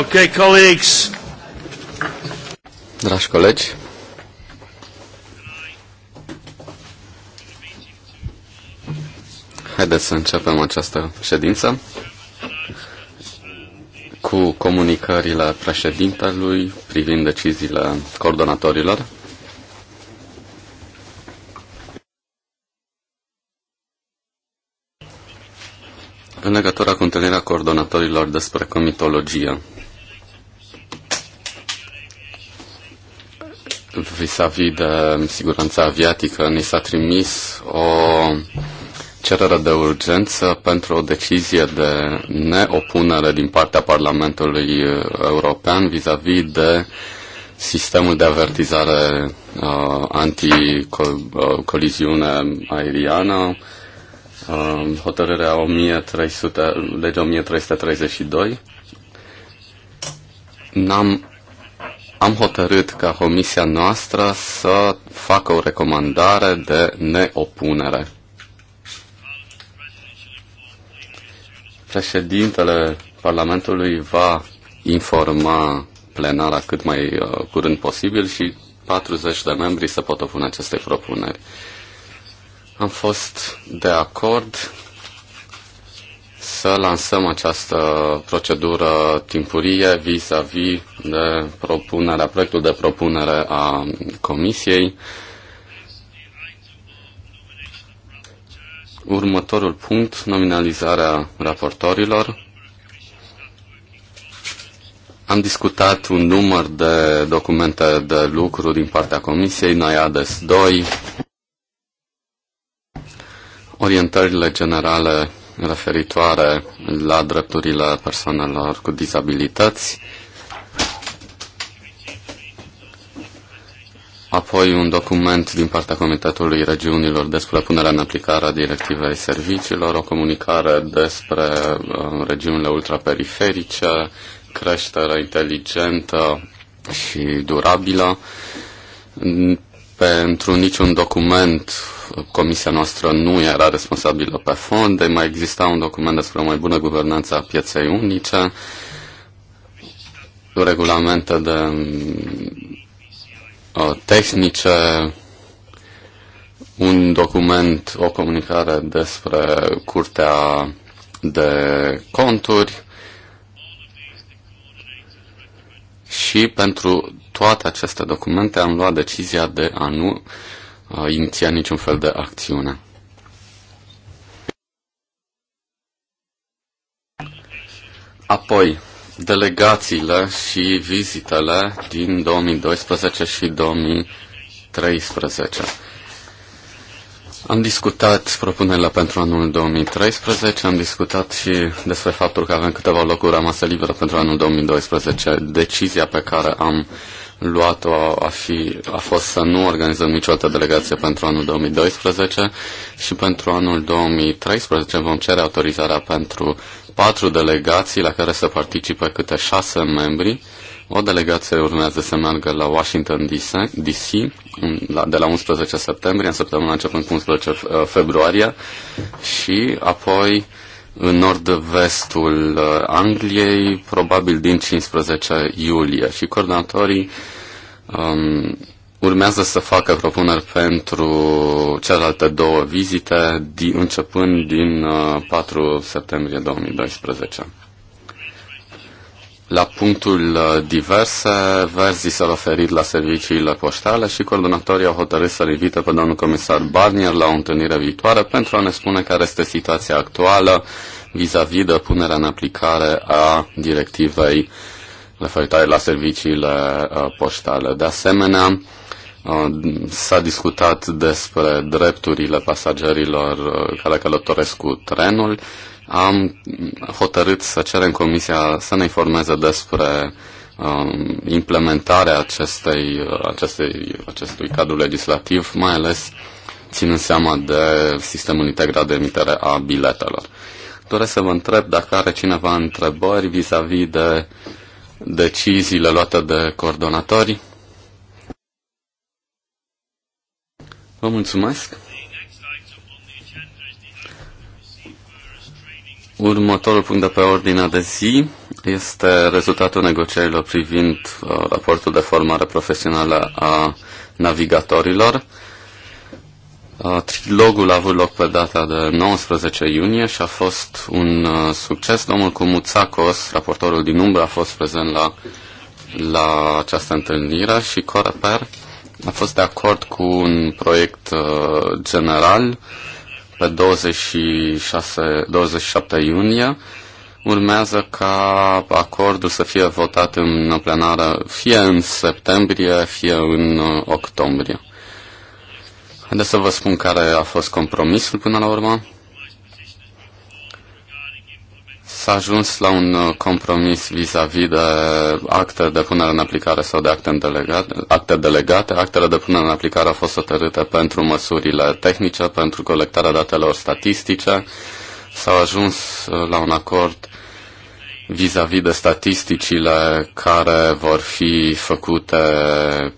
Ok, colleagues. Dragi colegi, haideți să începem această ședință cu comunicările președintelui privind deciziile coordonatorilor în legătură cu întâlnirea coordonatorilor despre comitologie. vis-a-vis -vis de siguranța aviatică, ni s-a trimis o cerere de urgență pentru o decizie de neopunere din partea Parlamentului European vis-a-vis -vis de sistemul de avertizare uh, anticoliziune uh, aeriană, uh, hotărârea 1300, legea 1332. N-am am hotărât ca comisia noastră să facă o recomandare de neopunere. Președintele Parlamentului va informa plenara cât mai uh, curând posibil și 40 de membri se pot opune acestei propuneri. Am fost de acord să lansăm această procedură timpurie vis-a-vis -vis de propunerea, proiectul de propunere a Comisiei. Următorul punct, nominalizarea raportorilor. Am discutat un număr de documente de lucru din partea Comisiei, NAIADES 2, orientările generale referitoare la drepturile persoanelor cu dizabilități, apoi un document din partea Comitetului Regiunilor despre punerea în aplicare a directivei serviciilor, o comunicare despre uh, regiunile ultraperiferice, creșterea inteligentă și durabilă, pentru niciun document comisia noastră nu era responsabilă pe fond, de mai exista un document despre o mai bună guvernanță a pieței unice, regulamente de uh, tehnice, un document, o comunicare despre curtea de conturi și pentru toate aceste documente, am luat decizia de a nu uh, iniția niciun fel de acțiune. Apoi, delegațiile și vizitele din 2012 și 2013. Am discutat propunerile pentru anul 2013, am discutat și despre faptul că avem câteva locuri rămase libere pentru anul 2012. Decizia pe care am luat-o a, fi, a fost să nu organizăm niciodată delegație pentru anul 2012 și pentru anul 2013 vom cere autorizarea pentru patru delegații la care să participe câte șase membri. O delegație urmează să meargă la Washington DC de la 11 septembrie, în săptămâna începând cu 11 uh, februarie și apoi în nord-vestul uh, Angliei, probabil din 15 iulie. Și coordonatorii um, urmează să facă propuneri pentru celelalte două vizite, di- începând din uh, 4 septembrie 2012. La punctul uh, diverse, verzii s-au oferit la serviciile poștale și coordonatorii au hotărât să-l invită pe domnul comisar Barnier la o întâlnire viitoare pentru a ne spune care este situația actuală vis-a-vis -vis de punerea în aplicare a directivei referitoare la serviciile uh, poștale. De asemenea, uh, S-a discutat despre drepturile pasagerilor care călătoresc cu trenul am hotărât să cerem Comisia să ne informeze despre uh, implementarea acestei, acestei, acestui cadru legislativ, mai ales ținând seama de sistemul integrat de emitere a biletelor. Doresc să vă întreb dacă are cineva întrebări vis-a-vis -vis de deciziile luate de coordonatori. Vă mulțumesc! Următorul punct de pe ordinea de zi este rezultatul negocierilor privind uh, raportul de formare profesională a navigatorilor. Uh, trilogul a avut loc pe data de 19 iunie și a fost un uh, succes. Domnul Cumuțacos, raportorul din umbră, a fost prezent la, la această întâlnire și Coreper a fost de acord cu un proiect uh, general uh, pe 26, 27 iunie. Urmează ca acordul să fie votat în plenară fie în septembrie, fie în uh, octombrie. Haideți să vă spun care a fost compromisul până la urmă. S-a ajuns la un uh, compromis vis-a-vis -vis de acte de punere în aplicare sau de acte, delegate, acte delegate. Actele de punere în aplicare au fost hotărâte pentru măsurile tehnice, pentru colectarea datelor statistice. S-a ajuns uh, la un acord vis-a-vis -vis de statisticile care vor fi făcute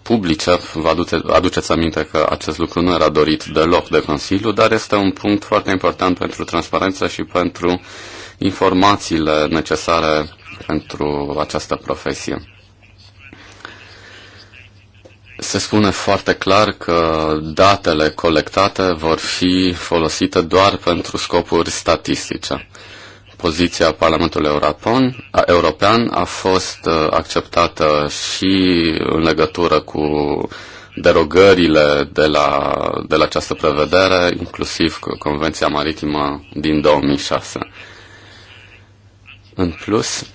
publice. Vă aduce, aduceți aminte că acest lucru nu era dorit deloc de Consiliu, dar este un punct foarte important pentru transparență și pentru uh, informațiile necesare pentru această profesie. Se spune foarte clar că datele colectate vor fi folosite doar pentru scopuri statistice. Poziția Parlamentului Europon, European a fost uh, acceptată și în legătură cu derogările de la, de la această prevedere, inclusiv Convenția Maritimă din 2006. În plus,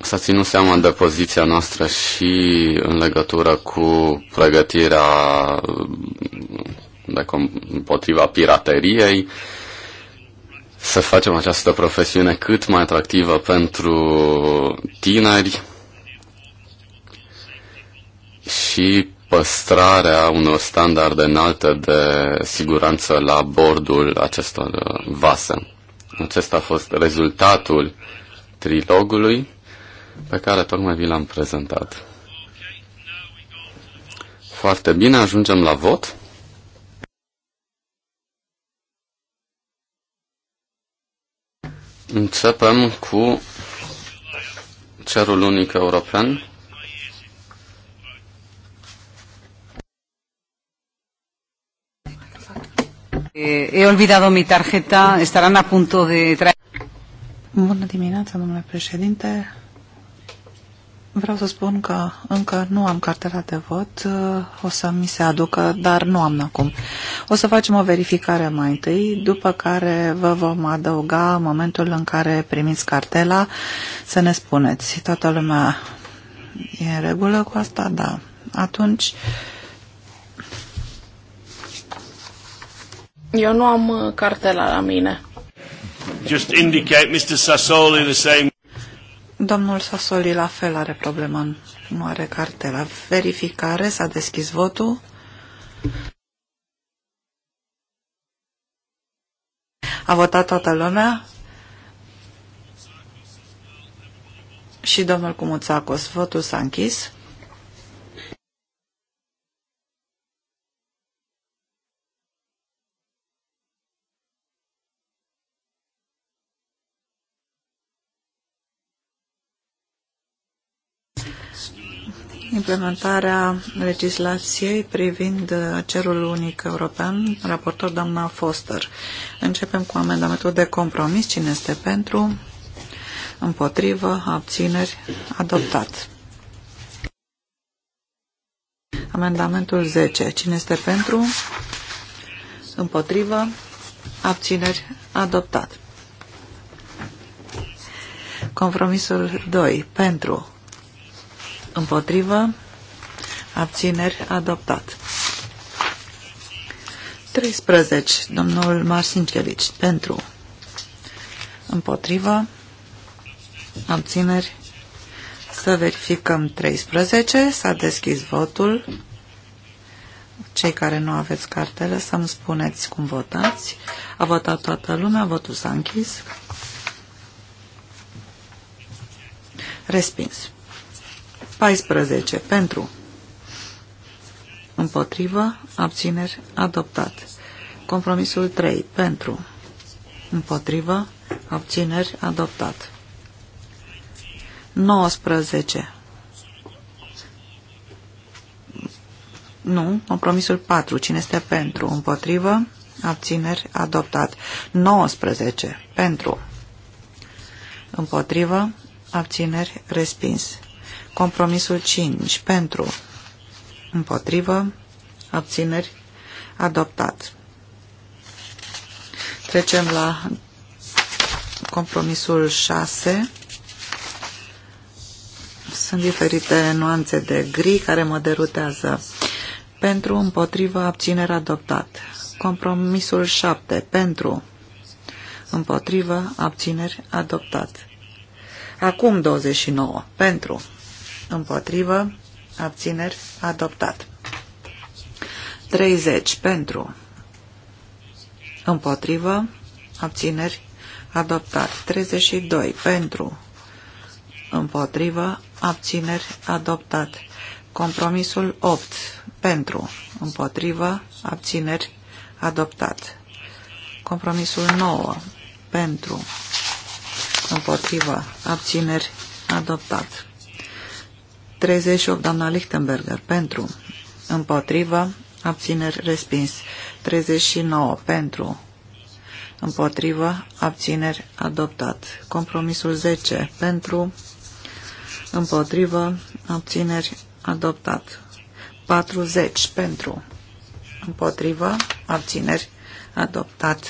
să a ținut seama de poziția noastră și în legătură cu pregătirea de com- împotriva pirateriei, să facem această profesiune cât mai atractivă pentru tineri și păstrarea unor standarde înalte de siguranță la bordul acestor vase. Acesta a fost rezultatul uh, trilogului pe care tocmai vi l-am prezentat. Foarte bine, ajungem la vot. Începem cu cerul unic european. Eh, he olvidado mi tarjeta, estarán a punto de traer. Bună dimineața, domnule președinte. Vreau să spun că încă nu am cartela de vot, o să mi se aducă, dar nu am acum. O să facem o verificare mai întâi, după care vă vom adăuga momentul în care primiți cartela să ne spuneți. Toată lumea e în regulă cu asta? Da. Atunci... Eu nu am cartela la mine. Just indicate Mr. Sassoli the same. Domnul Sassoli la fel are problema în mare cartela. Verificare, s-a deschis votul. A votat toată lumea. Și domnul Cumuțacos, votul s-a închis. implementarea legislației privind uh, cerul unic european, raportor doamna Foster. Începem cu amendamentul de compromis. Cine este pentru? Împotrivă? Abțineri? Adoptat. Amendamentul 10. Cine este pentru? Împotrivă? Abțineri? Adoptat. Compromisul 2. Pentru? Împotrivă. Abțineri. Adoptat. 13. Domnul Marcinkevici. Pentru. Împotrivă. Abțineri. Să verificăm 13. S-a deschis votul. Cei care nu aveți cartele să-mi spuneți cum votați. A votat toată lumea, votul s-a închis. Respins. 14. Pentru. Împotrivă. Abțineri. Adoptat. Compromisul 3. Pentru. Împotrivă. Abțineri. Adoptat. 19. Nu. Compromisul 4. Cine este pentru? Împotrivă. Abțineri. Adoptat. 19. Pentru. Împotrivă. Abțineri. Respins. Compromisul 5 pentru împotrivă abțineri adoptat. Trecem la compromisul 6. Sunt diferite nuanțe de gri care mă derutează. Pentru, împotrivă, abținere adoptat. Compromisul 7. Pentru, împotrivă, abțineri adoptat. Acum 29. Pentru, împotrivă, abțineri, adoptat. 30 pentru, împotrivă, abțineri, adoptat. 32 pentru, împotrivă, abțineri, adoptat. Compromisul 8 pentru, împotrivă, abțineri, adoptat. Compromisul 9 pentru, împotrivă, abțineri, adoptat. 38, doamna Lichtenberger, pentru, împotrivă, abțineri, respins. 39, pentru, împotrivă, abțineri, adoptat. Compromisul 10, pentru, împotrivă, abțineri, adoptat. 40, pentru, împotrivă, abțineri, adoptat.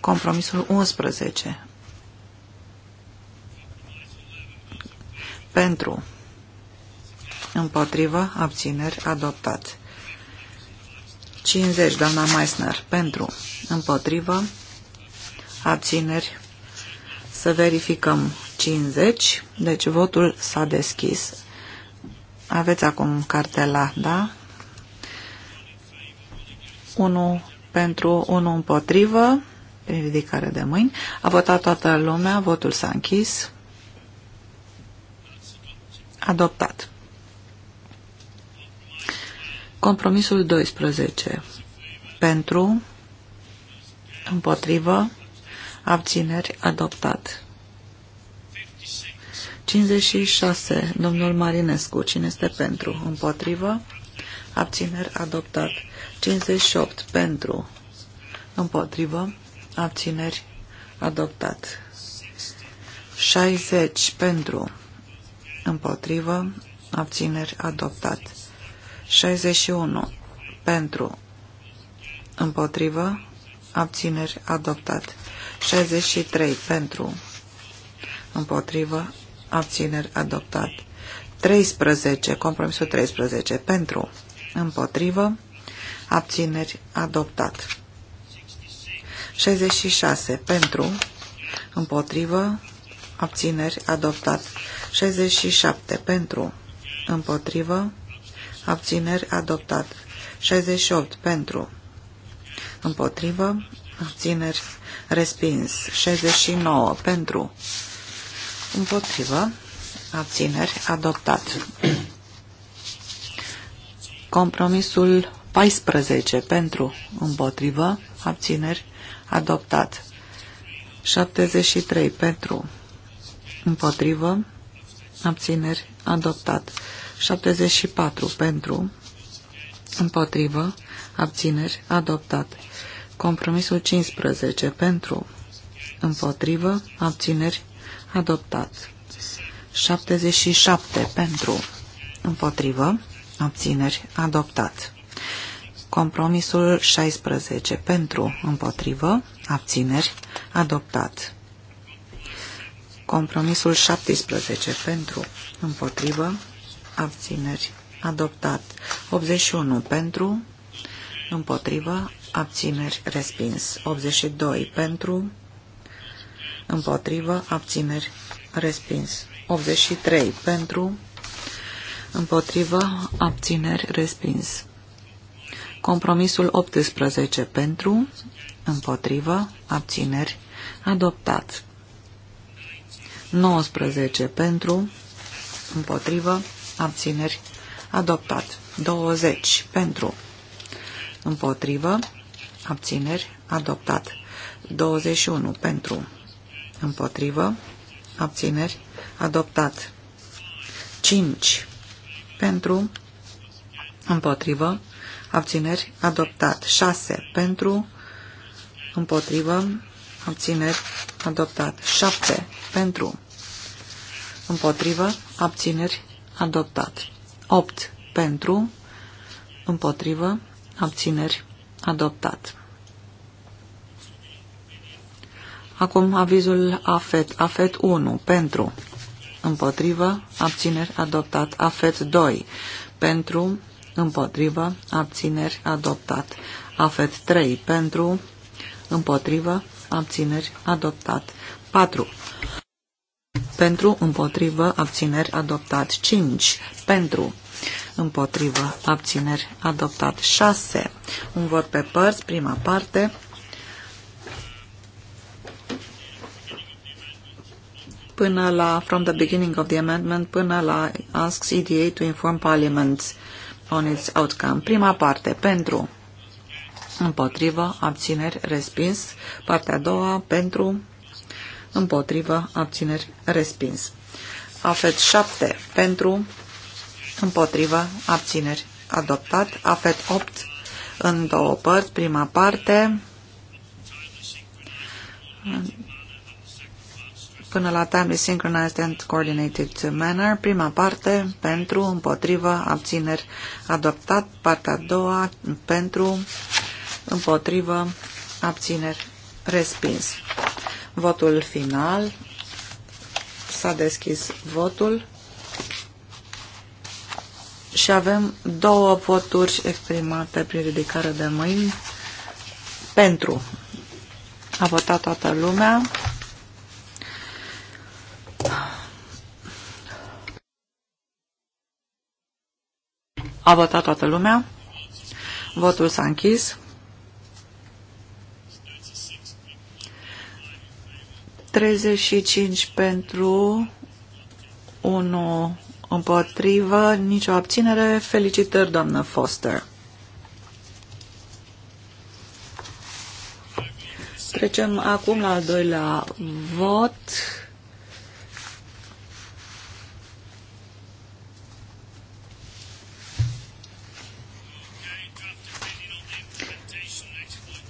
Compromisul 11, pentru, împotrivă, abțineri, adoptat. 50, doamna Meissner, pentru, împotrivă, abțineri, să verificăm 50, deci votul s-a deschis. Aveți acum cartela, da? 1 pentru, 1 împotrivă, prin ridicare de mâini. A votat toată lumea, votul s-a închis. Adoptat. Compromisul 12. Pentru, împotrivă, abțineri, adoptat. 56. Domnul Marinescu. Cine este pentru? Împotrivă, abțineri, adoptat. 58. Pentru, împotrivă, abțineri, adoptat. 60. Pentru, împotrivă, abțineri, adoptat. 61. Pentru. Împotrivă. Abțineri. Adoptat. 63. Pentru. Împotrivă. Abțineri. Adoptat. 13. Compromisul 13. Pentru. Împotrivă. Abțineri. Adoptat. 66. Pentru. Împotrivă. Abțineri. Adoptat. 67. Pentru. Împotrivă abțineri adoptat. 68 pentru, împotrivă, abțineri respins. 69 pentru, împotrivă, abțineri adoptat. Compromisul 14 pentru, împotrivă, abțineri adoptat. 73 pentru, împotrivă, abțineri adoptat. 74 pentru, împotrivă, abțineri, adoptat. Compromisul 15 pentru, împotrivă, abțineri, adoptat. 77 pentru, împotrivă, abțineri, adoptat. Compromisul 16 pentru, împotrivă, abțineri, adoptat. Compromisul 17 pentru, împotrivă, abțineri, adoptat. 81 pentru, împotrivă, abțineri, respins. 82 pentru, împotrivă, abțineri, respins. 83 pentru, împotrivă, abțineri, respins. Compromisul 18 pentru, împotrivă, abțineri, adoptat. 19 pentru, împotrivă, abțineri, adoptat. 20 pentru, împotrivă, abțineri, adoptat. 21 pentru, împotrivă, abțineri, adoptat. 5 pentru, împotrivă, abțineri, adoptat. 6 pentru, împotrivă, abțineri, adoptat. 7 pentru, împotrivă, abțineri, adoptat. 8 pentru, împotrivă, abțineri, adoptat. Acum avizul AFET. AFET 1 pentru, împotrivă, abțineri, adoptat. AFET 2 pentru, împotrivă, abțineri, adoptat. AFET 3 pentru, împotrivă, abțineri, adoptat. 4 pentru, împotrivă, abțineri, adoptat. 5. Pentru, împotrivă, abțineri, adoptat. 6. Un vot pe părți, prima parte. până la from the beginning of the amendment până la asks EDA to inform Parliament on its outcome. Prima parte, pentru, împotrivă, abțineri, respins. Partea a doua, pentru, împotrivă, abțineri, respins. Afet 7 pentru, împotrivă, abțineri, adoptat. Afet 8 în două părți, prima parte, până la timely synchronized and coordinated manner, prima parte, pentru, împotrivă, abțineri, adoptat. Partea a doua, pentru, împotrivă, abțineri, respins. Votul final. S-a deschis votul. Și avem două voturi exprimate prin ridicare de mâini. Pentru. A votat toată lumea. A votat toată lumea. Votul s-a închis. 35 pentru, 1 împotrivă, nicio abținere. Felicitări, doamnă Foster. Trecem acum la al doilea vot.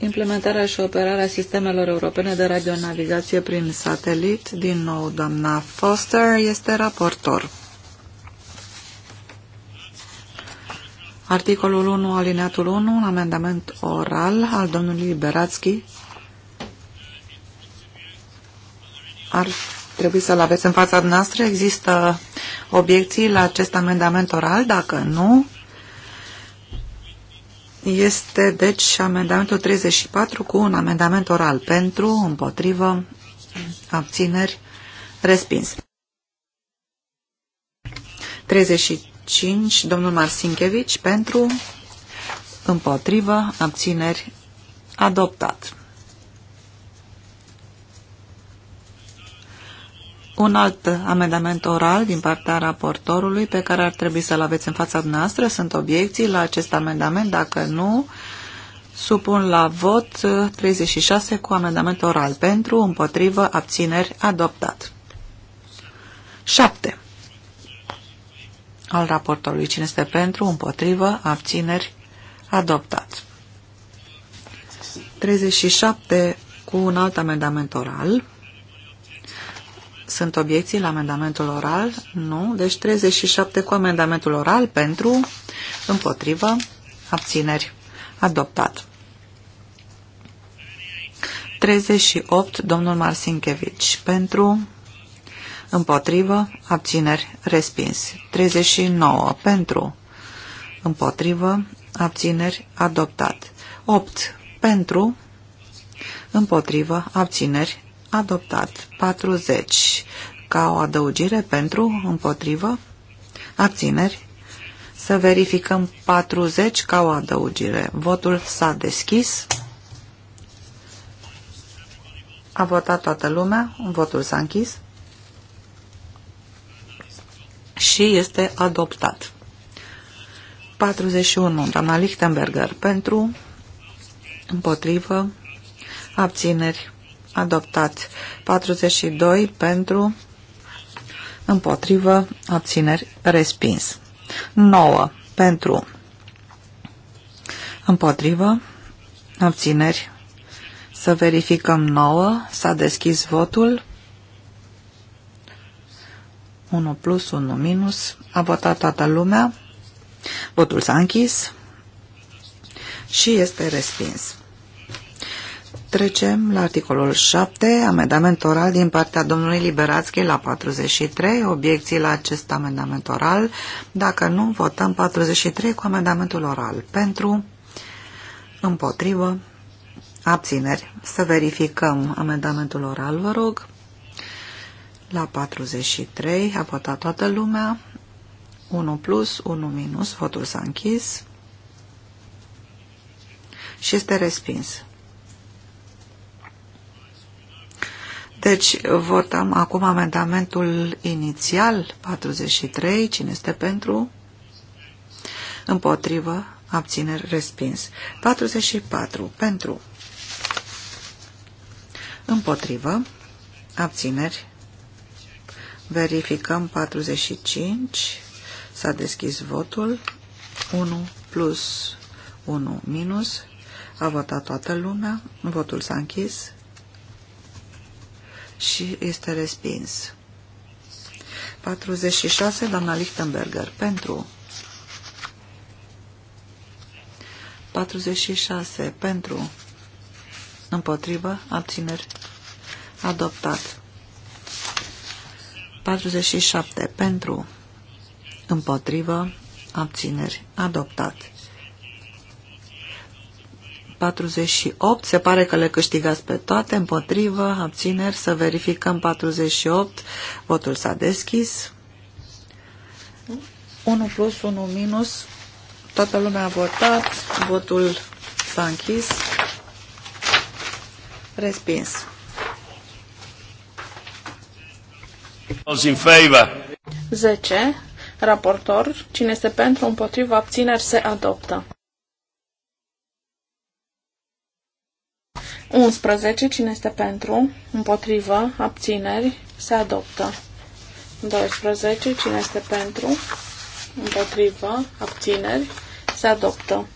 Implementarea și operarea sistemelor europene de radionavigație prin satelit, din nou doamna Foster, este raportor. Articolul 1, alineatul 1, un amendament oral al domnului Beratski ar trebui să-l aveți în fața noastră. Există obiecții la acest amendament oral? Dacă nu, este, deci, amendamentul 34 cu un amendament oral pentru, împotrivă, abțineri, respins. 35, domnul Marsinkevici, pentru, împotrivă, abțineri, adoptat. un alt amendament oral din partea raportorului pe care ar trebui să-l aveți în fața noastră. Sunt obiecții la acest amendament? Dacă nu, supun la vot 36 cu amendament oral pentru, împotrivă, abțineri, adoptat. 7. Al raportorului. Cine este pentru, împotrivă, abțineri, adoptat. 37 cu un alt amendament oral sunt obiecții la amendamentul oral? Nu. Deci 37 cu amendamentul oral pentru, împotrivă, abțineri. Adoptat. 38, domnul Marsinkevici, pentru, împotrivă, abțineri, respins. 39, pentru, împotrivă, abțineri, adoptat. 8, pentru, împotrivă, abțineri, adoptat. 40 ca o adăugire pentru, împotrivă, abțineri. Să verificăm 40 ca o adăugire. Votul s-a deschis. A votat toată lumea, votul s-a închis și este adoptat. 41. Doamna Lichtenberger pentru, împotrivă, abțineri adoptați 42 pentru, împotrivă, abțineri, respins. 9 pentru, împotrivă, abțineri, să verificăm 9, s-a deschis votul. 1 plus, 1 minus, a votat toată lumea, votul s-a închis și este respins. Trecem la articolul 7, amendament oral din partea domnului Liberațchi la 43, obiecții la acest amendament oral. Dacă nu, votăm 43 cu amendamentul oral. Pentru, împotrivă, abțineri. Să verificăm amendamentul oral, vă rog. La 43 a votat toată lumea. 1 plus, 1 minus, votul s-a închis și este respins. Deci votăm acum amendamentul inițial 43. Cine este pentru? Împotrivă. Abțineri respins. 44. Pentru. Împotrivă. Abțineri. Verificăm 45. S-a deschis votul. 1 plus 1 minus. A votat toată lumea. Votul s-a închis și este respins. 46, doamna Lichtenberger, pentru. 46, pentru. Împotrivă, abțineri, adoptat. 47, pentru. Împotrivă, abțineri, adoptat. 48. Se pare că le câștigați pe toate. Împotrivă, abțineri. Să verificăm 48. Votul s-a deschis. 1 plus, 1 minus. Toată lumea a votat. Votul s-a închis. Respins. In favor. 10. Raportor. Cine este pentru, împotrivă, abțineri, se adoptă. 11. Cine este pentru? Împotrivă. Abțineri. Se adoptă. 12. Cine este pentru? Împotrivă. Abțineri. Se adoptă.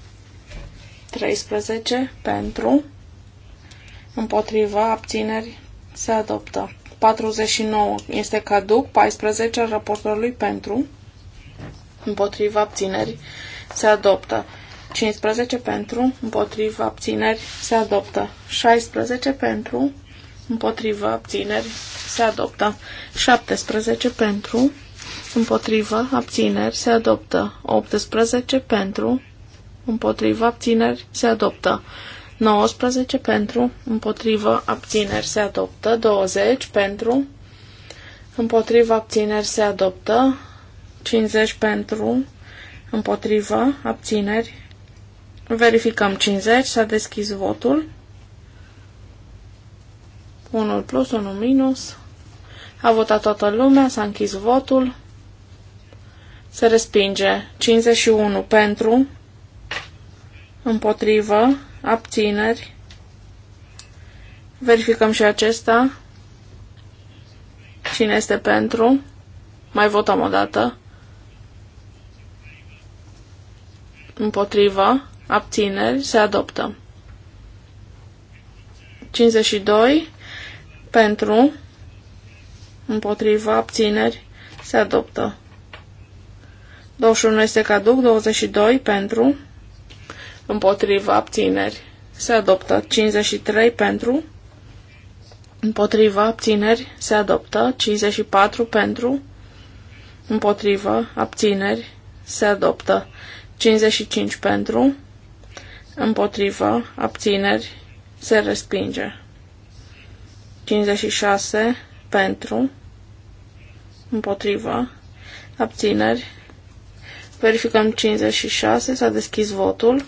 13. Pentru. Împotrivă. Abțineri. Se adoptă. 49. Este caduc. 14. Raportorului pentru. Împotrivă. Abțineri. Se adoptă. 15 pentru, împotrivă, abțineri, se adoptă. 16 pentru, împotrivă, abțineri, se adoptă. 17 pentru, împotrivă, abțineri, se adoptă. 18 pentru, împotrivă, abțineri, se adoptă. 19 pentru, împotrivă, abțineri, se adoptă. 20 pentru, împotrivă, abțineri, se adoptă. 50 pentru, împotrivă, abțineri, Verificăm 50, s-a deschis votul. 1 plus, 1 minus. A votat toată lumea, s-a închis votul. Se respinge 51 pentru, împotrivă, abțineri. Verificăm și acesta. Cine este pentru? Mai votăm o dată. Împotrivă abțineri, se adoptă. 52 pentru, împotriva, abțineri, se adoptă. 21 este caduc, 22 pentru, împotriva, abțineri, se adoptă. 53 pentru, împotriva, abțineri, se adoptă. 54 pentru, împotriva, abțineri, se adoptă. 55 pentru, împotrivă, abțineri, se respinge. 56 pentru, împotrivă, abțineri. Verificăm 56, s-a deschis votul.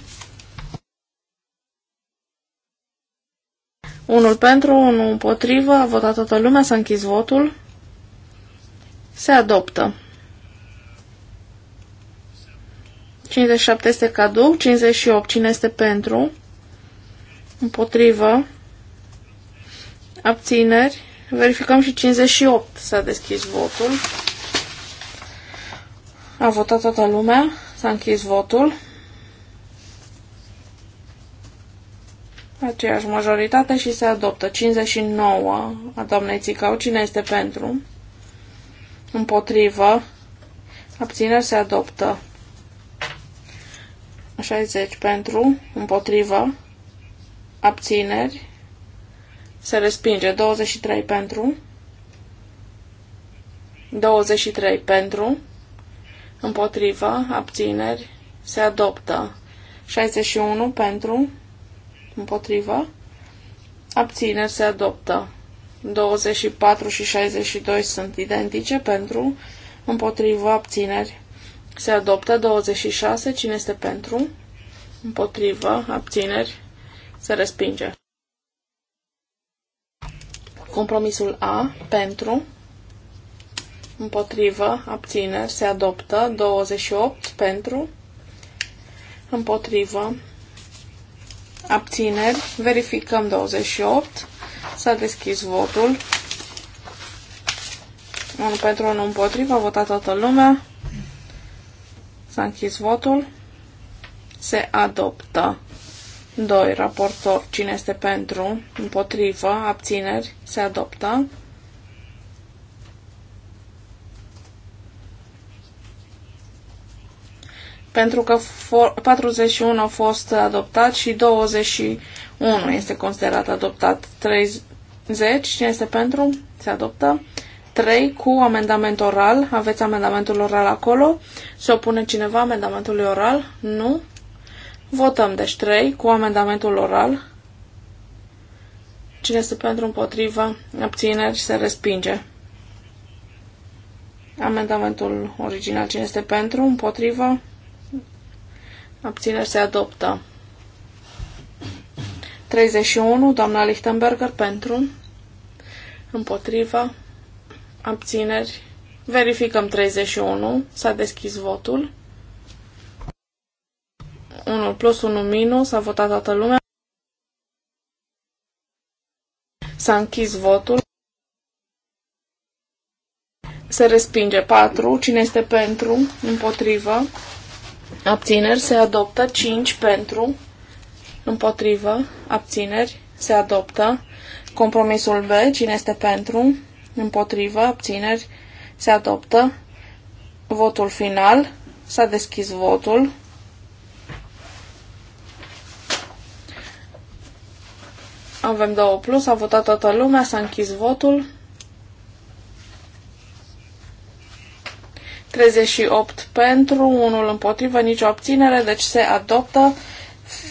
Unul pentru, unul împotrivă, a votat toată lumea, s-a închis votul. Se adoptă. 57 este cadou, 58 cine este pentru, împotrivă, abțineri, verificăm și 58 s-a deschis votul. A votat toată lumea, s-a închis votul. Aceeași majoritate și se adoptă 59 a doamnei Țicau. Cine este pentru? Împotrivă. Abțineri se adoptă. 60 pentru, împotrivă, abțineri, se respinge. 23 pentru, 23 pentru, împotrivă, abțineri, se adoptă. 61 pentru, împotrivă, abțineri, se adoptă. 24 și 62 sunt identice pentru, împotrivă, abțineri, se adoptă 26. Cine este pentru? Împotrivă. Abțineri. Se respinge. Compromisul A. Pentru. Împotrivă. Abțineri. Se adoptă 28. Pentru. Împotrivă. Abțineri. Verificăm 28. S-a deschis votul. 1 pentru 1 împotrivă. A votat toată lumea. S-a închis votul. Se adoptă. 2. Raportor. Cine este pentru? Împotrivă. Abțineri. Se adoptă. Pentru că 41 a fost adoptat și 21 este considerat adoptat. 30. Cine este pentru? Se adoptă. 3 cu amendament oral. Aveți amendamentul oral acolo? Se opune cineva amendamentului oral? Nu? Votăm deci 3 cu amendamentul oral. Cine este pentru împotrivă, abțineri, se respinge. Amendamentul original, cine este pentru, împotrivă, abțineri, se adoptă. 31, doamna Lichtenberger, pentru, împotrivă, abțineri. Verificăm 31. S-a deschis votul. 1 plus 1 minus. s A votat toată lumea. S-a închis votul. Se respinge 4. Cine este pentru? Împotrivă. Abțineri. Se adoptă 5 pentru. Împotrivă. Abțineri. Se adoptă. Compromisul B. Cine este pentru? împotrivă, abțineri, se adoptă. Votul final, s-a deschis votul. Avem două plus, a votat toată lumea, s-a închis votul. 38 pentru, 1 împotrivă, nicio abținere, deci se adoptă.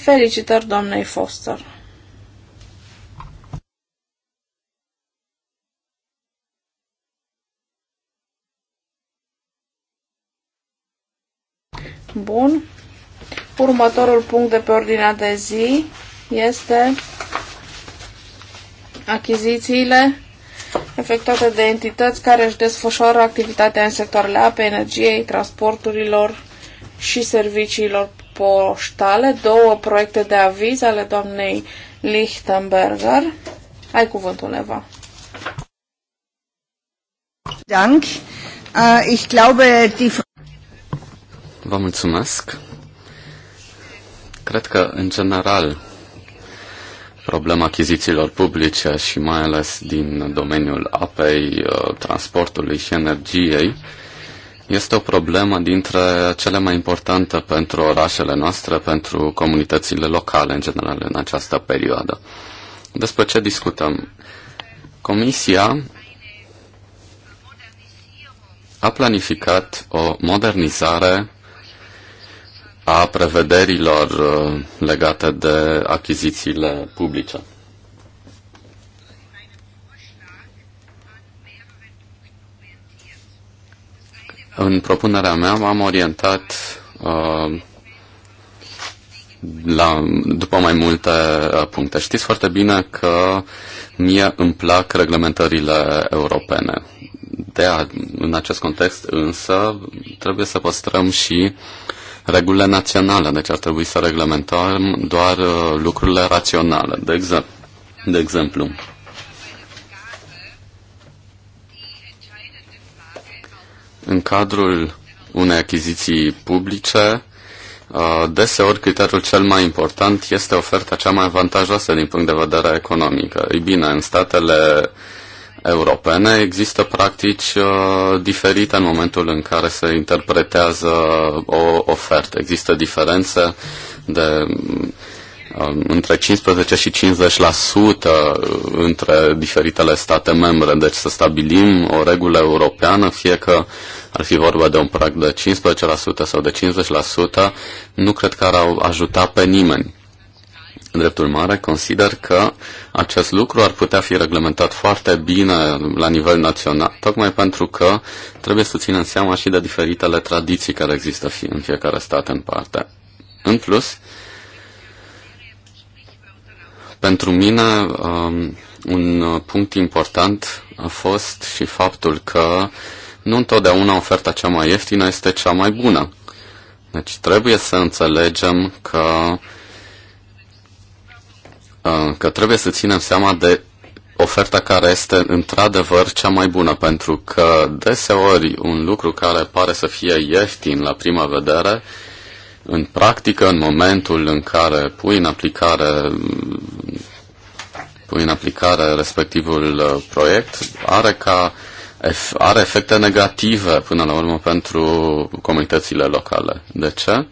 Felicitări doamnei Foster! Bun. Următorul punct de pe ordinea de zi este achizițiile efectuate de entități care își desfășoară activitatea în sectoarele apei, energiei, transporturilor și serviciilor poștale, două proiecte de aviz ale doamnei Lichtenberger. Ai cuvântul, Eva. Dank. Uh, ich glaube, die Vă mulțumesc. Cred că, în general, problema achizițiilor publice și mai ales din domeniul apei, uh, transportului și energiei este o problemă dintre cele mai importante pentru orașele noastre, pentru comunitățile locale, în general, în această perioadă. Despre ce discutăm? Comisia a planificat o modernizare a prevederilor uh, legate de achizițiile publice. În propunerea mea m-am orientat uh, la, după mai multe uh, puncte. Știți foarte bine că mie îmi plac reglementările europene. De a, în acest context însă trebuie să păstrăm și uh, regulile naționale, deci ar trebui să reglementăm doar uh, lucrurile raționale. De, exa- de exemplu, în cadrul unei achiziții publice, uh, deseori criteriul cel mai important este oferta cea mai avantajoasă din punct de vedere economic. Ei bine, în statele uh, europene există practici uh, diferite în momentul în care se interpretează uh, o ofertă. Există diferențe de um, uh, între 15 și 50% între diferitele state membre. Deci să stabilim o regulă europeană, fie că ar fi vorba de un prag de 15% sau de 50%, nu cred că ar ajuta pe nimeni. În dreptul mare consider că acest lucru ar putea fi reglementat foarte bine la nivel național, tocmai pentru că trebuie să ținem seama și de diferitele tradiții care există în fiecare stat în parte. În plus, pentru mine, um, un punct important a fost și faptul că nu întotdeauna oferta cea mai ieftină este cea mai bună. Deci trebuie să înțelegem că Uh, că trebuie să ținem seama de oferta care este într-adevăr cea mai bună, pentru că deseori un lucru care pare să fie ieftin la prima vedere, în practică, în momentul în care pui în aplicare pui în aplicare respectivul uh, proiect, are ca are efecte negative până la urmă pentru comunitățile locale. De ce?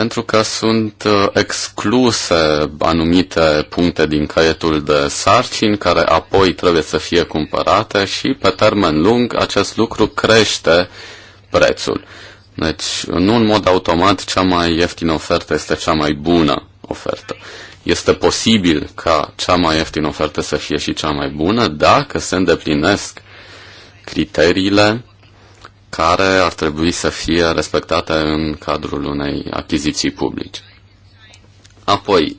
pentru că sunt uh, excluse anumite puncte din caietul de sarcini care apoi trebuie să fie cumpărate și pe termen lung acest lucru crește prețul. Deci, nu în mod automat, cea mai ieftină ofertă este cea mai bună ofertă. Este posibil ca cea mai ieftină ofertă să fie și cea mai bună dacă se îndeplinesc criteriile care ar trebui să fie respectate în cadrul unei achiziții publice. Apoi,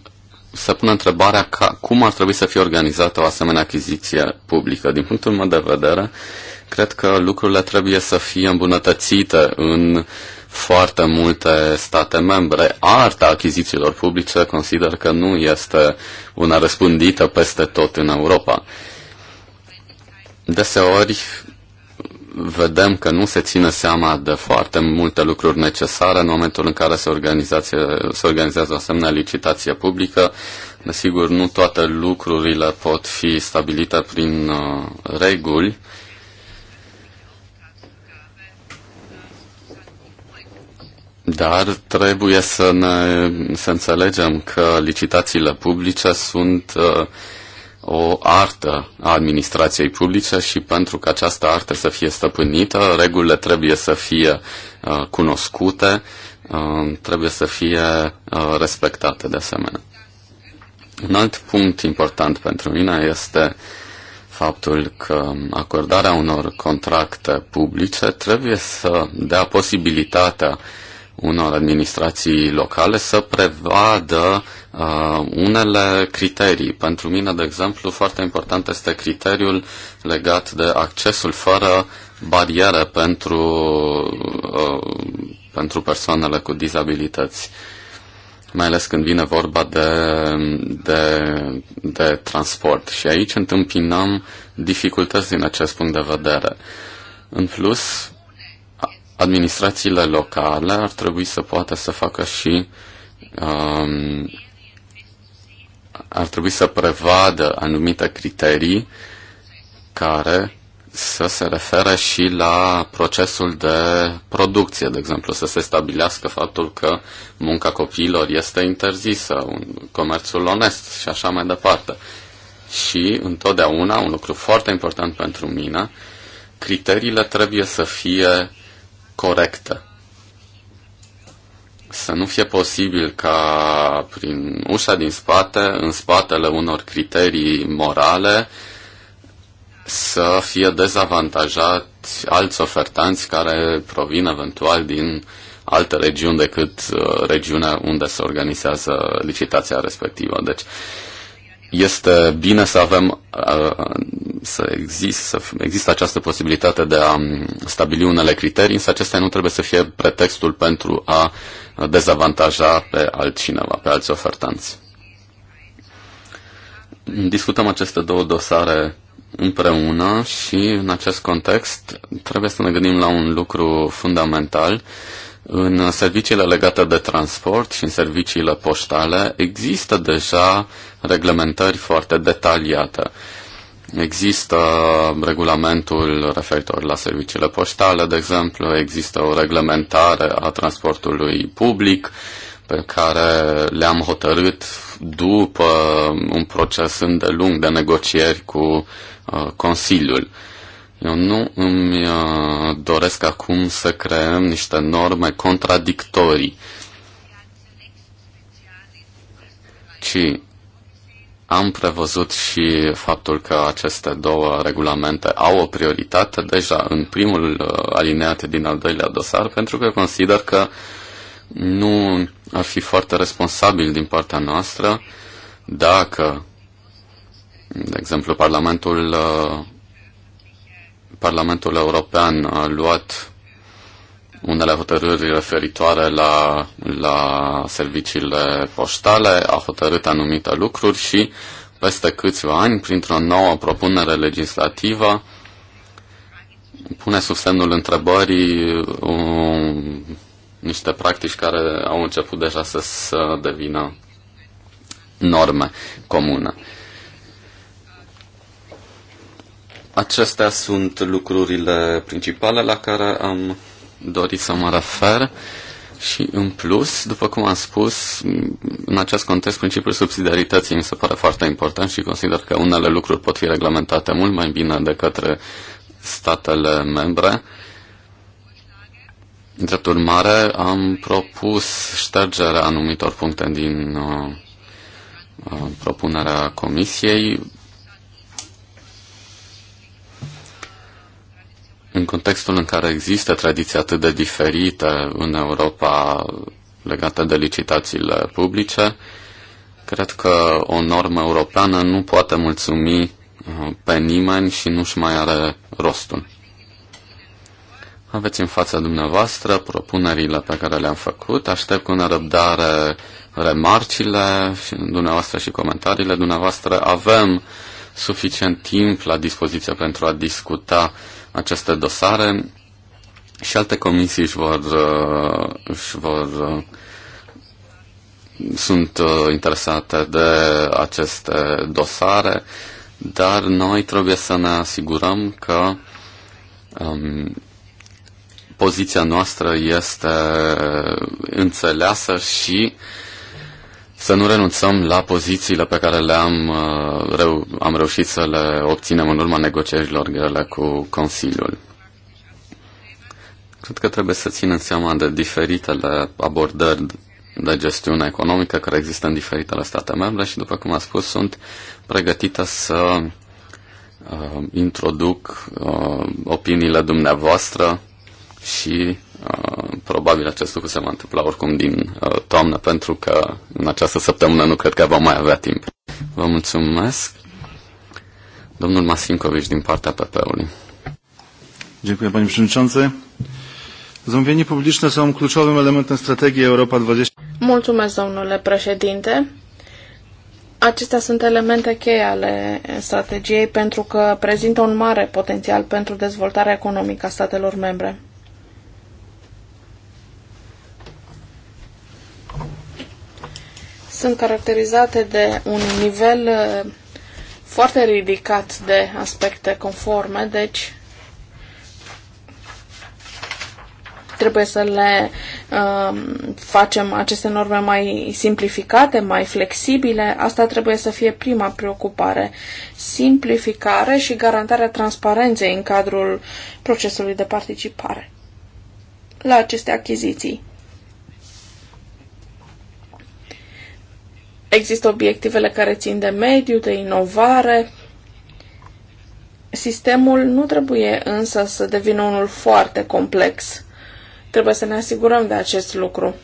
se pune întrebarea ca, cum ar trebui să fie organizată o asemenea achiziție publică. Din punctul meu de vedere, cred că lucrurile trebuie să fie îmbunătățite în foarte multe state membre. Arta achizițiilor publice consider că nu este una răspândită peste tot în Europa. Deseori vedem că nu se ține seama de foarte multe lucruri necesare în momentul în care se, organizează se organizează o asemenea licitație publică. Desigur, nu toate lucrurile pot fi stabilite prin uh, reguli. Dar trebuie să ne să înțelegem că licitațiile publice sunt uh, o artă a administrației publice și pentru că această artă să fie stăpânită, regulile trebuie să fie uh, cunoscute, uh, trebuie să fie uh, respectate de asemenea. Un alt punct important pentru mine este faptul că acordarea unor contracte publice trebuie să dea posibilitatea uh, unor administrații locale să prevadă uh, unele criterii. Pentru mine, de exemplu, foarte important este criteriul legat de accesul fără bariere pentru, uh, pentru persoanele cu dizabilități. Mai ales când vine vorba de, de, de transport. Și aici întâmpinăm dificultăți din acest punct de vedere. În plus, administrațiile locale ar trebui să poată să facă și um, ar trebui să prevadă anumite criterii care să se refere și la procesul de producție, de exemplu, să se stabilească faptul că munca copiilor este interzisă, un comerțul onest și așa mai departe. Și întotdeauna, un lucru foarte important pentru mine, criteriile trebuie să fie corectă. Să nu fie posibil ca prin ușa din spate, în spatele unor criterii morale, să fie dezavantajat alți ofertanți care provin eventual din alte regiuni decât uh, regiunea unde se organizează licitația respectivă. Deci, uh, este bine să avem, uh, să există, să există această posibilitate de a um, stabili unele criterii, însă acestea nu trebuie să fie pretextul pentru a dezavantaja pe altcineva, pe alți ofertanți. Discutăm aceste două dosare împreună și în acest context trebuie să ne gândim la un lucru fundamental în serviciile legate de transport și în serviciile poștale există deja reglementări foarte detaliate. Există regulamentul referitor la serviciile poștale, de exemplu, există o reglementare a transportului public pe care le-am hotărât după un proces îndelung de negocieri cu uh, Consiliul. Uh, eu nu îmi uh, doresc acum să creăm niște norme contradictorii, ci am prevăzut și faptul că aceste două regulamente au o prioritate deja în primul uh, alineat din al doilea dosar, pentru că consider că nu ar fi foarte responsabil din partea noastră dacă, de exemplu, Parlamentul uh, Parlamentul European a luat unele hotărâri referitoare la, la serviciile poștale, a hotărât anumite lucruri și peste câțiva ani, printr-o nouă propunere legislativă, pune sub semnul întrebării um, niște practici care au început deja să, să devină norme comune. Acestea sunt lucrurile principale la care am dorit să mă refer. Și în plus, după cum am spus, în acest context principiul subsidiarității mi se pare foarte important și consider că unele lucruri pot fi reglementate mult mai bine de către statele membre. Drept urmare, am propus ștergerea anumitor puncte din uh, uh propunerea Comisiei, În contextul în care există tradiții atât de diferite în Europa legate de licitațiile publice, cred că o normă europeană nu poate mulțumi uh, pe nimeni și nu-și mai are rostul. Aveți în fața dumneavoastră propunerile pe care le-am făcut. Aștept cu nerăbdare remarcile și dumneavoastră și comentariile dumneavoastră. Avem suficient timp la dispoziție pentru a discuta uh, aceste dosare și alte comisii își vor, uh, își vor uh, sunt uh, interesate de aceste dosare, dar noi trebuie să ne asigurăm că um, poziția noastră este înțeleasă și uh, să nu renunțăm la pozițiile pe care le-am uh, reu- am reușit să le obținem în urma negocierilor grele cu Consiliul. Cred că trebuie să ținem seama de diferitele abordări de gestiune economică care există în diferitele state membre și, după cum am spus, sunt pregătită să uh, introduc uh, opiniile dumneavoastră și Uh, probabil acest lucru se va întâmpla oricum din uh, toamnă, pentru că în această săptămână nu cred că vom mai avea timp. Vă mulțumesc. Domnul Masimkovici din partea PP-ului. Dziękuję panie przewodniczący. Zamówienia publiczne są kluczowym elementem strategii Europa 20. Mulțumesc, domnule președinte. Acestea sunt elemente cheie ale strategiei pentru că prezintă un mare potențial pentru dezvoltarea economică a statelor membre. sunt caracterizate de un nivel uh, foarte ridicat de aspecte conforme, deci trebuie să le uh, facem aceste norme mai simplificate, mai flexibile. Asta trebuie să fie prima preocupare. Simplificare și garantarea transparenței în cadrul procesului de participare la aceste achiziții. Există obiectivele care țin de mediu, de inovare. Sistemul nu trebuie însă să devină unul foarte complex. Trebuie să ne asigurăm de acest lucru.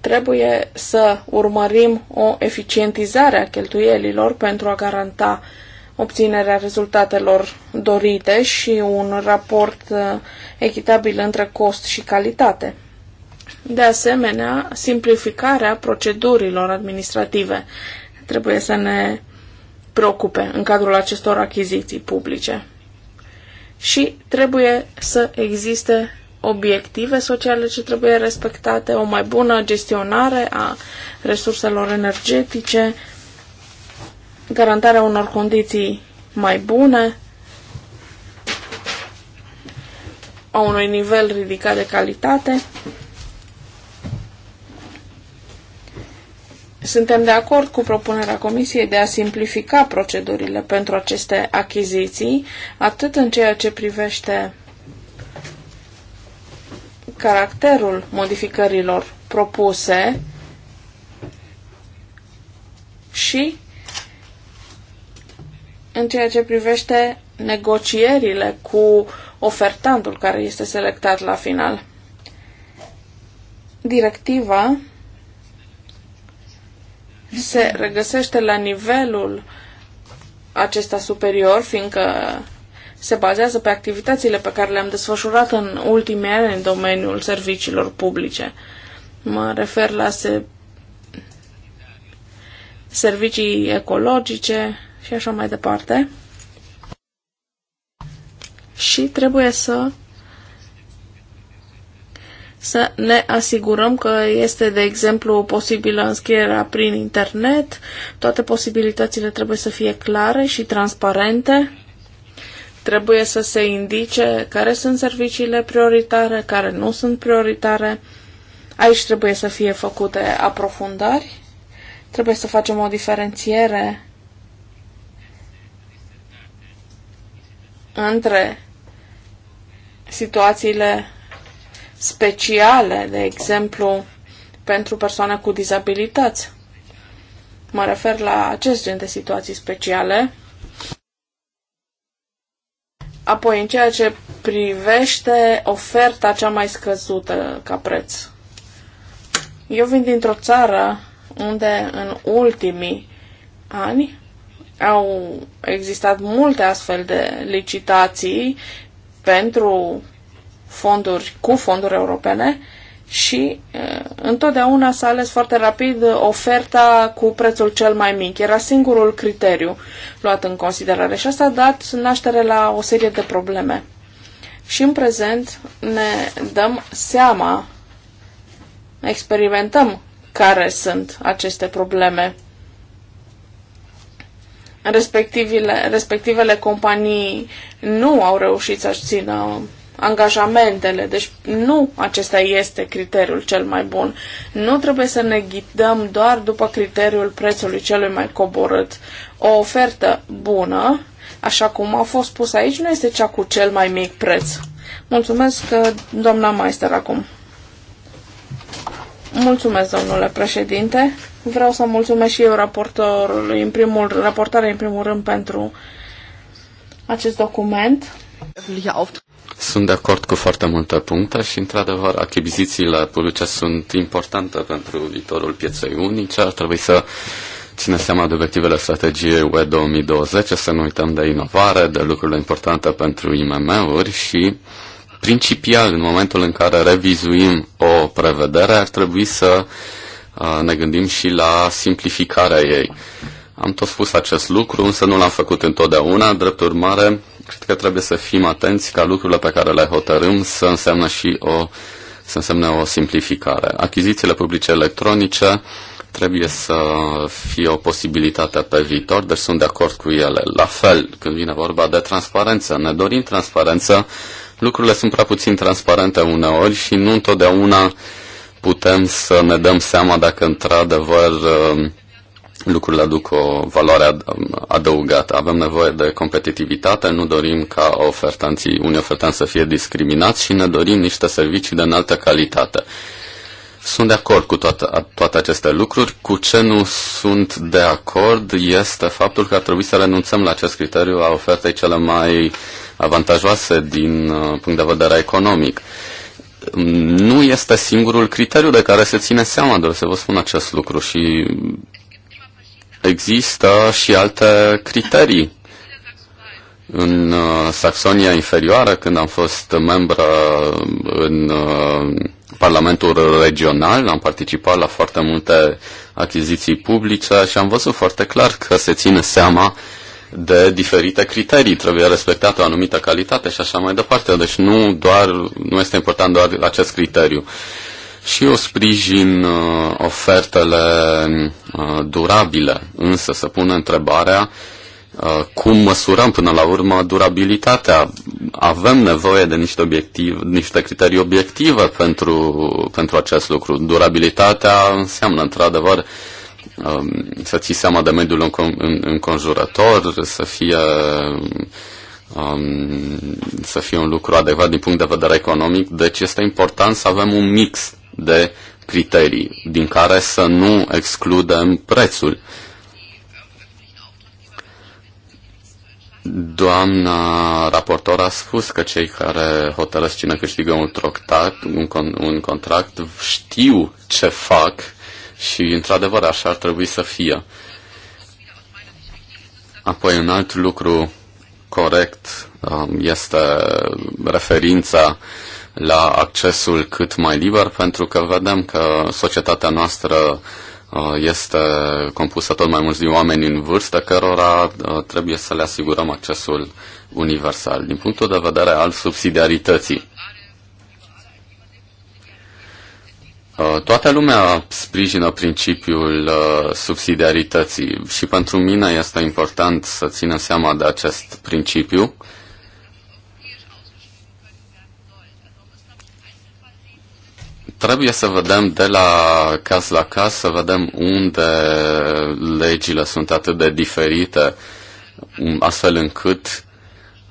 Trebuie să urmărim o eficientizare a cheltuielilor pentru a garanta obținerea rezultatelor dorite și un raport uh, echitabil între cost și calitate. De asemenea, simplificarea procedurilor administrative trebuie să ne preocupe în cadrul acestor achiziții publice. Și trebuie să existe obiective sociale ce trebuie respectate, o mai bună gestionare a resurselor energetice, garantarea unor condiții mai bune, a unui nivel ridicat de calitate Suntem de acord cu propunerea Comisiei de a simplifica procedurile pentru aceste achiziții, atât în ceea ce privește caracterul modificărilor propuse și în ceea ce privește negocierile cu ofertantul care este selectat la final. Directiva se regăsește la nivelul acesta superior, fiindcă se bazează pe activitățile pe care le-am desfășurat în ultimii ani în domeniul serviciilor publice. Mă refer la se... servicii ecologice și așa mai departe. Și trebuie să să ne asigurăm că este, de exemplu, posibilă înscrierea prin internet. Toate posibilitățile trebuie să fie clare și transparente. Trebuie să se indice care sunt serviciile prioritare, care nu sunt prioritare. Aici trebuie să fie făcute aprofundări. Trebuie să facem o diferențiere între situațiile speciale, de exemplu, pentru persoane cu dizabilități. Mă refer la acest gen de situații speciale. Apoi, în ceea ce privește oferta cea mai scăzută ca preț. Eu vin dintr-o țară unde în ultimii ani au existat multe astfel de licitații pentru fonduri cu fonduri europene și întotdeauna s-a ales foarte rapid oferta cu prețul cel mai mic. Era singurul criteriu luat în considerare și asta a dat naștere la o serie de probleme. Și în prezent ne dăm seama, experimentăm care sunt aceste probleme. Respectivele, respectivele companii nu au reușit să-și țină angajamentele. Deci nu acesta este criteriul cel mai bun. Nu trebuie să ne ghidăm doar după criteriul prețului celui mai coborât. O ofertă bună, așa cum a fost pus aici, nu este cea cu cel mai mic preț. Mulțumesc, uh, doamna Meister, acum. Mulțumesc, domnule președinte. Vreau să mulțumesc și eu raportorului, în primul, raportare în primul rând pentru acest document. Sunt de acord cu foarte multe puncte și, într-adevăr, achizițiile publice sunt importante pentru viitorul pieței unice. Ar trebui să ține seama de obiectivele strategiei UE 2020, să nu uităm de inovare, de lucrurile importante pentru IMM-uri și, principial, în momentul în care revizuim o prevedere, ar trebui să uh, ne gândim și la simplificarea ei. Am tot spus acest lucru, însă nu l-am făcut întotdeauna, drept urmare Cred că trebuie să fim atenți ca lucrurile pe care le hotărâm să însemne și o, să însemne o simplificare. Achizițiile publice electronice trebuie să fie o posibilitate pe viitor, deci sunt de acord cu ele. La fel, când vine vorba de transparență, ne dorim transparență, lucrurile sunt prea puțin transparente uneori și nu întotdeauna putem să ne dăm seama dacă într-adevăr uh, lucrurile aduc o valoare adăugată. Avem nevoie de competitivitate, nu dorim ca ofertanții, unii ofertanți să fie discriminați și ne dorim niște servicii de înaltă calitate. Sunt de acord cu toate, toate aceste lucruri. Cu ce nu sunt de acord este faptul că ar trebui să renunțăm la acest criteriu a ofertei cele mai avantajoase din uh, punct de vedere economic. Nu este singurul criteriu de care se ține seama, doar să vă spun acest lucru și există și alte criterii. În uh, Saxonia Inferioară, când am fost membră în uh, Parlamentul Regional, am participat la foarte multe achiziții publice și am văzut foarte clar că se ține seama de diferite criterii, trebuie respectată o anumită calitate și așa mai departe. Deci nu, doar, nu este important doar acest criteriu. Uh, și eu sprijin uh, ofertele uh, durabile, însă se pune întrebarea uh, cum măsurăm până la urmă durabilitatea. Avem nevoie de niște, obiectiv, niște criterii obiective pentru, pentru acest lucru. Durabilitatea înseamnă, într-adevăr, um, să ții seama de mediul înconjurător, să fie um, să fie un lucru adecvat din punct de vedere economic, deci este important să avem un mix de criterii, din care să nu excludem prețul. Doamna raportor a spus că cei care hotărăsc cine câștigă un, tractat, un, con, un contract știu ce fac și, într-adevăr, așa ar trebui să fie. Apoi, un alt lucru corect um, este referința la accesul cât mai liber, pentru că vedem că societatea noastră uh, este compusă tot mai mulți din oameni în vârstă, cărora uh, trebuie să le asigurăm accesul universal, din punctul de vedere al subsidiarității. Uh, toată lumea sprijină principiul subsidiarității și pentru mine este important să țină seama de acest principiu trebuie să vedem de la caz la caz, să vedem unde legile sunt atât de diferite, um, astfel încât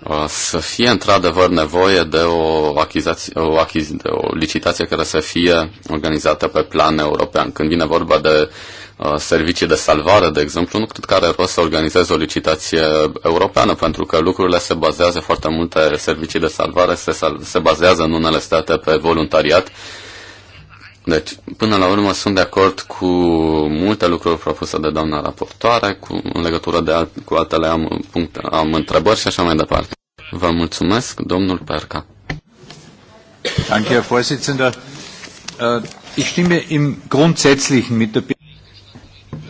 uh, să fie într-adevăr nevoie de o, achizație, o, achiz, de o licitație care să fie organizată pe plan european. Când vine vorba de uh, servicii de salvare, de exemplu, nu cred că are rost să organizeze o licitație europeană, pentru că lucrurile se bazează foarte multe servicii de salvare, se, se bazează în unele state pe voluntariat deci, până la urmă, sunt de acord cu multe lucruri propuse de doamna raportoare, cu, în legătură de alt, cu altele am, puncte, am întrebări și așa mai departe. Vă mulțumesc, domnul Perca. Äh,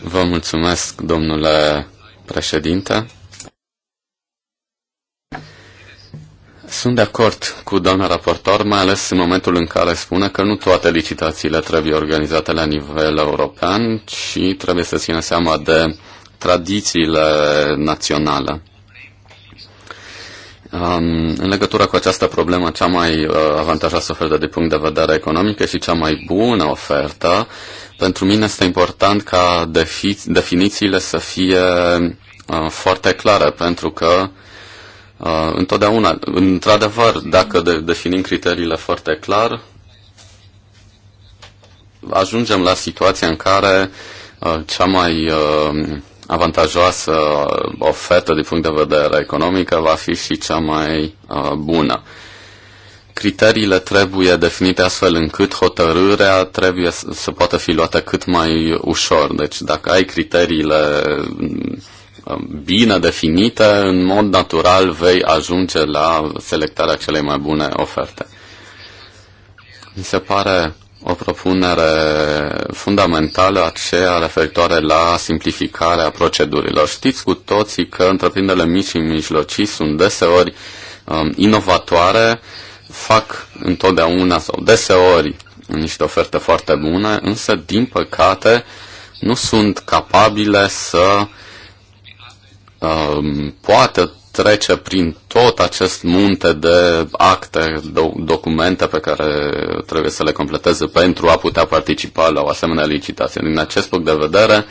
Vă mulțumesc, domnule președinte. Sunt de acord cu doamna raportor, mai ales în momentul în care spune că nu toate licitațiile trebuie organizate la nivel european, ci trebuie să țină seama de tradițiile naționale. Um, în legătură cu această problemă, cea mai uh, avantajoasă ofertă de punct de vedere economică și cea mai bună ofertă, pentru mine este important ca defi- definițiile să fie uh, foarte clare, pentru că uh, Uh, întotdeauna, într-adevăr, dacă de, definim criteriile foarte clar, ajungem la situația în care uh, cea mai uh, avantajoasă ofertă din punct de vedere economică va fi și cea mai uh, bună. Criteriile trebuie definite astfel încât hotărârea trebuie să, să poată fi luată cât mai ușor. Deci dacă ai criteriile Um, bine definite, în mod natural vei ajunge la selectarea celei mai bune oferte. Mi se pare o propunere fundamentală aceea referitoare la simplificarea procedurilor. Știți cu toții că întreprinderile mici și mijlocii sunt deseori um, inovatoare, fac întotdeauna sau deseori niște oferte foarte bune, însă, din păcate, nu sunt capabile să Um, poate trece prin tot acest munte de acte, do- documente pe care trebuie să le completeze pentru a putea participa la o asemenea licitație. Din acest punct de vedere,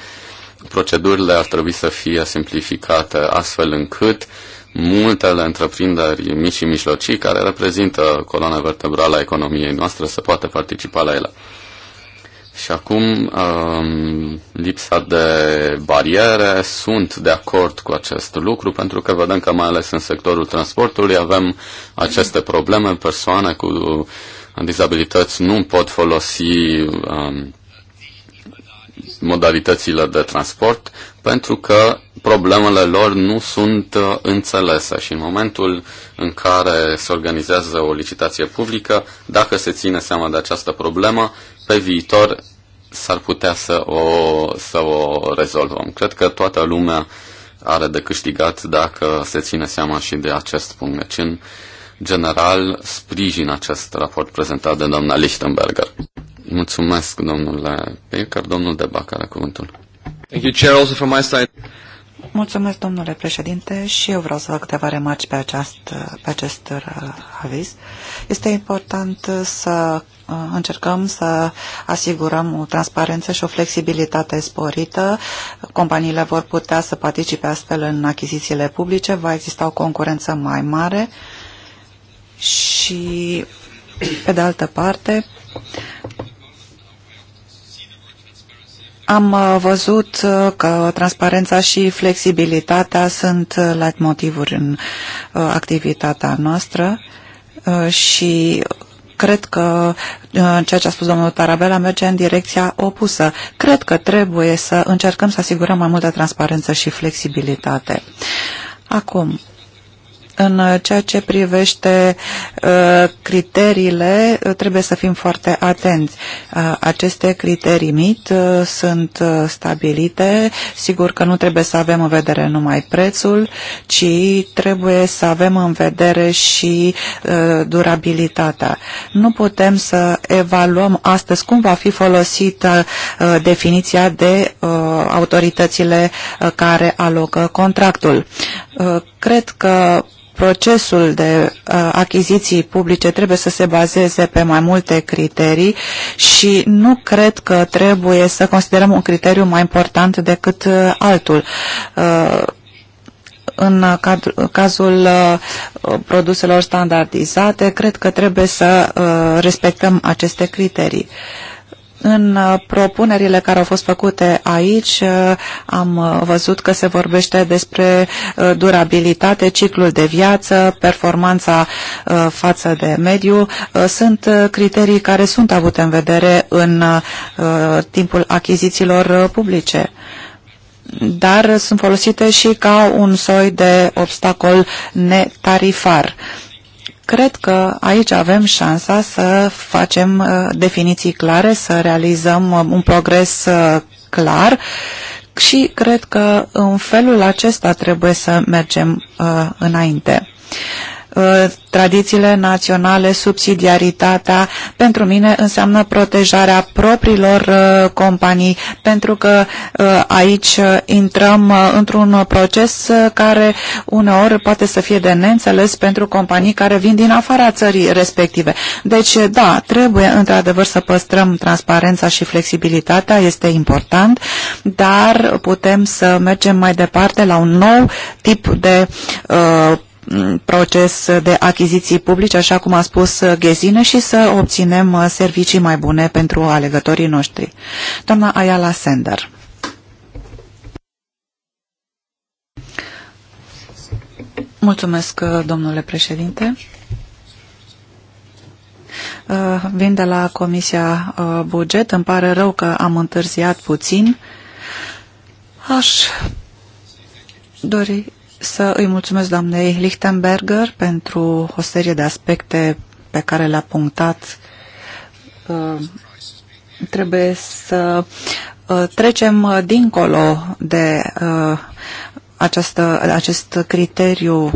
procedurile ar trebui să fie simplificate astfel încât multele întreprinderi mici și mijlocii care reprezintă coloana vertebrală a economiei noastre să poată participa la ele. Și acum, um, lipsa de bariere, sunt de acord cu acest lucru, pentru că vedem că mai ales în sectorul transportului avem aceste probleme, persoane cu dizabilități nu pot folosi um, modalitățile de transport pentru că problemele lor nu sunt uh, înțelese și în momentul în care se organizează o licitație publică, dacă se ține seama de această problemă, pe viitor s-ar putea să o, să o rezolvăm. Cred că toată lumea are de câștigat dacă se ține seama și de acest punct. Deci, în general, sprijin acest raport prezentat de doamna Lichtenberger. Mulțumesc, domnul Pecar, Domnul Debac are cuvântul. Thank you, Chair, also from my side. Mulțumesc, domnule președinte, și eu vreau să fac câteva remarci pe, aceast, pe acest uh, aviz. Este important să uh, încercăm să asigurăm o transparență și o flexibilitate sporită. Companiile vor putea să participe astfel în achizițiile publice, va exista o concurență mai mare și, pe de altă parte, Am uh, văzut uh, că transparența și flexibilitatea sunt uh, motivuri în activitatea noastră și cred că ceea ce a spus domnul Tarabela merge în direcția opusă. Cred că trebuie să încercăm să asigurăm mai multă transparență și flexibilitate. Acum, în uh, ceea ce privește uh, criteriile, uh, trebuie să fim foarte atenți. Aceste criterii MIT sunt stabilite. Sigur că nu trebuie să avem în vedere numai prețul, ci trebuie să avem în vedere și durabilitatea. Nu putem să evaluăm astăzi cum va fi folosită definiția de autoritățile care alocă contractul Cred că procesul de uh, achiziții publice trebuie să se bazeze pe mai multe criterii și nu cred că trebuie să considerăm un criteriu mai important decât uh, altul. Uh, în cazul uh, produselor standardizate, cred că trebuie să uh, respectăm aceste criterii. Uh, în uh, propunerile care au fost făcute aici uh, am uh, văzut că se vorbește despre durabilitate, ciclul de viață, performanța față de mediu. Sunt criterii care sunt avute în vedere în timpul achizițiilor publice dar sunt folosite și ca un soi de obstacol netarifar. Cred că aici avem șansa să facem uh, definiții clare, să realizăm um, un progres uh, clar și cred că în felul acesta trebuie să mergem uh, înainte. Uh, tradițiile naționale, subsidiaritatea, pentru mine înseamnă protejarea propriilor uh, companii, pentru că uh, aici intrăm într-un proces care uneori poate să fie de neînțeles pentru companii care vin din afara țării respective. Deci, da, trebuie într-adevăr să păstrăm transparența și flexibilitatea, este important, dar putem să mergem mai departe la un nou tip de uh, Mm, proces de achiziții publice, așa cum a spus uh, Ghezine, și să obținem uh, servicii mai bune pentru alegătorii noștri. Doamna Ayala Sender. Mulțumesc, uh, domnule președinte. Vin de la Comisia Buget. Îmi pare rău că am întârziat puțin. Aș dori să îi mulțumesc doamnei Lichtenberger pentru o serie de aspecte pe care le-a punctat. Uh, trebuie să uh, trecem dincolo de uh, această, acest criteriu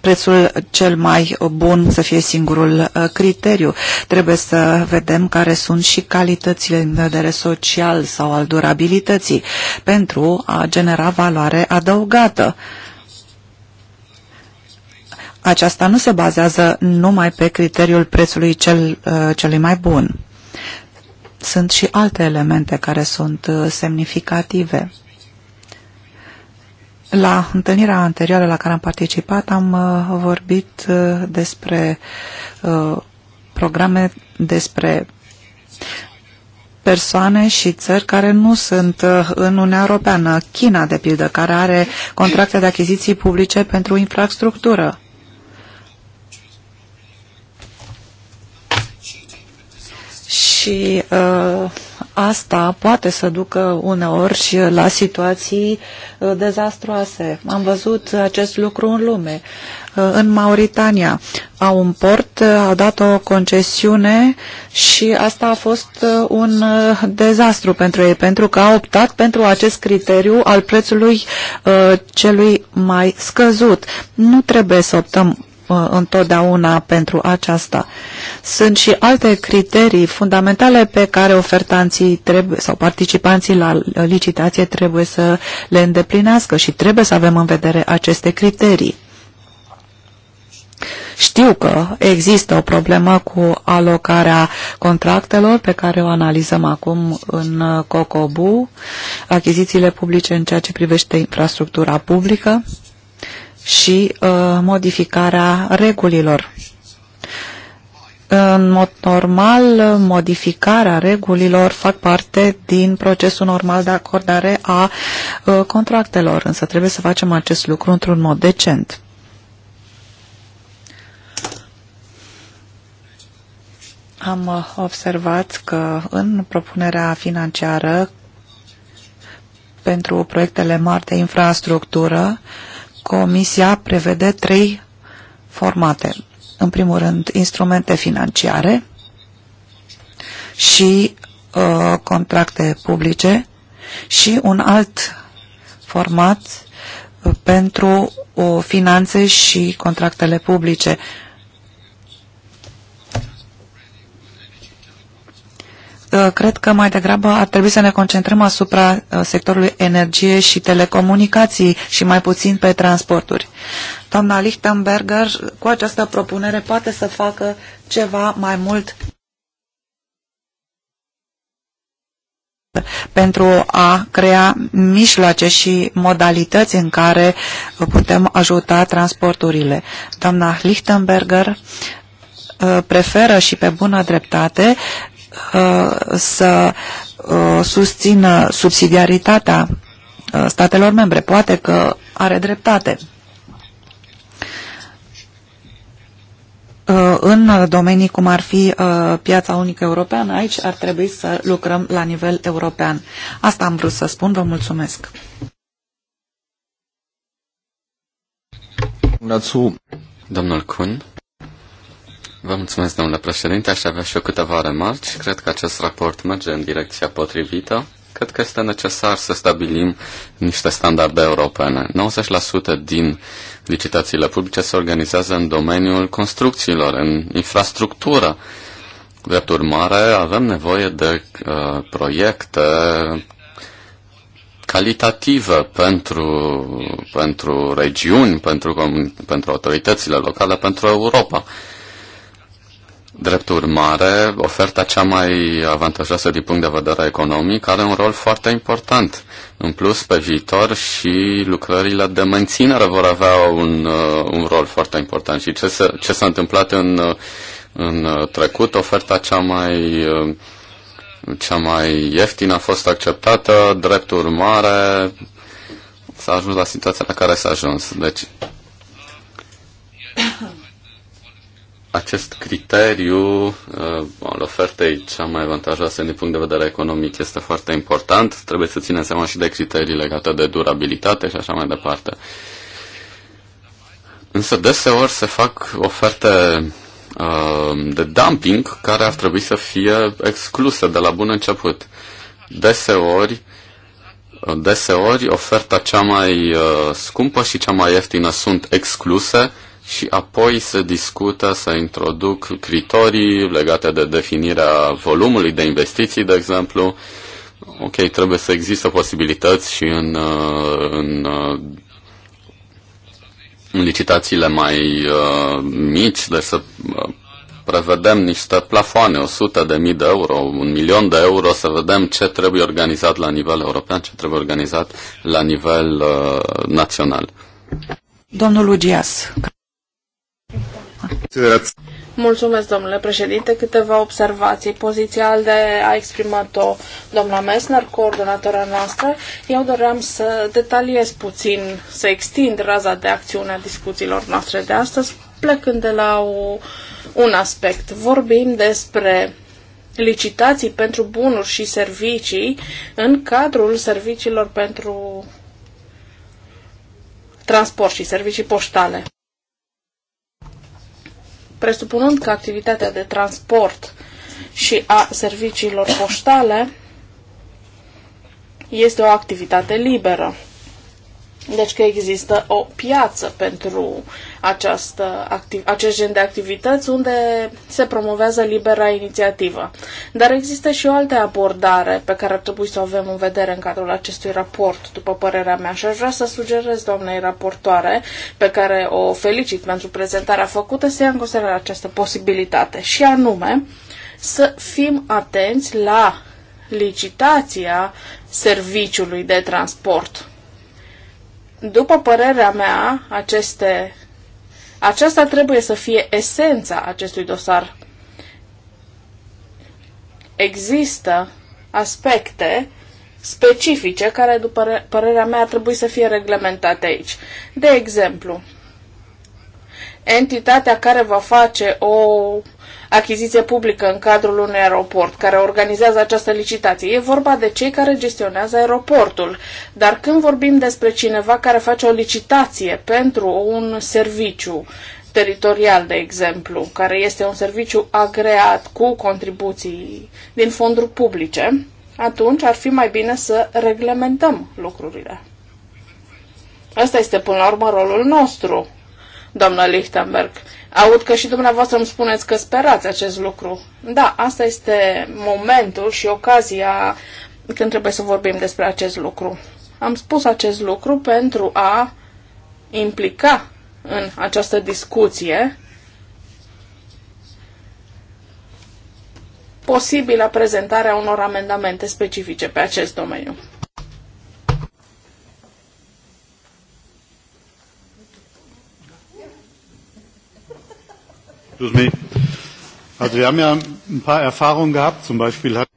prețul cel mai bun să fie singurul uh, criteriu. Trebuie să vedem care sunt și calitățile din vedere social sau al durabilității pentru a genera valoare adăugată. Aceasta nu se bazează numai pe criteriul prețului cel, uh, celui mai bun. Sunt și alte elemente care sunt uh, semnificative la întâlnirea anterioară la care am participat am uh, vorbit uh, despre uh, programe despre persoane și țări care nu sunt în Uniunea Europeană. China, de pildă, care are contracte de achiziții publice pentru infrastructură. și uh, asta poate să ducă uneori și la situații uh, dezastroase. Am văzut acest lucru în lume. Uh, în Mauritania au un port, uh, au dat o concesiune și asta a fost uh, un uh, dezastru pentru ei, pentru că au optat pentru acest criteriu al prețului uh, celui mai scăzut. Nu trebuie să optăm Uh, întotdeauna pentru aceasta. Sunt și alte criterii fundamentale pe care ofertanții trebuie, sau participanții la licitație trebuie să le îndeplinească și trebuie să avem în vedere aceste criterii. Știu că există o problemă cu alocarea contractelor pe care o analizăm acum în COCOBU, achizițiile publice în ceea ce privește infrastructura publică și uh, modificarea regulilor. În mod normal, modificarea regulilor fac parte din procesul normal de acordare a uh, contractelor, însă trebuie să facem acest lucru într-un mod decent. Am uh, observat că în propunerea financiară pentru proiectele mari de infrastructură, uh, Comisia prevede trei formate. În primul rând, instrumente financiare și uh, contracte publice și un alt format uh, pentru uh, finanțe și contractele publice. Uh, Uh, cred că mai degrabă ar trebui să ne concentrăm asupra uh, sectorului energie și telecomunicații și mai puțin pe transporturi. Doamna Lichtenberger, cu această propunere poate să facă ceva mai mult pentru a crea mijloace și modalități în care putem ajuta transporturile. Doamna Lichtenberger uh, preferă și pe bună dreptate Uh, să uh, susțină subsidiaritatea uh, statelor membre. Poate că are dreptate. În domenii cum ar fi piața unică europeană, aici ar trebui să lucrăm la nivel european. Asta am vrut să spun. Vă mulțumesc. Domnul Kuhn. Vă mulțumesc, domnule președinte. Aș avea și eu câteva remarci. Cred că acest raport merge în direcția potrivită. Cred că este necesar să stabilim niște standarde europene. 90% din licitațiile publice se organizează în domeniul construcțiilor, în infrastructură. Drept urmare, avem nevoie de uh, proiecte calitativă pentru, pentru regiuni, pentru, pentru autoritățile locale, pentru Europa. Drept urmare, oferta cea mai avantajoasă din punct de vedere economic are un rol foarte important. În plus, pe viitor și lucrările de menținere vor avea un, uh, un rol foarte important. Și ce, se, ce s-a întâmplat în, uh, în uh, trecut, oferta cea mai, cea mai ieftină a fost acceptată, drept urmare s-a ajuns la situația la care s-a ajuns. Deci, acest criteriu uh, al ofertei cea mai avantajoasă din punct de vedere economic este foarte important. Trebuie să ținem seama și de criterii legate de durabilitate și așa mai departe. Însă deseori se fac oferte uh, de dumping care ar trebui să fie excluse de la bun început. Deseori, uh, deseori oferta cea mai uh, scumpă și cea mai ieftină sunt excluse și apoi să discută, să introduc criterii legate de definirea volumului de investiții, de exemplu. Ok, trebuie să există posibilități și în, uh, în, uh, în licitațiile mai uh, mici, deci să prevedem niște plafoane, 100 de mii de euro, un milion de euro, să vedem ce trebuie organizat la nivel european, ce trebuie organizat la nivel uh, național. Domnul Ugias. Mulțumesc, domnule președinte. Câteva observații. Poziția de a exprimat-o doamna Mesner, coordonatoarea noastră. Eu doream să detaliez puțin, să extind raza de acțiune a discuțiilor noastre de astăzi, plecând de la o, un aspect. Vorbim despre licitații pentru bunuri și servicii în cadrul serviciilor pentru transport și servicii poștale presupunând că activitatea de transport și a serviciilor poștale este o activitate liberă. Deci că există o piață pentru această, activ, acest gen de activități unde se promovează libera inițiativă. Dar există și o altă abordare pe care ar trebui să o avem în vedere în cadrul acestui raport, după părerea mea, și aș vrea să sugerez doamnei raportoare, pe care o felicit pentru prezentarea făcută, să ia în considerare această posibilitate, și anume să fim atenți la licitația serviciului de transport. După părerea mea, aceste aceasta trebuie să fie esența acestui dosar. Există aspecte specifice care, după părerea mea, trebuie să fie reglementate aici. De exemplu, entitatea care va face o achiziție publică în cadrul unui aeroport care organizează această licitație. E vorba de cei care gestionează aeroportul. Dar când vorbim despre cineva care face o licitație pentru un serviciu teritorial, de exemplu, care este un serviciu agreat cu contribuții din fonduri publice, atunci ar fi mai bine să reglementăm lucrurile. Asta este până la urmă rolul nostru, doamnă Lichtenberg. Aud că și dumneavoastră îmi spuneți că sperați acest lucru. Da, asta este momentul și ocazia când trebuie să vorbim despre acest lucru. Am spus acest lucru pentru a implica în această discuție posibilă prezentarea unor amendamente specifice pe acest domeniu. Excuse me. Also wir haben ja ein paar Erfahrungen gehabt, zum Beispiel hat...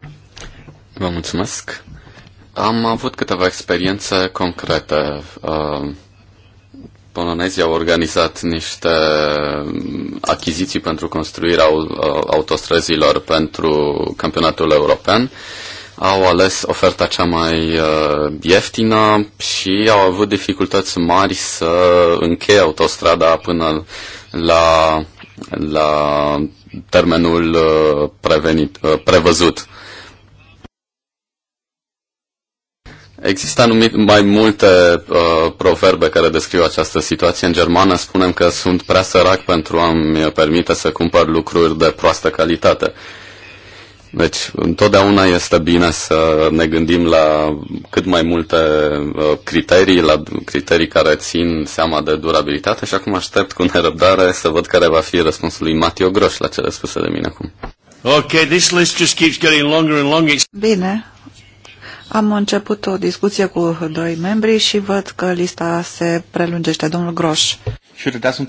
Vă mulțumesc. Am avut câteva experiențe concrete. Uh, Polonezii au organizat niște achiziții pentru construirea uh, autostrăzilor pentru campionatul european. Au ales oferta cea mai uh, ieftină și au avut dificultăți mari să încheie autostrada până la la termenul uh, prevenit, uh, prevăzut. Există anumit mai multe uh, proverbe care descriu această situație. În germană spunem că sunt prea sărac pentru a-mi permite să cumpăr lucruri de proastă calitate. Uh, deci, întotdeauna este bine să ne gândim la cât mai multe uh, criterii, la criterii care țin seama de durabilitate și acum aștept cu nerăbdare să văd care va fi răspunsul lui Matio Groș la cele spuse de mine acum. Okay, this list just keeps getting longer and longer. Bine, am început o discuție cu doi membri și văd că lista se prelungește. Domnul Groș. Äh,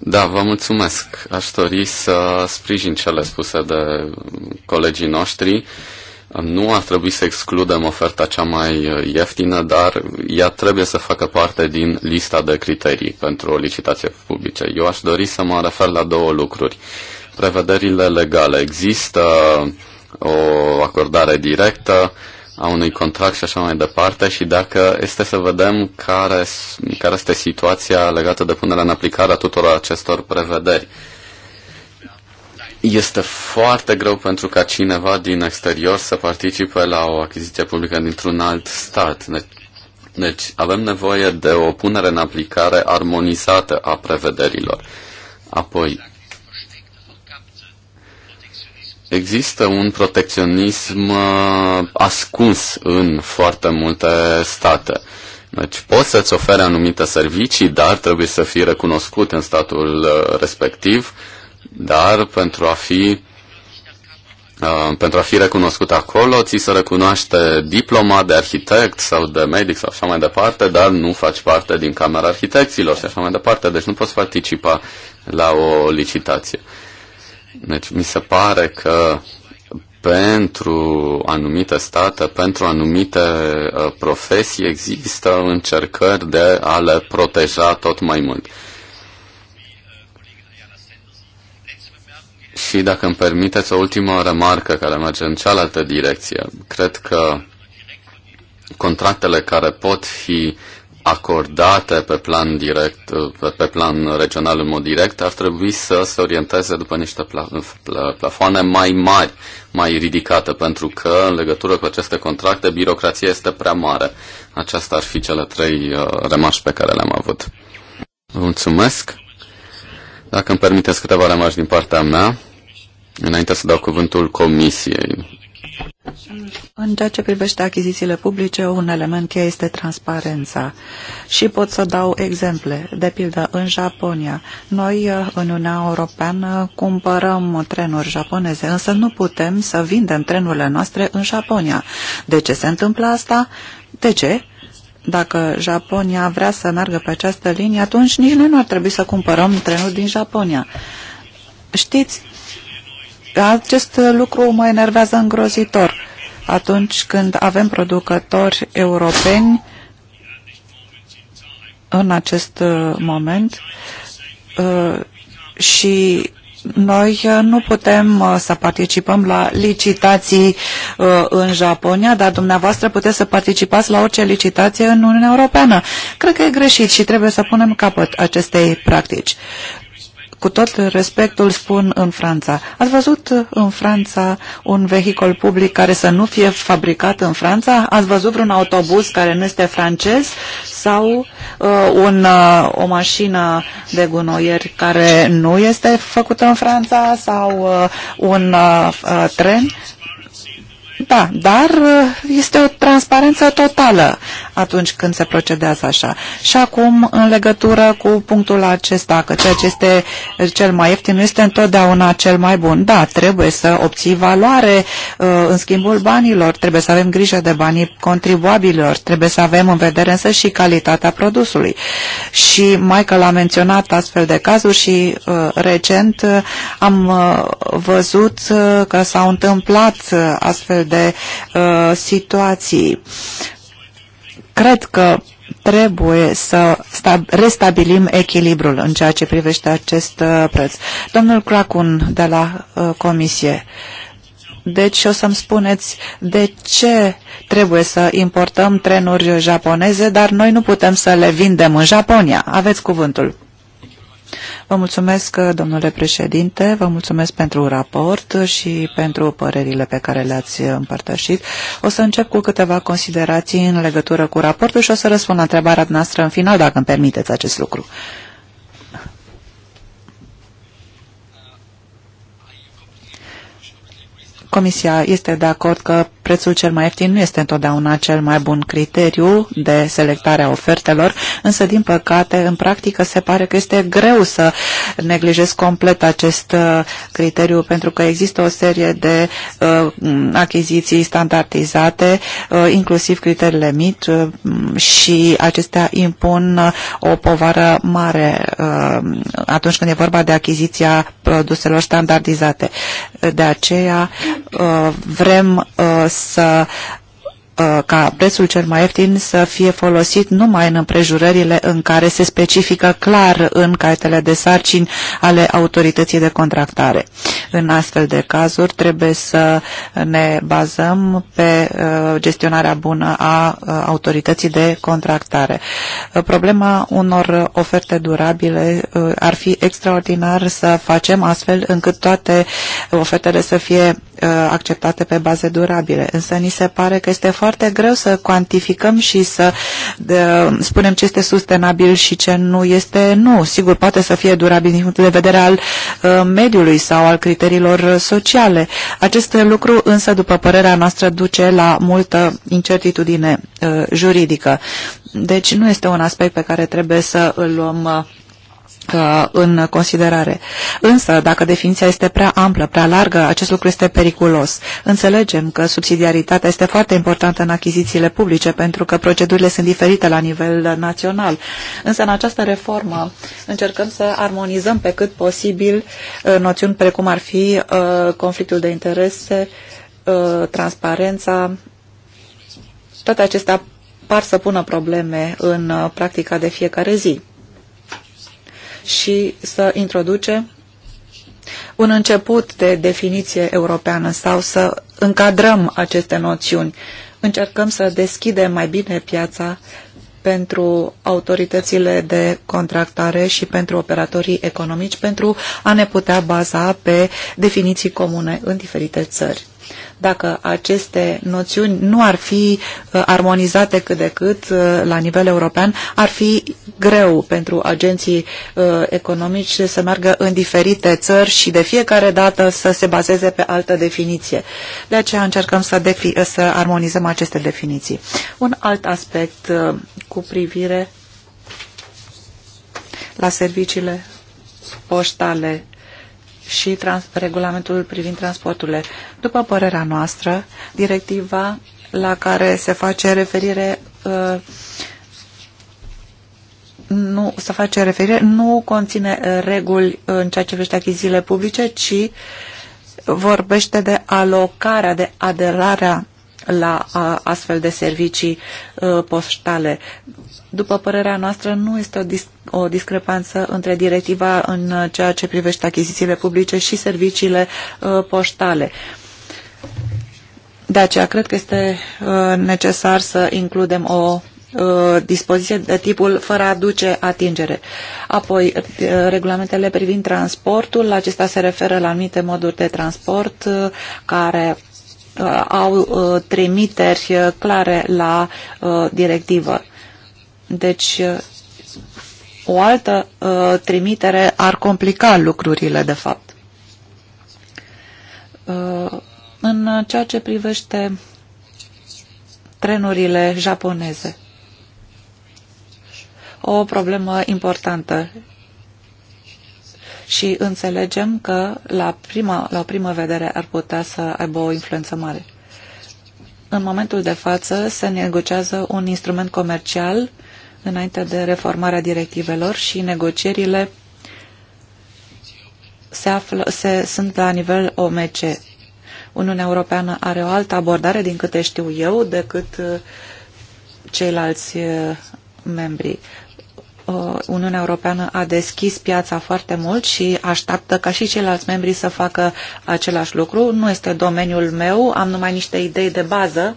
da, vă mulțumesc. Aș dori să sprijin cele spuse de colegii noștri. Nu ar trebui să excludem oferta cea mai uh, ieftină, dar ea trebuie să facă parte din lista de criterii pentru o licitație publică. Eu aș dori să mă refer la două lucruri. Prevederile legale. Există uh, o acordare directă a unui contract și așa mai departe și dacă este să vedem care, care este situația legată de punerea în aplicare a tuturor acestor prevederi. Este foarte greu pentru ca cineva din exterior să participe la o achiziție publică dintr-un alt stat. Deci, deci avem nevoie de o punere în aplicare armonizată a prevederilor. Apoi, Există un protecționism uh, ascuns în foarte multe state. Deci poți să-ți ofere anumite servicii, dar trebuie să fii recunoscut în statul uh, respectiv, dar pentru a fi uh, pentru a fi recunoscut acolo, ți se recunoaște diploma de arhitect sau de medic sau așa mai departe, dar nu faci parte din Camera Arhitecților și așa mai departe, deci nu poți participa la o licitație. Uh, deci mi se pare că pentru anumite state, pentru anumite uh, profesii există încercări de a le proteja tot mai mult. Și dacă îmi permiteți o ultimă remarcă care merge în cealaltă direcție, cred că contractele care pot fi acordată pe plan direct, pe plan regional în mod direct, ar trebui să se orienteze după niște pla- pla- plafoane mai mari, mai ridicate, pentru că în legătură cu aceste contracte birocrația este prea mare. Aceasta ar fi cele trei uh, remarci pe care le-am avut. Vă mulțumesc. Dacă îmi permiteți câteva remarci din partea mea, înainte să dau cuvântul comisiei, în ceea ce privește achizițiile publice, un element cheie este transparența. Și pot să dau exemple. De pildă, în Japonia, noi, uh, în Uniunea Europeană, cumpărăm trenuri japoneze, însă nu putem să vindem trenurile noastre în Japonia. De ce se întâmplă asta? De ce? Dacă Japonia vrea să meargă pe această linie, atunci nici noi nu ar trebui să cumpărăm trenuri din Japonia. Știți acest lucru mă enervează îngrozitor atunci când avem producători europeni în acest uh, moment uh, și noi uh, nu putem să participăm la licitații în Japonia, dar dumneavoastră puteți să participați la orice licitație în Uniunea Europeană. Cred că e greșit și trebuie să punem capăt acestei practici. Cu tot respectul spun în Franța. Ați văzut în Franța un vehicul public care să nu fie fabricat în Franța? Ați văzut un autobuz care nu este francez sau uh, un, uh, o mașină de gunoieri care nu este făcută în Franța sau uh, un uh, uh tren da, dar uh, este o transparență totală atunci când se procedează așa. Și acum, în legătură cu punctul acesta, că ceea ce este cel mai ieftin nu este întotdeauna cel mai bun. Da, trebuie să obții valoare uh, în schimbul banilor, trebuie să avem grijă de banii contribuabililor, trebuie să avem în vedere însă și calitatea produsului. Și Michael a menționat astfel de cazuri și uh, recent am văzut că s-au întâmplat astfel de aceste uh, situații. Cred că trebuie să restabilim echilibrul în ceea ce privește acest uh, preț. Domnul Cracun de la uh, Comisie, deci o să-mi spuneți de ce trebuie să importăm trenuri japoneze, dar noi nu putem să le vindem în Japonia. Aveți cuvântul. Vă mulțumesc, domnule președinte, vă mulțumesc pentru raport și pentru părerile pe care le-ați împărtășit. O să încep cu câteva considerații în legătură cu raportul și o să răspund la întrebarea noastră în final, dacă îmi permiteți acest lucru. Comisia este de acord că prețul cel mai ieftin nu este întotdeauna cel mai bun criteriu de selectare a ofertelor, însă, din păcate, în practică se pare că este greu să neglijez complet acest uh, criteriu, pentru că există o serie de uh, achiziții standardizate, uh, inclusiv criteriile MIT uh, și acestea impun uh, o povară mare uh, atunci când e vorba de achiziția produselor standardizate. De aceea vrem să Uh, ca prețul cel mai ieftin să fie folosit numai în împrejurările în care se specifică clar în caietele de sarcini ale autorității de contractare. În astfel de cazuri trebuie să ne bazăm pe uh, gestionarea bună a uh, autorității de contractare. Problema unor oferte durabile ar fi extraordinar să facem astfel încât toate ofertele să fie acceptate pe baze durabile, însă ni se pare că este foarte foarte greu să cuantificăm și să de, spunem ce este sustenabil și ce nu este nu. Sigur, poate să fie durabil din punct de vedere al uh, mediului sau al criteriilor sociale. Acest lucru însă, după părerea noastră, duce la multă incertitudine uh, juridică. Deci nu este un aspect pe care trebuie să îl luăm uh, Uh, în considerare. Însă, dacă definiția este prea amplă, prea largă, acest lucru este periculos. Înțelegem că subsidiaritatea este foarte importantă în achizițiile publice, pentru că procedurile sunt diferite la nivel național. Însă, în această reformă, încercăm să armonizăm pe cât posibil uh, noțiuni precum ar fi uh, conflictul de interese, transparența, toate acestea par să pună probleme în practica de fiecare zi și să introduce un început de definiție europeană sau să încadrăm aceste noțiuni. Încercăm să deschidem mai bine piața pentru autoritățile de contractare și pentru operatorii economici pentru a ne putea baza pe definiții comune în diferite țări dacă aceste noțiuni nu ar fi uh, armonizate cât de cât uh, la nivel european, ar fi greu pentru agenții uh, economici să meargă în diferite țări și de fiecare dată să se bazeze pe altă definiție. De aceea încercăm să, să armonizăm aceste definiții. Un alt aspect cu privire la serviciile poștale și trans regulamentul privind transporturile. După părerea noastră, directiva la care se face referire uh, nu se face referire, nu conține uh, reguli în ceea ce privește achizițiile publice, ci vorbește de alocarea, de aderarea la astfel de servicii uh, poștale. După părerea noastră, nu este o, dis o discrepanță între directiva în ceea ce privește achizițiile publice și serviciile uh, poștale. De aceea, cred că este uh, necesar să includem o dispoziție de tipul fără a aduce atingere. Apoi, regulamentele privind transportul, acesta se referă la anumite moduri de transport care Uh, au uh, trimiteri uh, clare la directivă. Deci, o altă trimitere ar complica lucrurile, de fapt. În ceea ce privește trenurile japoneze, o problemă importantă și înțelegem că la, prima, la o primă vedere ar putea să aibă o influență mare. În momentul de față se negociază un instrument comercial înainte de reformarea directivelor și negocierile se află, se, sunt la nivel OMC. Uniunea Europeană are o altă abordare, din câte știu eu, decât uh, ceilalți uh, membri. Uh, Uniunea Europeană a deschis piața foarte mult și așteaptă ca și ceilalți membri să facă același lucru. Nu este domeniul meu, am numai niște idei de bază.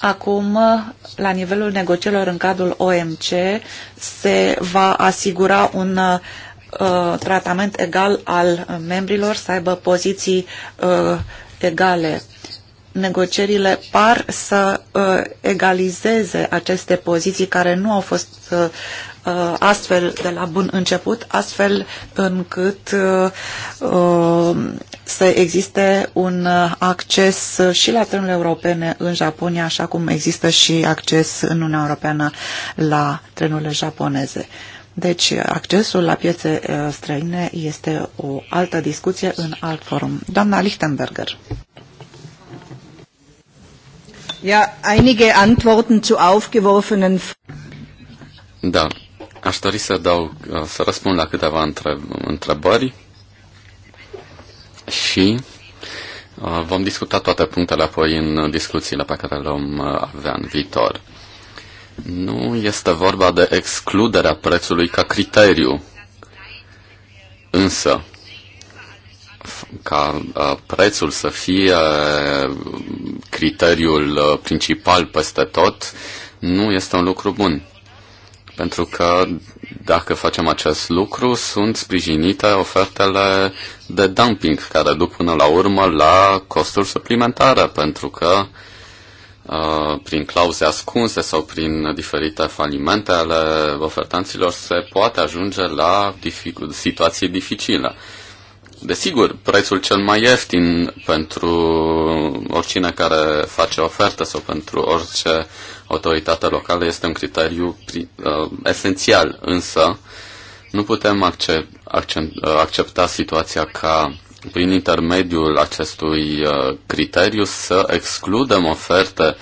Acum, uh, la nivelul negocierilor în cadrul OMC, se va asigura un uh, tratament egal al membrilor, să aibă poziții uh, egale negocierile par să uh, egalizeze aceste poziții care nu au fost uh, uh astfel de la bun început, astfel încât uh, uh să existe un uh, acces și la trenurile europene în Japonia, așa cum există și acces în Uniunea Europeană la trenurile japoneze. Deci accesul la piețe străine este o altă discuție în alt forum. Doamna Lichtenberger. Ja, einige Antworten zu aufgeworfenen Da, aș dori să dau, uh, să răspund la câteva întrebări și uh, vom discuta toate punctele apoi în discuțiile pe care le vom uh, avea în viitor. Nu este vorba de excluderea prețului ca criteriu, însă ca prețul să fie criteriul principal peste tot, nu este un lucru bun. Pentru că dacă facem acest lucru, sunt sprijinite ofertele de dumping, care duc până la urmă la costuri suplimentare, pentru că uh, prin clauze ascunse sau prin diferite falimente ale ofertanților se poate ajunge la dific- situații dificile. Desigur, prețul cel mai ieftin pentru oricine care face ofertă sau pentru orice autoritate locală este un criteriu uh, esențial, însă nu putem accent, uh, accepta situația ca prin intermediul acestui uh, criteriu să excludem oferte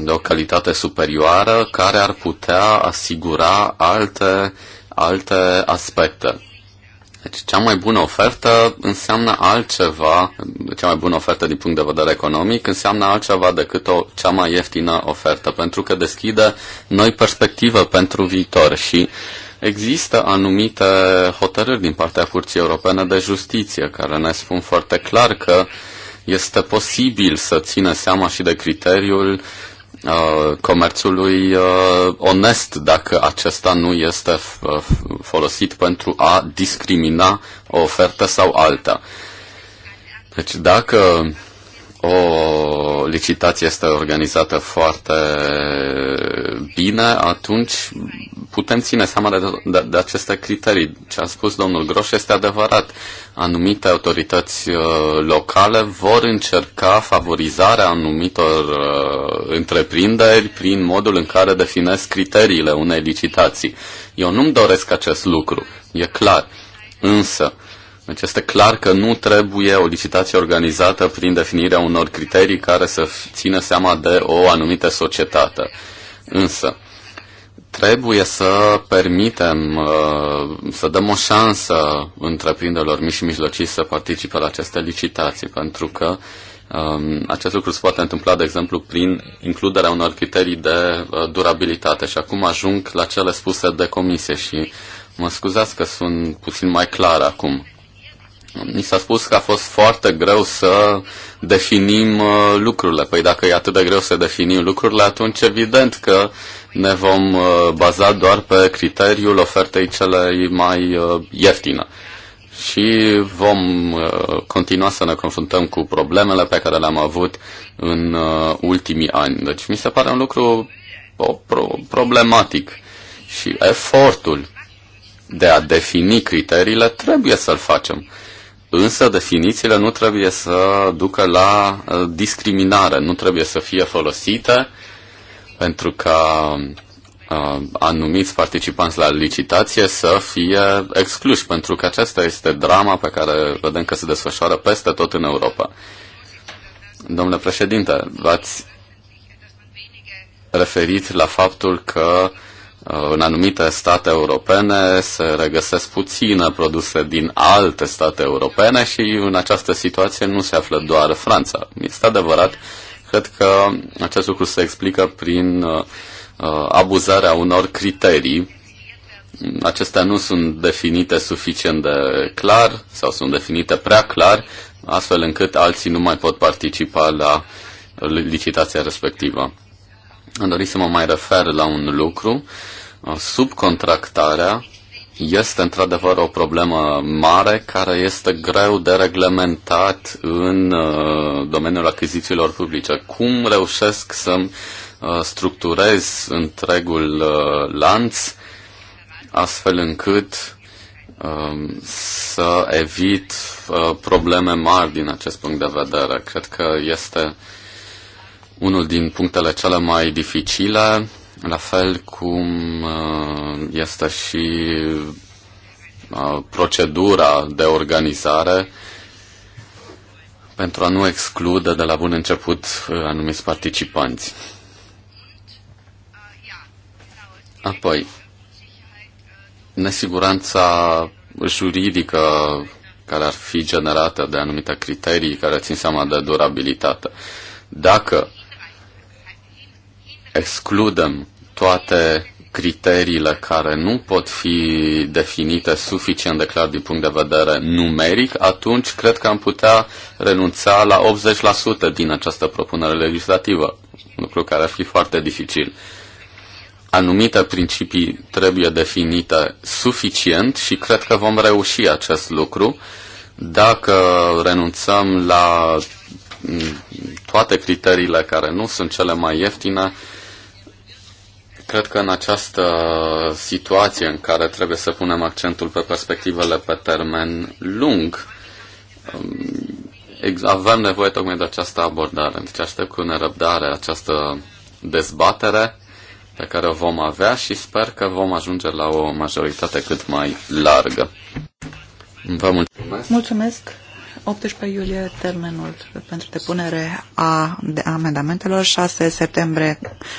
de o calitate superioară care ar putea asigura alte, alte aspecte. Deci cea mai bună ofertă înseamnă altceva, cea mai bună ofertă din punct de vedere economic înseamnă altceva decât o cea mai ieftină ofertă, pentru că deschide noi perspective pentru viitor și există anumite hotărâri din partea Curții Europene de Justiție care ne spun foarte clar că este posibil să țină seama și de criteriul Uh, comerțului uh, onest dacă acesta nu este uh, folosit pentru a discrimina o ofertă sau alta. Deci dacă o licitație este organizată foarte bine, atunci putem ține seama de, de, de aceste criterii. Ce a spus domnul Groș este adevărat anumite autorități uh, locale vor încerca favorizarea anumitor uh, întreprinderi prin modul în care definesc criteriile unei licitații. Eu nu-mi doresc acest lucru, e clar. Însă, deci este clar că nu trebuie o licitație organizată prin definirea unor criterii care să țină seama de o anumită societate. Însă, Trebuie să permitem, uh, să dăm o șansă întreprinderilor mici și mijlocii să participe la aceste licitații, pentru că um, acest lucru se poate întâmpla, de exemplu, prin includerea unor criterii de uh, durabilitate. Și acum ajung la cele spuse de comisie și mă scuzați că sunt puțin mai clar acum. Mi s-a spus că a fost foarte greu să definim uh, lucrurile. Păi dacă e atât de greu să definim lucrurile, atunci evident că uh, ne vom uh, baza doar pe criteriul ofertei celei mai uh, ieftine și vom uh, continua să ne confruntăm cu problemele pe care le-am avut în ultimii ani. Deci mi se pare un lucru problematic și efortul de a defini criteriile trebuie să-l facem. Însă definițiile nu trebuie să ducă la discriminare, nu trebuie să fie folosite pentru ca uh, anumiți participanți la licitație să fie excluși, pentru că aceasta este drama pe care vedem că se desfășoară peste tot în Europa. Domnule președinte, v-ați referit la faptul că uh, în anumite state europene se regăsesc puține produse din alte state europene și în această situație nu se află doar Franța. Este adevărat Cred că acest lucru se explică prin uh, uh, abuzarea unor criterii. Acestea nu sunt definite suficient de clar sau sunt definite prea clar, astfel încât alții nu mai pot participa la licitația respectivă. Am dorit să mă mai refer la un lucru. Uh, subcontractarea este într-adevăr o problemă mare care este greu de reglementat în uh, domeniul achizițiilor publice. Cum reușesc să uh, structurez întregul uh, lanț astfel încât um, să evit probleme mari din acest punct de vedere. Cred că este unul din punctele cele mai dificile la fel cum uh, este și uh, procedura de organizare pentru a nu exclude de la bun început uh, anumiți participanți. Apoi, nesiguranța juridică care ar fi generată de anumite criterii care țin seama de durabilitate. Dacă excludem toate criteriile care nu pot fi definite suficient de clar din punct de vedere numeric, atunci cred că am putea renunța la 80% din această propunere legislativă, un lucru care ar fi foarte dificil. Anumite principii trebuie definite suficient și cred că vom reuși acest lucru dacă renunțăm la mm, toate criteriile care nu sunt cele mai ieftine, Cred că în această situație în care trebuie să punem accentul pe perspectivele pe termen lung, um, avem nevoie tocmai de această abordare. Deci aștept cu nerăbdare această dezbatere pe care o vom avea și sper că vom ajunge la o majoritate cât mai largă. Vă mulțumesc. Mulțumesc. 18 iulie termenul pentru depunere a de amendamentelor, 6 septembrie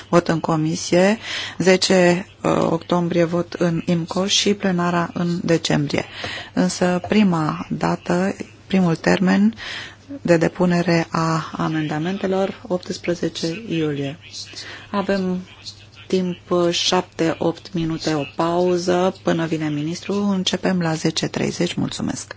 vot în comisie, 10 uh, octombrie vot în IMCO și plenara în decembrie. Însă prima dată, primul termen de depunere a amendamentelor, 18 iulie. Avem timp 7-8 minute o pauză până vine ministru. Începem la 10.30. Mulțumesc!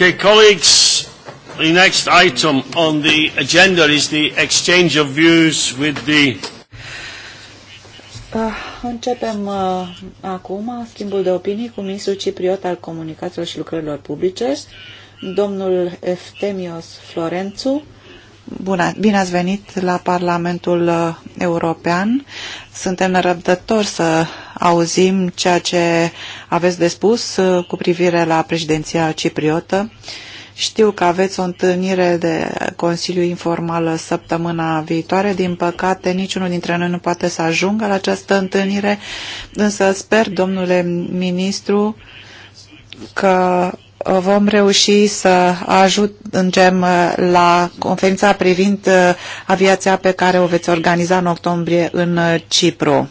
Okay, colleagues, the next item on the agenda is the exchange of views with the Uh, începem uh, acum schimbul de opinii cu ministrul cipriot al comunicațiilor și lucrărilor publice, domnul Eftemios Florențu. Bună, bine ați venit la Parlamentul uh, European. Suntem nerăbdători să auzim ceea ce aveți de spus uh, cu privire la președinția cipriotă. Știu că aveți o întâlnire de Consiliu Informal săptămâna viitoare. Din păcate, niciunul dintre noi nu poate să ajungă la această întâlnire, însă sper, domnule ministru, că uh, vom reuși să ajungem uh, la conferința privind aviația pe care o veți organiza în octombrie în Cipru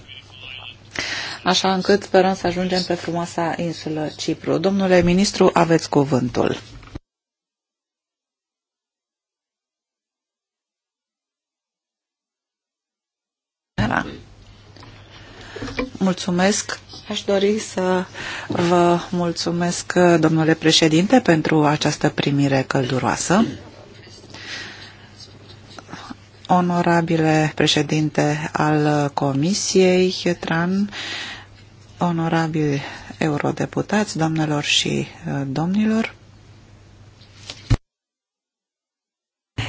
așa încât sperăm să ajungem pe frumoasa insulă Cipru. Domnule ministru, aveți cuvântul. Mulțumesc. Aș dori să vă mulțumesc, domnule președinte, pentru această primire călduroasă onorabile președinte al Comisiei TRAN, onorabili eurodeputați, doamnelor și uh, domnilor.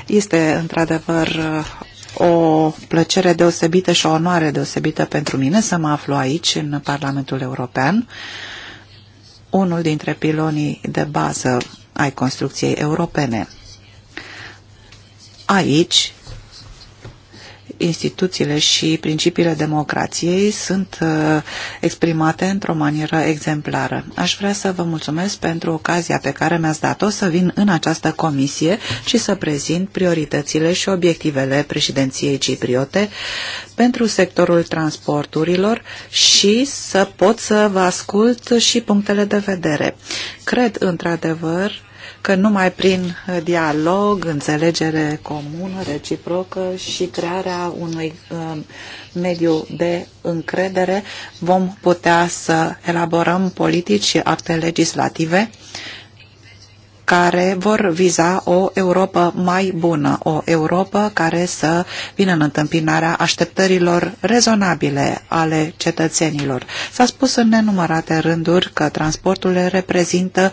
Este într-adevăr uh, o plăcere deosebită și o onoare deosebită pentru mine să mă aflu aici, în Parlamentul European, unul dintre pilonii de bază ai construcției europene. Aici, instituțiile și principiile democrației sunt uh, exprimate într-o manieră exemplară. Aș vrea să vă mulțumesc pentru ocazia pe care mi-ați dat-o să vin în această comisie și să prezint prioritățile și obiectivele președinției cipriote pentru sectorul transporturilor și să pot să vă ascult și punctele de vedere. Cred într-adevăr că numai prin uh, dialog, înțelegere comună, reciprocă și crearea unui uh, mediu de încredere vom putea să elaborăm politici și acte legislative care vor viza o Europa mai bună, o Europa care să vină în întâmpinarea așteptărilor rezonabile ale cetățenilor. S-a spus în nenumărate rânduri că transportul reprezintă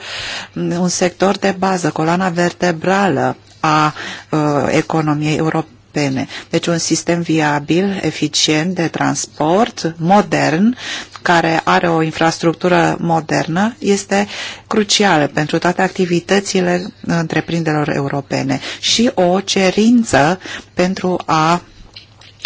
un sector de bază, coloana vertebrală a uh, economiei europene Europene. Deci un sistem viabil, eficient de transport, modern, care are o infrastructură modernă, este crucial pentru toate activitățile uh, întreprinderilor europene și o cerință pentru a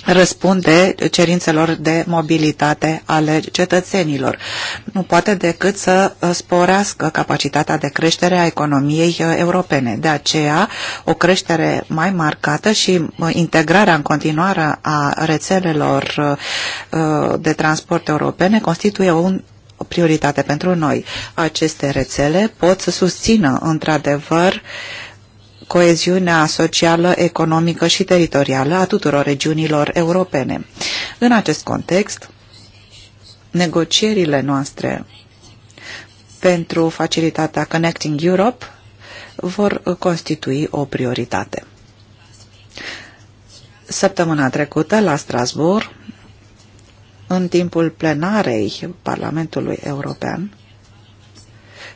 răspunde cerințelor de mobilitate ale cetățenilor. Nu poate decât să uh, sporească capacitatea de creștere a economiei uh, europene. De aceea, o creștere mai marcată și uh, integrarea în continuare a rețelelor de transport europene constituie un o prioritate pentru noi. Aceste rețele pot să susțină, într-adevăr, uh, coeziunea socială, economică și teritorială a tuturor regiunilor europene. În acest context, negocierile noastre pentru facilitatea Connecting Europe vor constitui o prioritate. Săptămâna trecută, la Strasbourg, în timpul plenarei Parlamentului European,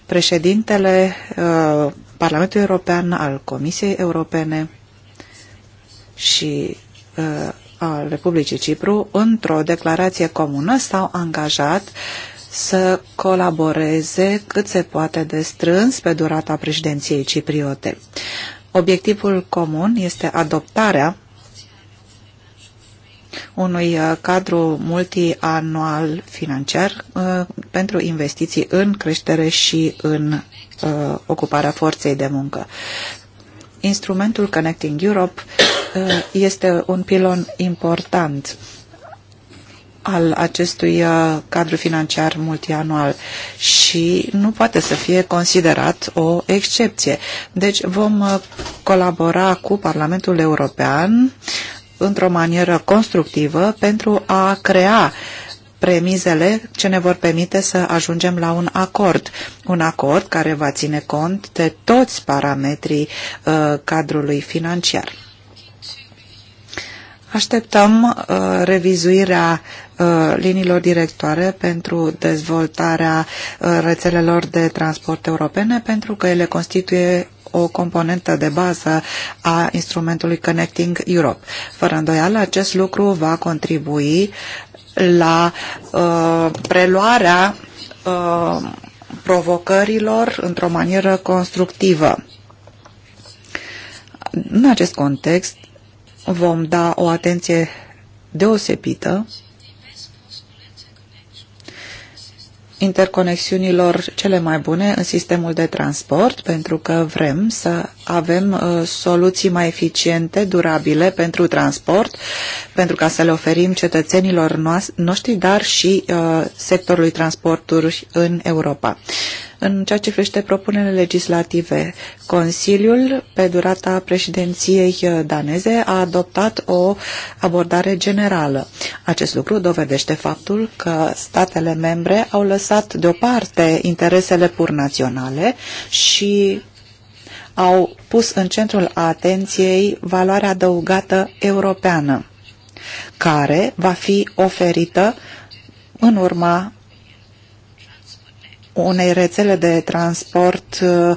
președintele uh, Parlamentul European, al Comisiei Europene și uh, al Republicii Cipru, într-o declarație comună, s-au angajat să colaboreze cât se poate de strâns pe durata președinției cipriote. Obiectivul comun este adoptarea unui uh, cadru multianual financiar uh, pentru investiții în creștere și în uh, ocuparea forței de muncă. Instrumentul Connecting Europe este un pilon important al acestui cadru financiar multianual și nu poate să fie considerat o excepție. Deci vom colabora cu Parlamentul European într-o manieră constructivă pentru a crea premizele ce ne vor permite să ajungem la un acord. Un acord care va ține cont de toți parametrii uh, cadrului financiar. Așteptăm uh, revizuirea uh, liniilor directoare pentru dezvoltarea uh, rețelelor de transport europene pentru că ele constituie o componentă de bază a instrumentului Connecting Europe. Fără îndoială, acest lucru va contribui la uh, preluarea uh, provocărilor într-o manieră constructivă. În acest context vom da o atenție deosebită interconexiunilor cele mai bune în sistemul de transport, pentru că vrem să avem uh, soluții mai eficiente, durabile pentru transport, pentru ca să le oferim cetățenilor noștri, dar și uh, sectorului transporturi în Europa. În ceea ce privește propunerile legislative, Consiliul, pe durata președinției uh, daneze, a adoptat o abordare generală. Acest lucru dovedește faptul că statele membre au lăsat deoparte interesele pur naționale și au pus în centrul atenției valoarea adăugată europeană, care va fi oferită în urma unei rețele de transport uh,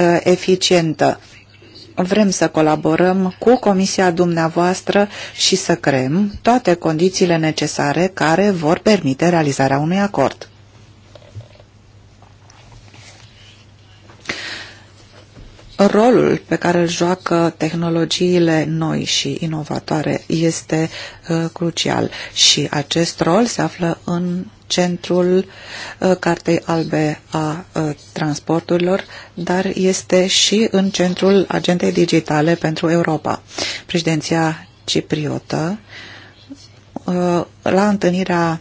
uh, eficientă. Vrem să colaborăm cu comisia dumneavoastră și să creăm toate condițiile necesare care vor permite realizarea unui acord. rolul pe care îl joacă tehnologiile noi și inovatoare este uh, crucial și acest rol se află în centrul uh, Cartei Albe a uh, Transporturilor, dar este și în centrul Agentei Digitale pentru Europa. Președinția cipriotă, uh, la întâlnirea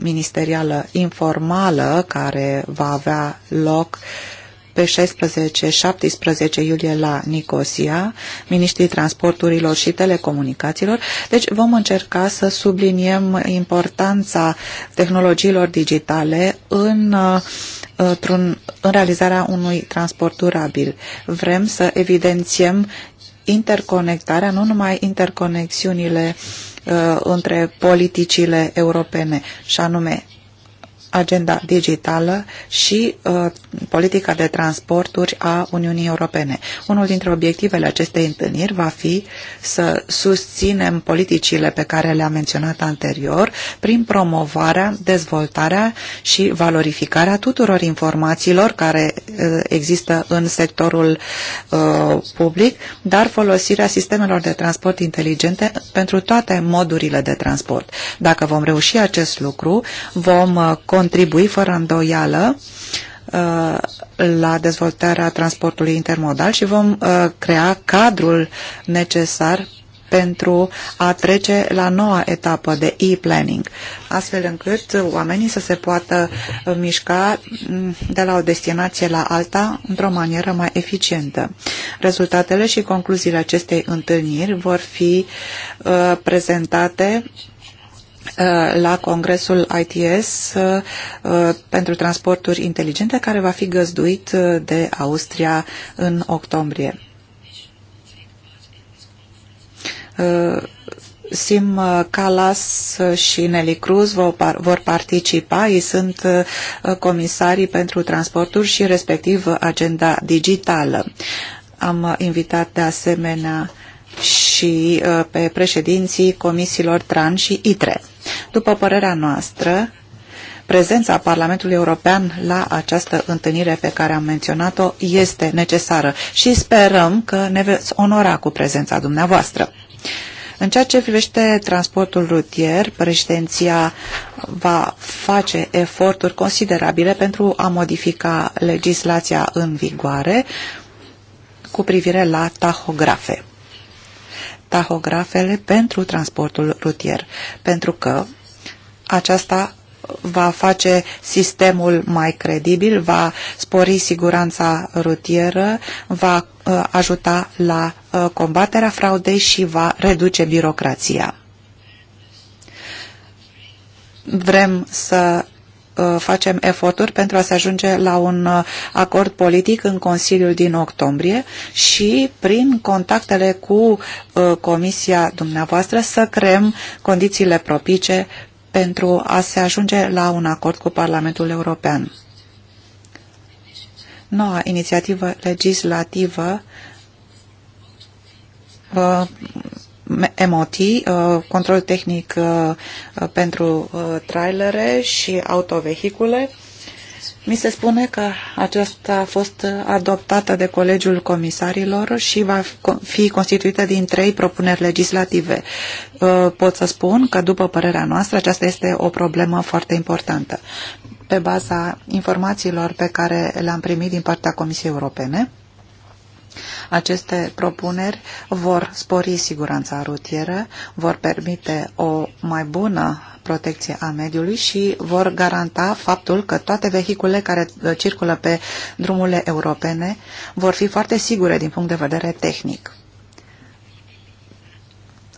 ministerială informală care va avea loc uh, pe 16-17 iulie la Nicosia, ministrii transporturilor și telecomunicațiilor. Deci vom încerca să subliniem importanța tehnologiilor digitale în uh, în realizarea unui transport durabil. Vrem să evidențiem interconectarea, nu numai interconexiunile uh, între politicile europene, și anume agenda digitală și uh, politica de transporturi a Uniunii Europene. Unul dintre obiectivele acestei întâlniri va fi să susținem politicile pe care le-am menționat anterior prin promovarea, dezvoltarea și valorificarea tuturor informațiilor care uh, există în sectorul uh, public, dar folosirea sistemelor de transport inteligente pentru toate modurile de transport. Dacă vom reuși acest lucru, vom uh, contribui fără îndoială uh, la dezvoltarea transportului intermodal și vom uh, crea cadrul necesar pentru a trece la noua etapă de e-planning, astfel încât oamenii să se poată uh, mișca mm, de la o destinație la alta într-o manieră mai eficientă. Rezultatele și concluziile acestei întâlniri vor fi uh, prezentate Uh, la congresul ITS uh, pentru transporturi inteligente care va fi găzduit uh, de Austria în octombrie. Sim Calas și Nelly Cruz vor participa. Ei sunt comisarii pentru transporturi și respectiv agenda digitală. Am invitat de asemenea și uh, pe președinții comisiilor TRAN și ITRE. După părerea noastră, prezența Parlamentului European la această întâlnire pe care am menționat-o este necesară și sperăm că ne veți onora cu prezența dumneavoastră. În ceea ce privește transportul rutier, președinția va face eforturi considerabile pentru a modifica legislația în vigoare cu privire la tahografe tahografele pentru transportul rutier, pentru că aceasta va face sistemul mai credibil, va spori siguranța rutieră, va uh, ajuta la uh, combaterea fraudei și va reduce birocrația vrem să Uh, facem eforturi pentru a se ajunge la un uh, acord politic în Consiliul din octombrie și prin contactele cu uh, Comisia dumneavoastră să creăm condițiile propice pentru a se ajunge la un acord cu Parlamentul European. Noua inițiativă legislativă MOT, uh, control tehnic uh, pentru uh, trailere și autovehicule. Mi se spune că aceasta a fost adoptată de Colegiul Comisarilor și va fi constituită din trei propuneri legislative. Pot să spun că, după părerea noastră, aceasta este o problemă foarte importantă. Pe baza informațiilor pe care le-am primit din partea Comisiei Europene, aceste propuneri vor spori siguranța rutieră, vor permite o mai bună protecție a mediului și vor garanta faptul că toate vehiculele care uh, circulă pe drumurile europene vor fi foarte sigure din punct de vedere tehnic.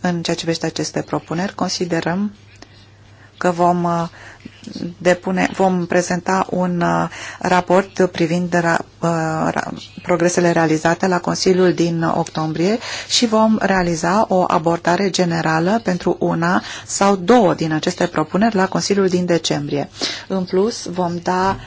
În ceea ce privește aceste propuneri, considerăm că vom uh, depune, vom prezenta un uh, raport privind ra, uh, ra, progresele realizate la Consiliul din octombrie și vom realiza o abordare generală pentru una sau două din aceste propuneri la Consiliul din decembrie. În plus, vom da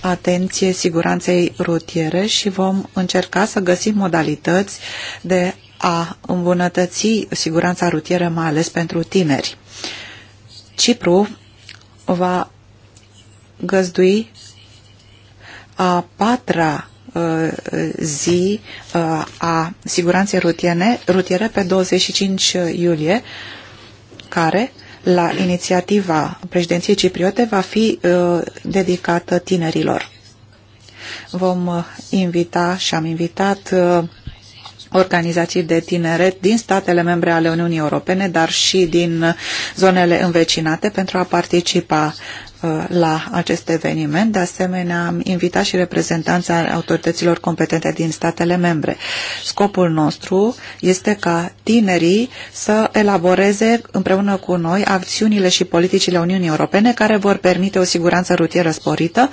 atenție siguranței rutiere și vom încerca să găsim modalități de a îmbunătăți siguranța rutieră, mai ales pentru tineri. Cipru va găzdui a patra uh, zi uh, a siguranței rutiene, rutiere pe 25 iulie, care, la inițiativa președinției cipriote, va fi uh, dedicată tinerilor. Vom invita și am invitat organizații de tineret din statele membre ale Uniunii Europene, dar și din zonele învecinate pentru a participa Uh, la acest eveniment. De asemenea, am invitat și reprezentanța autorităților competente din statele membre. Scopul nostru este ca tinerii să elaboreze împreună cu noi acțiunile și politicile Uniunii Europene care vor permite o siguranță rutieră sporită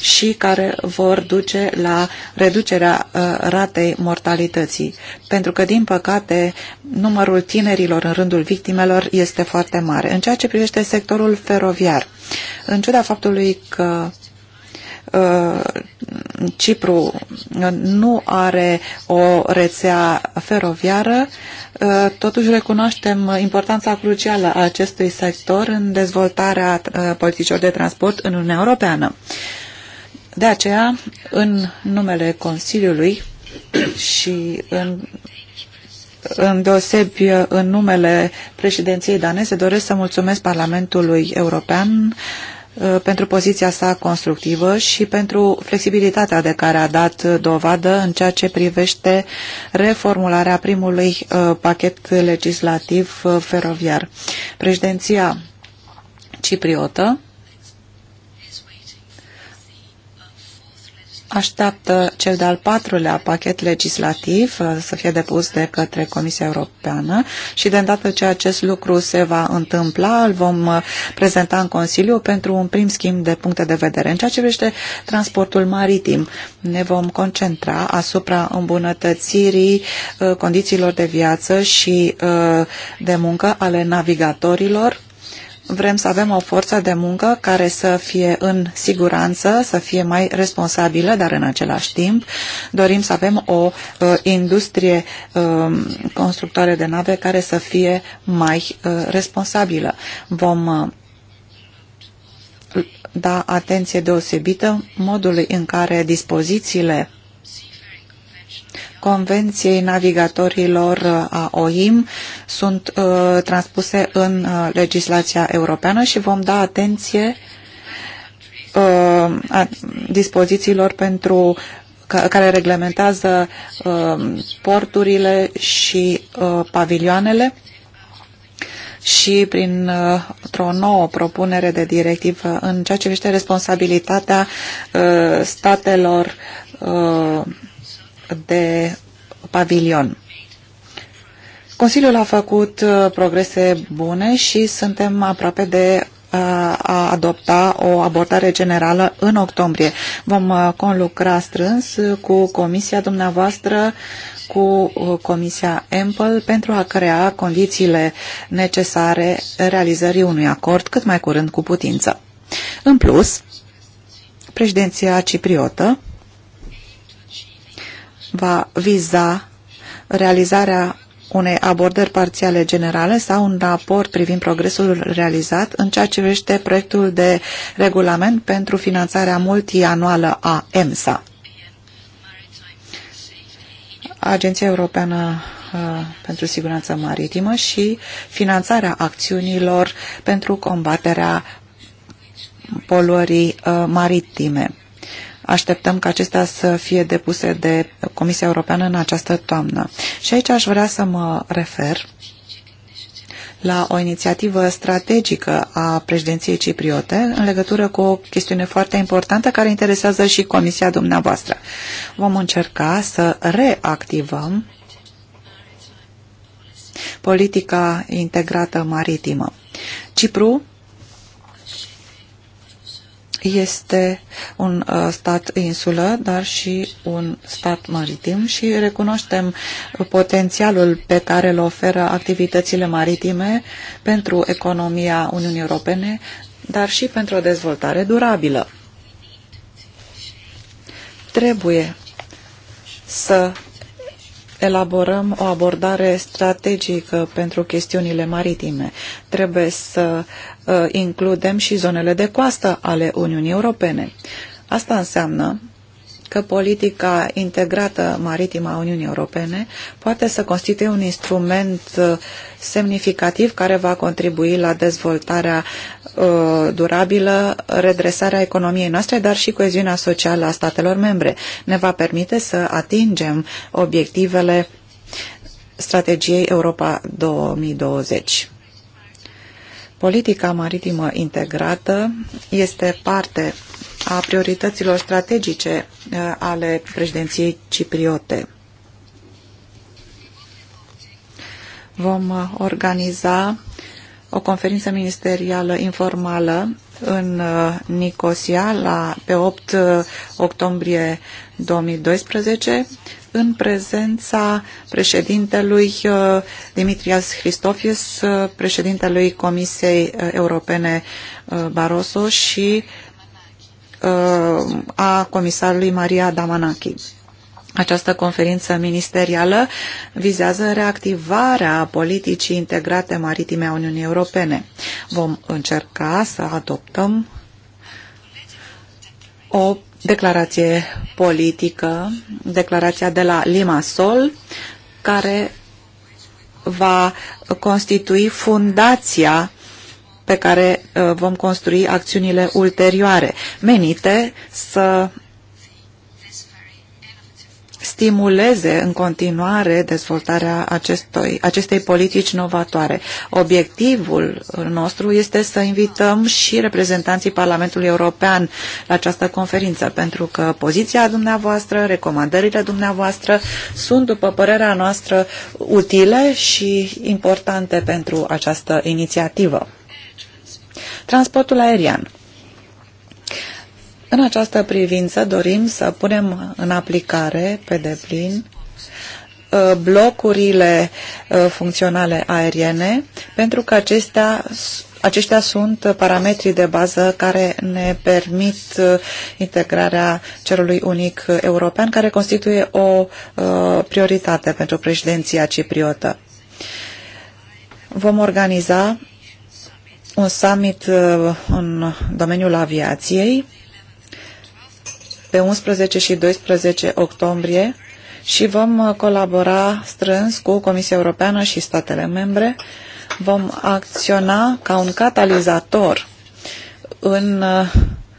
și care vor duce la reducerea uh, ratei mortalității. Pentru că, din păcate, numărul tinerilor în rândul victimelor este foarte mare. În ceea ce privește sectorul feroviar, în ciuda faptului că ă, Cipru nu are o rețea feroviară, ă, totuși recunoaștem importanța crucială a acestui sector în dezvoltarea ă, politicilor de transport în Uniunea Europeană. De aceea, în numele Consiliului și în îndeosebi în numele președinției daneze, doresc să mulțumesc Parlamentului European uh, pentru poziția sa constructivă și pentru flexibilitatea de care a dat dovadă în ceea ce privește reformularea primului uh, pachet legislativ uh, feroviar. Președinția cipriotă așteaptă cel de-al patrulea pachet legislativ uh, să fie depus de către Comisia Europeană și de îndată ce acest lucru se va întâmpla, îl vom uh, prezenta în Consiliu pentru un prim schimb de puncte de vedere. În ceea ce privește transportul maritim, ne vom concentra asupra îmbunătățirii uh, condițiilor de viață și de muncă ale navigatorilor, Vrem să avem o forță de muncă care să fie în siguranță, să fie mai responsabilă, dar în același timp dorim să avem o uh, industrie uh, constructoare de nave care să fie mai uh, responsabilă. Vom uh, da atenție deosebită modului în care dispozițiile Convenției Navigatorilor uh, a OIM sunt uh, transpuse în uh, legislația europeană și vom da atenție uh, a dispozițiilor pentru care reglementează uh, porturile și uh, pavilioanele și prin o nouă propunere de directivă în ceea ce privește responsabilitatea statelor de pavilion. Consiliul a făcut uh, progrese bune și suntem aproape de uh, a adopta o abordare generală în octombrie. Vom uh, conlucra strâns cu comisia dumneavoastră, cu comisia Ample pentru a crea condițiile necesare realizării unui acord cât mai curând cu putință. În plus, președinția cipriotă va viza realizarea unei abordări parțiale generale sau un raport privind progresul realizat în ceea ce privește proiectul de regulament pentru finanțarea multianuală a EMSA. Agenția Europeană uh, pentru Siguranță Maritimă și finanțarea acțiunilor pentru combaterea poluării uh, maritime. Așteptăm ca acestea să fie depuse de Comisia Europeană în această toamnă. Și aici aș vrea să mă refer la o inițiativă strategică a președinției cipriote în legătură cu o chestiune foarte importantă care interesează și comisia dumneavoastră. Vom încerca să reactivăm politica integrată maritimă. Cipru este un uh, stat insulă, dar și un stat maritim și recunoaștem potențialul pe care îl oferă activitățile maritime pentru economia Uniunii Europene, dar și pentru o dezvoltare durabilă. Trebuie să elaborăm o abordare strategică pentru chestiunile maritime. Trebuie să uh, includem și zonele de coastă ale Uniunii Europene. Asta înseamnă că politica integrată maritimă a Uniunii Europene poate să constituie un instrument uh, semnificativ care va contribui la dezvoltarea Uh, durabilă redresarea economiei noastre, dar și coeziunea socială a statelor membre. Ne va permite să atingem obiectivele strategiei Europa 2020. Politica maritimă integrată este parte a priorităților strategice uh, ale președinției cipriote. Vom uh, organiza o conferință ministerială informală în uh, Nicosia la, pe 8 uh, octombrie 2012 în prezența președintelui uh, Dimitrias Christofis, președintelui Comisiei Europene Barroso și a comisarului Maria Damanaki. Această conferință ministerială vizează reactivarea politicii integrate maritime a Uniunii Europene. Vom încerca să adoptăm o declarație politică, declarația de la Limasol, care va constitui fundația pe care uh, vom construi acțiunile ulterioare, menite să stimuleze în continuare dezvoltarea acestui, acestei politici novatoare. Obiectivul nostru este să invităm și reprezentanții Parlamentului European la această conferință, pentru că poziția dumneavoastră, recomandările dumneavoastră sunt, după părerea noastră, utile și importante pentru această inițiativă. Transportul aerian. În această privință dorim să punem în aplicare pe deplin uh, blocurile uh, funcționale aeriene, pentru că acestea, aceștia sunt parametrii de bază care ne permit uh, integrarea cerului unic european, care constituie o prioritate pentru președinția cipriotă. Vom organiza un summit în domeniul aviației pe 11 și 12 octombrie și vom uh, colabora strâns cu Comisia Europeană și statele membre. Vom acționa ca un catalizator în uh,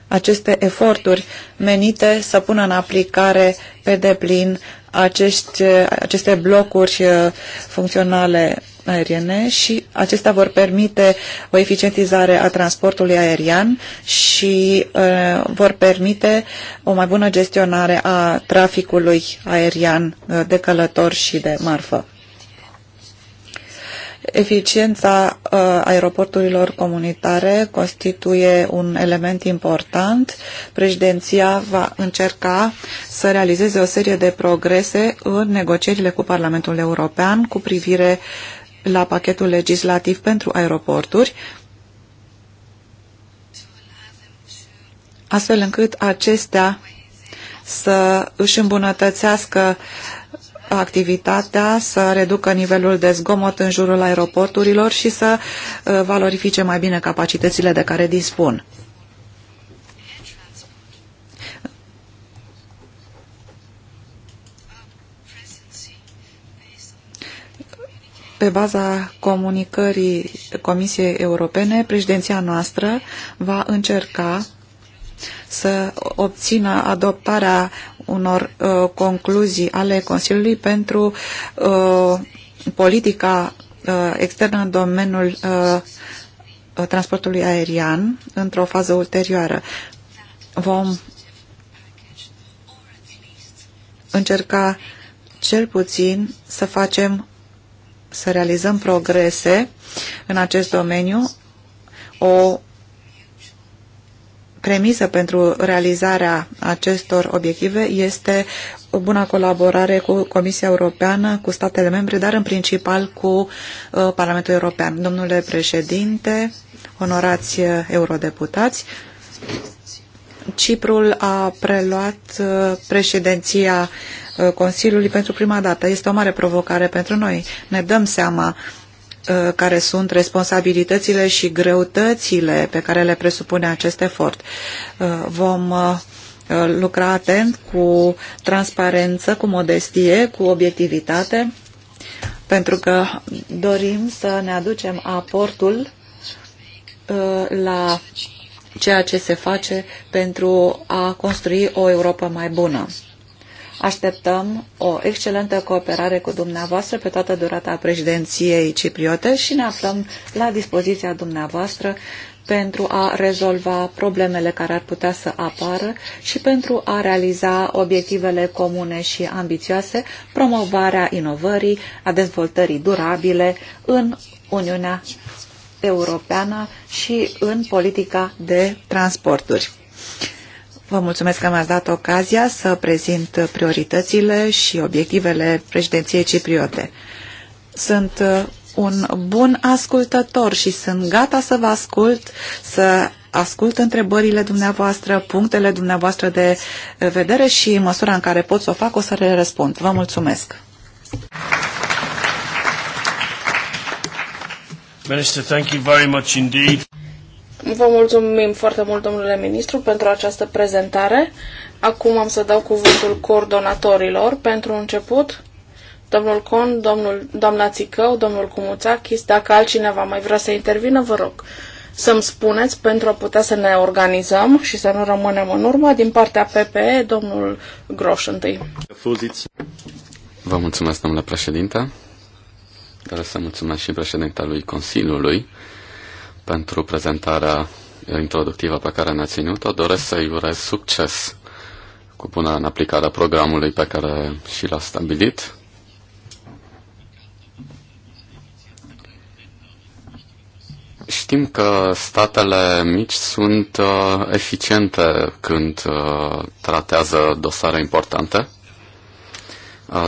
aceste eforturi menite să pună în aplicare pe deplin acești, uh, aceste blocuri funcționale aeriene și acestea vor permite o eficientizare a transportului aerian și uh, vor permite o mai bună gestionare a traficului aerian uh, de călător și de marfă. Eficiența uh, aeroporturilor comunitare constituie un element important. Președinția va încerca să realizeze o serie de progrese în negocierile cu Parlamentul European cu privire la pachetul legislativ pentru aeroporturi, astfel încât acestea să își îmbunătățească activitatea, să reducă nivelul de zgomot în jurul aeroporturilor și să uh, valorifice mai bine capacitățile de care dispun. Pe baza comunicării Comisiei Europene, președinția noastră va încerca să obțină adoptarea unor uh, concluzii ale Consiliului pentru uh, politica uh, externă în domeniul uh, transportului aerian într-o fază ulterioară. Vom încerca cel puțin să facem să realizăm progrese în acest domeniu, o premisă pentru realizarea acestor obiective este o bună colaborare cu Comisia Europeană, cu statele membre, dar în principal cu uh, Parlamentul European. Domnule președinte, onorați uh, eurodeputați, Ciprul a preluat uh, președinția uh, Consiliului pentru prima dată. Este o mare provocare pentru noi. Ne dăm seama uh, care sunt responsabilitățile și greutățile pe care le presupune acest efort. Vom lucra atent cu transparență, cu modestie, cu obiectivitate, pentru că dorim să ne aducem aportul la ceea ce se face pentru a construi o Europa mai bună. Așteptăm o excelentă cooperare cu dumneavoastră pe toată durata președinției cipriote și ne aflăm la dispoziția dumneavoastră pentru a rezolva problemele care ar putea să apară și pentru a realiza obiectivele comune și ambițioase, promovarea inovării, a dezvoltării durabile în Uniunea europeană și în politica de transporturi. Vă mulțumesc că mi-ați dat ocazia să prezint prioritățile și obiectivele președinției cipriote. Sunt uh, un bun ascultător și sunt gata să vă ascult, să ascult întrebările dumneavoastră, punctele dumneavoastră de vedere și în măsura în care pot să o fac o să le răspund. Vă mulțumesc! Minister, thank you very much indeed. Vă mulțumim foarte mult, domnule ministru, pentru această prezentare. Acum am să dau cuvântul coordonatorilor. Pentru început, domnul Con, domnul, doamna Țicău, domnul Cumuțachis, dacă altcineva mai vrea să intervină, vă rog să-mi spuneți pentru a putea să ne organizăm și să nu rămânem în urmă. Din partea PPE, domnul Groș întâi. Vă mulțumesc, domnule președinte. Dar să mulțumesc și președintelui Consiliului pentru prezentarea introductivă pe care ne-a ținut-o. Doresc să-i urez succes cu punerea în aplicarea programului pe care și l-a stabilit. Știm că statele mici sunt uh, eficiente când uh, tratează dosare importante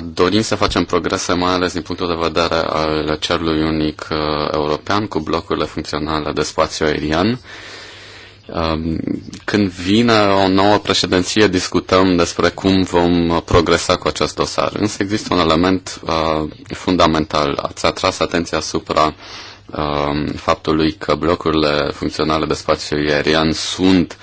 Dorim să facem progrese, mai ales din punctul de vedere al cerului unic uh, european cu blocurile funcționale de spațiu aerian. Um, când vine o nouă președinție, discutăm despre cum vom progresa cu acest dosar. Însă există un element uh, fundamental. Ați atras atenția asupra um, faptului că blocurile funcționale de spațiu aerian sunt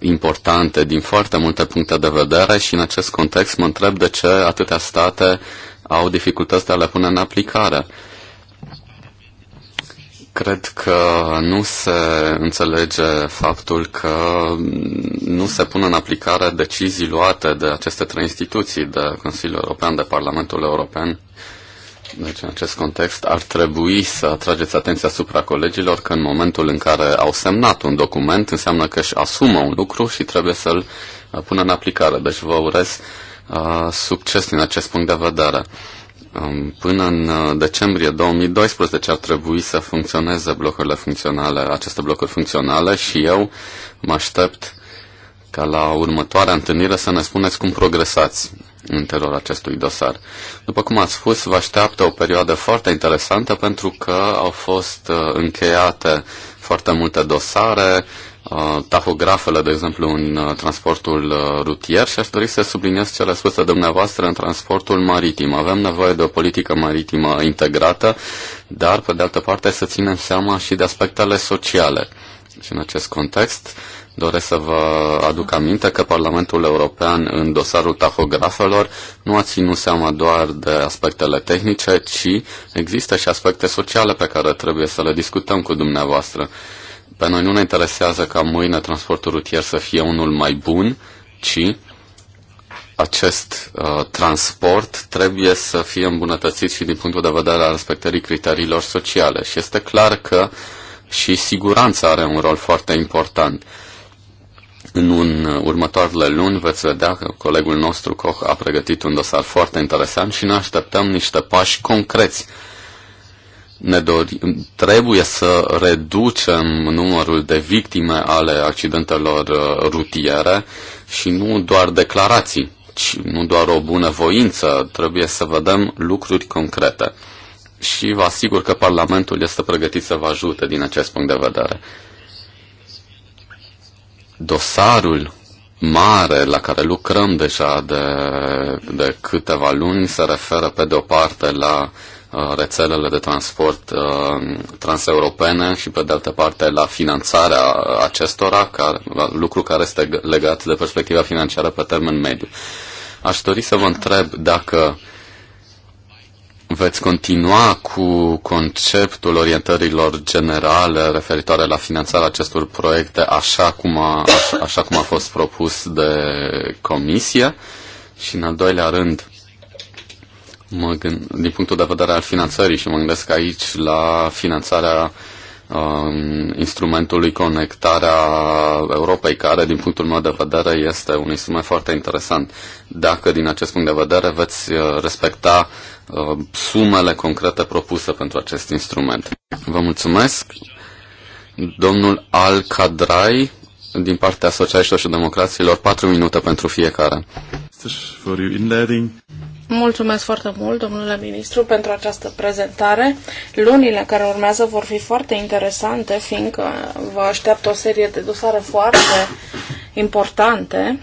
importante din foarte multe puncte de vedere și în acest context mă întreb de ce atâtea state au dificultăți de a le pune în aplicare. Cred că nu se înțelege faptul că nu se pun în aplicare decizii luate de aceste trei instituții, de Consiliul European, de Parlamentul European deci, în acest context, ar trebui să atrageți atenția asupra colegilor că în momentul în care au semnat un document, înseamnă că își asumă un lucru și trebuie să-l uh, pună în aplicare. Deci vă urez uh, succes din acest punct de vedere. Um, până în uh, decembrie 2012 ar trebui să funcționeze blocurile funcționale, aceste blocuri funcționale și eu mă aștept ca la următoarea întâlnire să ne spuneți cum progresați interiorul acestui dosar. După cum ați spus, vă așteaptă o perioadă foarte interesantă pentru că au fost uh, încheiate foarte multe dosare, uh, tahografele, de exemplu, în uh, transportul rutier și aș dori să subliniez cele spuse dumneavoastră în transportul maritim. Avem nevoie de o politică maritimă integrată, dar, pe de altă parte, să ținem seama și de aspectele sociale. Și în acest context, Doresc să vă aduc aminte că Parlamentul European în dosarul tahografelor nu a ținut seama doar de aspectele tehnice, ci există și aspecte sociale pe care trebuie să le discutăm cu dumneavoastră. Pe noi nu ne interesează ca mâine transportul rutier să fie unul mai bun, ci acest uh, transport trebuie să fie îmbunătățit și din punctul de vedere al respectării criteriilor sociale. Și este clar că și siguranța are un rol foarte important. Uh, în un uh, următoarele luni veți vedea că colegul nostru Koch a pregătit un dosar foarte interesant și ne așteptăm niște pași concreți. Ne dori, trebuie să reducem numărul de victime ale accidentelor uh, rutiere și nu doar declarații, ci nu doar o bună voință, trebuie să vedem lucruri concrete. Și vă asigur că Parlamentul este pregătit să vă ajute din acest punct de vedere dosarul mare la care lucrăm deja de, de câteva luni se referă pe de o parte la uh, rețelele de transport uh, transeuropene și pe de altă parte la finanțarea acestora, care, lucru care este legat de perspectiva financiară pe termen mediu. Aș dori să vă întreb dacă uh, veți continua cu conceptul orientărilor generale referitoare la finanțarea acestor proiecte așa cum a, așa cum a fost propus de comisie și în al doilea rând mă gând, din punctul de vedere al finanțării și mă gândesc aici la finanțarea uh, Um, instrumentului Conectarea Europei, care, din punctul meu de vedere, este un instrument foarte interesant. Dacă, din acest punct de vedere, veți uh, respecta uh, sumele concrete propuse pentru acest instrument. Vă mulțumesc. Domnul Al Kadrai, din partea Socialiștilor și Democraților, patru minute pentru fiecare. Mulțumesc foarte mult, domnule ministru, pentru această prezentare. Lunile care urmează vor fi foarte interesante, fiindcă vă așteaptă o serie de dosare foarte importante,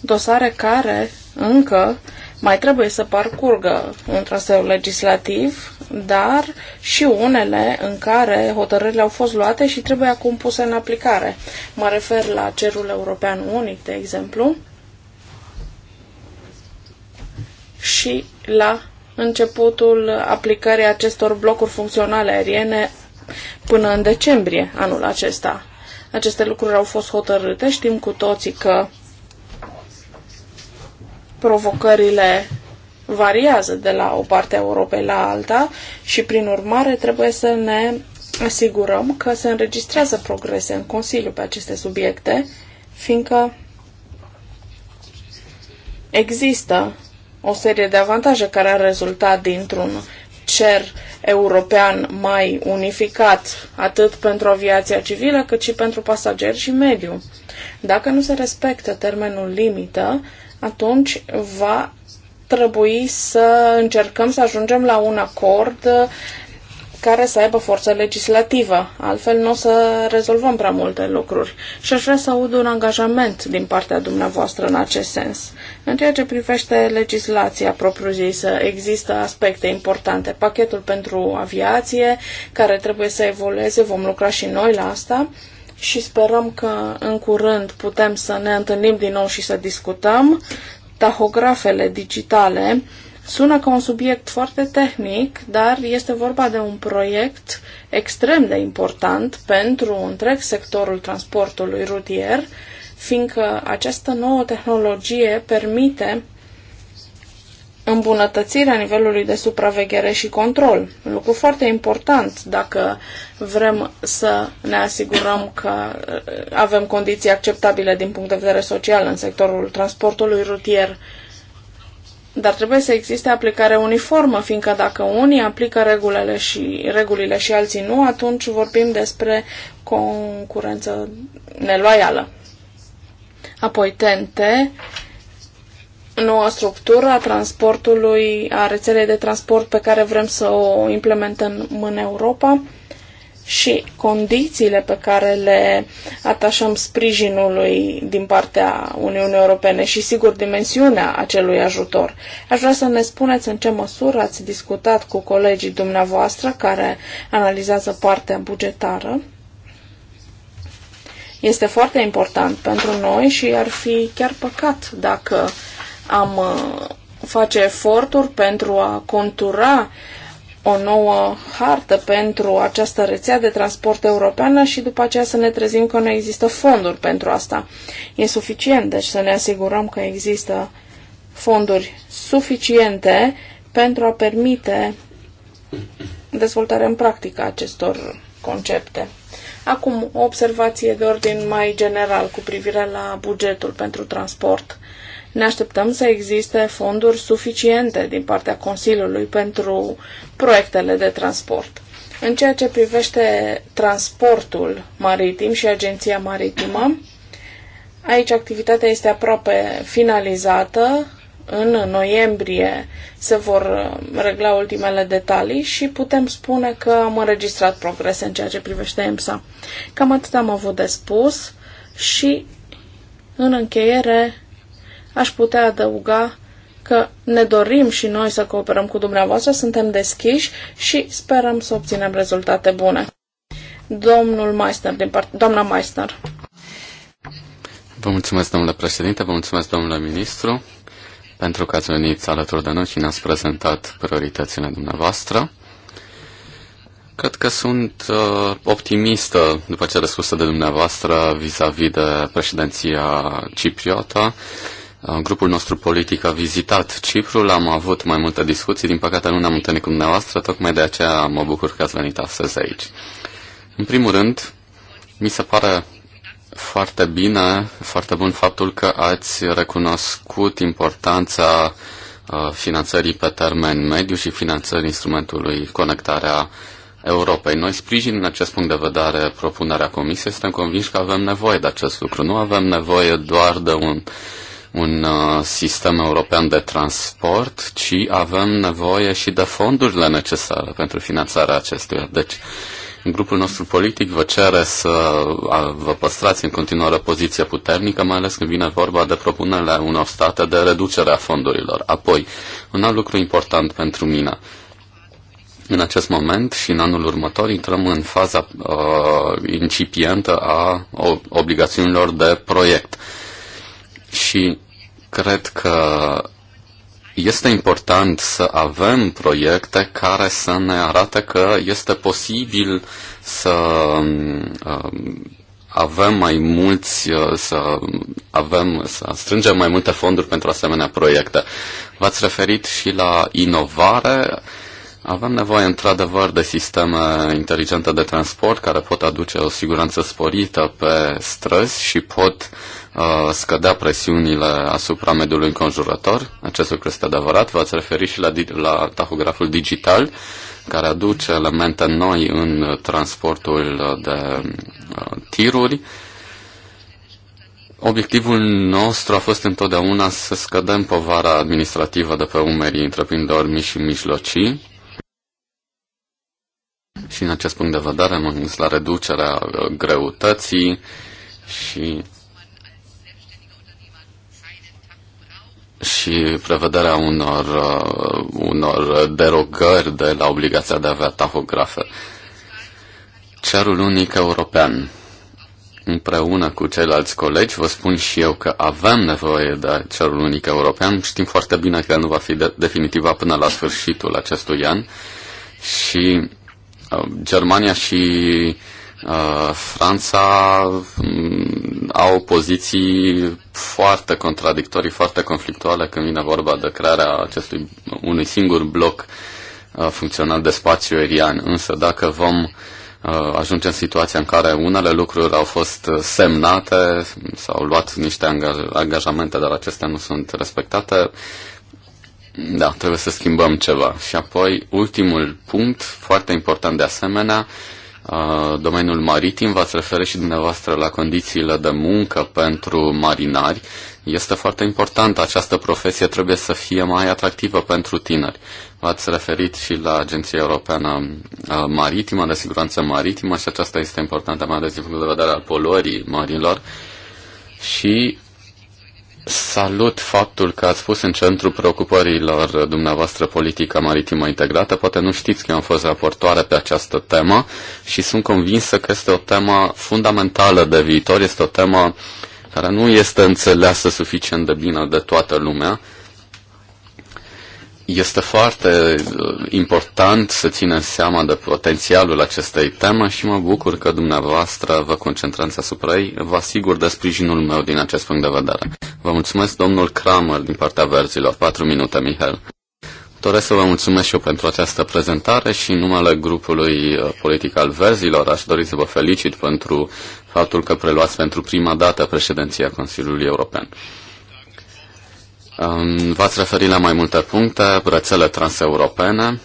dosare care încă mai trebuie să parcurgă un traseu legislativ, dar și unele în care hotărârile au fost luate și trebuie acum puse în aplicare. Mă refer la cerul european unic, de exemplu, și la începutul aplicării acestor blocuri funcționale aeriene până în decembrie anul acesta. Aceste lucruri au fost hotărâte. Știm cu toții că provocările variază de la o parte a Europei la alta și, prin urmare, trebuie să ne asigurăm că se înregistrează progrese în Consiliu pe aceste subiecte, fiindcă există o serie de avantaje care ar rezulta dintr-un cer european mai unificat, atât pentru aviația civilă, cât și pentru pasageri și mediu. Dacă nu se respectă termenul limită, atunci va trebui să încercăm să ajungem la un acord care să aibă forță legislativă. Altfel nu o să rezolvăm prea multe lucruri. Și aș vrea să aud un angajament din partea dumneavoastră în acest sens. În ceea ce privește legislația propriu-zisă, există aspecte importante. Pachetul pentru aviație, care trebuie să evolueze, vom lucra și noi la asta și sperăm că în curând putem să ne întâlnim din nou și să discutăm. Tahografele digitale Sună ca un subiect foarte tehnic, dar este vorba de un proiect extrem de important pentru întreg sectorul transportului rutier, fiindcă această nouă tehnologie permite îmbunătățirea nivelului de supraveghere și control. Un lucru foarte important dacă vrem să ne asigurăm că uh, avem condiții acceptabile din punct de vedere social în sectorul transportului rutier. Dar trebuie să existe aplicare uniformă, fiindcă dacă unii aplică regulile și, regulile și alții nu, atunci vorbim despre concurență neloială. Apoi TNT, noua structură a transportului, a rețelei de transport pe care vrem să o implementăm în Europa și condițiile pe care le atașăm sprijinului din partea Uniunii Europene și, sigur, dimensiunea acelui ajutor. Aș vrea să ne spuneți în ce măsură ați discutat cu colegii dumneavoastră care analizează partea bugetară. Este foarte important pentru noi și ar fi chiar păcat dacă am uh, face eforturi pentru a contura uh, o nouă hartă pentru această rețea de transport europeană și după aceea să ne trezim că nu există fonduri pentru asta. E suficient, deci să ne asigurăm că există fonduri suficiente pentru a permite dezvoltarea în practică acestor concepte. Acum, o observație de ordin mai general cu privire la bugetul pentru transport. Uh, ne așteptăm să existe fonduri suficiente din partea Consiliului pentru proiectele de transport. În ceea ce privește transportul maritim și agenția maritimă, aici activitatea este aproape finalizată. În noiembrie se vor uh, regla ultimele detalii și putem spune că am înregistrat progrese în ceea ce privește EMSA. Cam atât am avut de spus și în încheiere Aș putea adăuga că ne dorim și noi să cooperăm cu dumneavoastră, suntem deschiși și sperăm să obținem rezultate bune. Domnul Meister, din part- doamna Meister. Vă mulțumesc, domnule președinte, vă mulțumesc, domnule ministru, pentru că ați venit alături de noi și ne-ați prezentat prioritățile dumneavoastră. Cred că sunt uh, optimistă după ce spuse de dumneavoastră vis-a-vis -vis de președinția cipriota. Uh, Uh, grupul nostru politic a vizitat Ciprul, am avut mai multe discuții, din păcate nu ne-am întâlnit cu dumneavoastră, tocmai de aceea mă bucur că ați venit astăzi aici. În primul rând, mi se pare foarte bine, foarte bun faptul că ați recunoscut importanța uh, finanțării pe termen mediu și finanțării instrumentului conectarea Europei. Noi sprijin în acest punct de vedere propunerea Comisiei, suntem convinși că avem nevoie de acest lucru. Nu avem nevoie doar de un uh, un uh, sistem european de transport, ci avem nevoie și de fondurile necesare pentru finanțarea acestuia. Deci, grupul nostru politic vă cere să vă păstrați în continuare poziția puternică, mai ales când vine vorba de propunerea unor state de reducere a fondurilor. Apoi, un alt lucru important pentru mine. În acest moment și în anul următor intrăm în faza uh, incipientă a obligațiunilor de proiect. Uh, și cred că este important să avem proiecte care să ne arate că este posibil să um, avem mai mulți, uh, să avem, să strângem mai multe fonduri pentru asemenea proiecte. V-ați referit și la inovare. Avem nevoie într-adevăr de sisteme inteligente de transport care pot aduce o siguranță sporită pe străzi și pot uh, Uh, scădea presiunile asupra mediului înconjurător. Acest lucru este adevărat. V-ați referit și la, la tahograful digital, care aduce elemente noi în transportul de uh, tiruri. Obiectivul nostru a fost întotdeauna să scădem povara administrativă de pe umerii întreprinderilor mici și mijlocii, și în acest punct de vedere am la reducerea uh, greutății și și prevederea unor, uh, unor derogări de la obligația de a avea tahografe. Cerul unic european. Împreună cu ceilalți colegi vă spun și eu că avem nevoie de cerul unic european. Știm foarte bine că nu va fi de- definitiva până la sfârșitul acestui an și uh, Germania și uh, Franța mm, au poziții foarte contradictorii, foarte conflictuale când vine vorba de crearea acestui unui singur bloc uh, funcțional de spațiu aerian. Însă dacă vom uh, ajunge în situația în care unele lucruri au fost uh, semnate, sau au luat niște angaj- angajamente, dar acestea nu sunt respectate, da, trebuie să schimbăm ceva. Și apoi, ultimul punct, foarte important de asemenea, uh, domeniul maritim, v-ați referit și dumneavoastră la condițiile de muncă pentru marinari. Este foarte important, această profesie trebuie să fie mai atractivă pentru tineri. V-ați referit și la Agenția Europeană Maritimă, de Siguranță Maritimă și aceasta este importantă mai ales din punct de vedere al poluării mărilor. Și Salut faptul că ați pus în centru preocupărilor dumneavoastră politica maritimă integrată. Poate nu știți că eu am fost raportoare pe această temă și sunt convinsă că este o temă fundamentală de viitor, este o temă care nu este înțeleasă suficient de bine de toată lumea este foarte uh, important să ținem seama de potențialul acestei teme și mă bucur că dumneavoastră vă concentrați asupra ei. Vă asigur de sprijinul meu din acest punct de vedere. Vă mulțumesc, domnul Kramer, din partea verzilor. 4 minute, Mihail. Doresc să vă mulțumesc și eu pentru această prezentare și în numele grupului uh, politic al verzilor aș dori să vă felicit pentru faptul că preluați pentru prima dată președinția Consiliului European. V-ați referit la mai multe puncte, rețele transeuropene.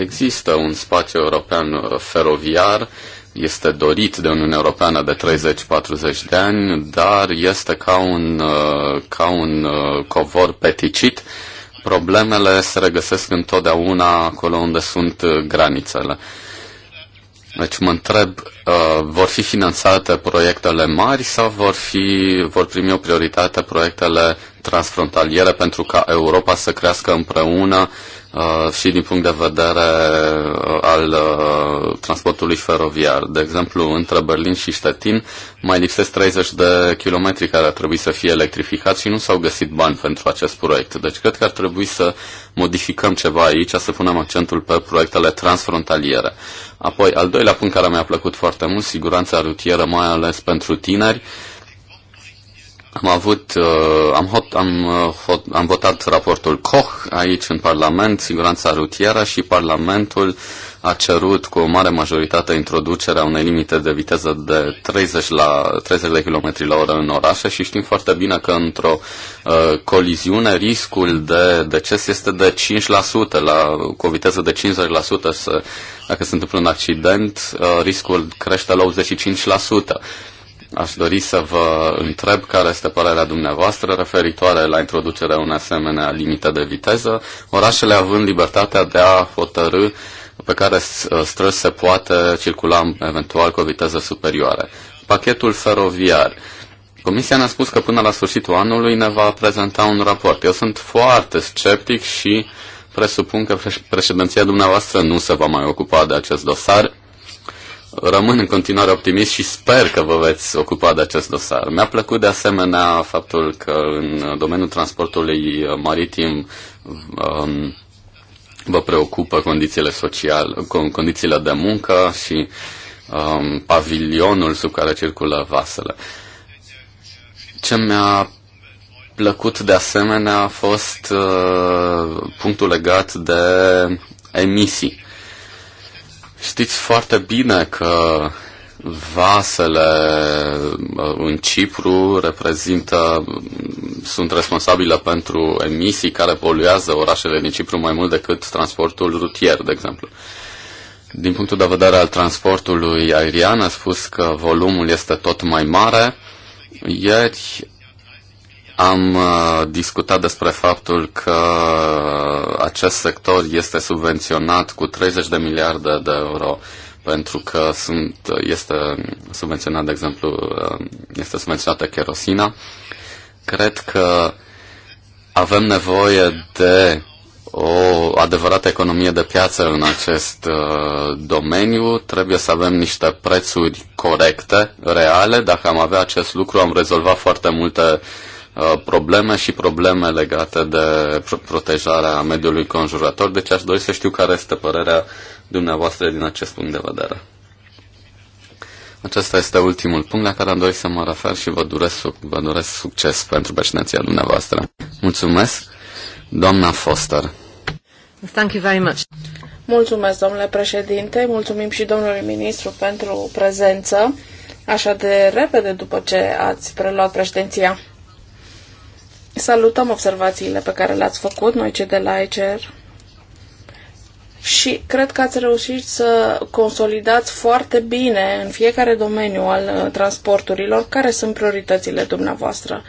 Există un spațiu european uh, feroviar, este dorit de Uniunea Europeană de 30-40 de ani, dar este ca un, uh, ca un uh, covor peticit. Problemele se regăsesc întotdeauna acolo unde sunt granițele. Uh, deci mă întreb, uh, vor fi finanțate proiectele mari sau vor, fi, vor primi o prioritate proiectele transfrontaliere pentru ca Europa să crească împreună uh, Uh, și din punct de vedere uh, al uh, transportului feroviar. De exemplu, între Berlin și Stettin mai lipsesc 30 de kilometri care ar trebui să fie electrificați și nu s-au găsit bani pentru acest proiect. Deci cred că ar trebui să modificăm ceva aici, să punem accentul pe proiectele transfrontaliere. Apoi, al doilea punct care mi-a plăcut foarte mult, siguranța rutieră, mai ales pentru tineri. Uh, am avut, uh, am, hot, am, uh, hot, am votat raportul Koch aici în Parlament, siguranța rutieră și Parlamentul a cerut cu o mare majoritate introducerea unei limite de viteză de 30, la, 30 de km la oră în orașe și știm foarte bine că într-o uh, coliziune riscul de deces este de 5%, la, cu o viteză de 50% să, dacă se întâmplă un accident, uh, riscul crește la 85%. Aș dori să vă întreb care este părerea dumneavoastră referitoare la introducerea unei asemenea limite de viteză, orașele având libertatea de a hotărâ pe care străzi se poate circula eventual cu o viteză superioară. Pachetul feroviar. Comisia ne-a spus că până la sfârșitul anului ne va prezenta un raport. Eu sunt foarte sceptic și presupun că președinția dumneavoastră nu se va mai ocupa de acest dosar rămân în continuare optimist și sper că vă veți ocupa de acest dosar. Mi-a plăcut de asemenea faptul că în domeniul transportului maritim um, vă preocupă condițiile sociale, condițiile de muncă și um, pavilionul sub care circulă vasele. Ce mi-a plăcut de asemenea a fost uh, punctul legat de emisii Știți foarte bine că vasele uh, în Cipru reprezintă, sunt responsabile pentru emisii care poluează orașele din Cipru mai mult decât transportul rutier, de exemplu. Din punctul de vedere al transportului aerian, a spus că volumul este tot mai mare. Ieri am uh, discutat despre faptul că acest sector este subvenționat cu 30 de miliarde de euro pentru că sunt, este subvenționat, de exemplu, uh, este subvenționată kerosina. Cred că avem nevoie de o adevărată economie de piață în acest uh, domeniu, trebuie să avem niște prețuri corecte, reale. Dacă am avea acest lucru, am rezolvat foarte multe Uh, probleme și probleme legate de protejarea mediului conjurător, deci aș dori să știu care este părerea dumneavoastră din acest punct de vedere. Acesta este ultimul punct la care am dorit să mă refer și vă doresc, vă doresc succes pentru președinția dumneavoastră. Mulțumesc, doamna Foster. Thank you very much. Mulțumesc, domnule președinte, mulțumim și domnului ministru pentru prezență, așa de repede după ce ați preluat președinția. Salutăm observațiile pe care le-ați făcut, noi cei de la ECR și cred că ați reușit să consolidați foarte bine în fiecare domeniu al uh, transporturilor care sunt prioritățile dumneavoastră.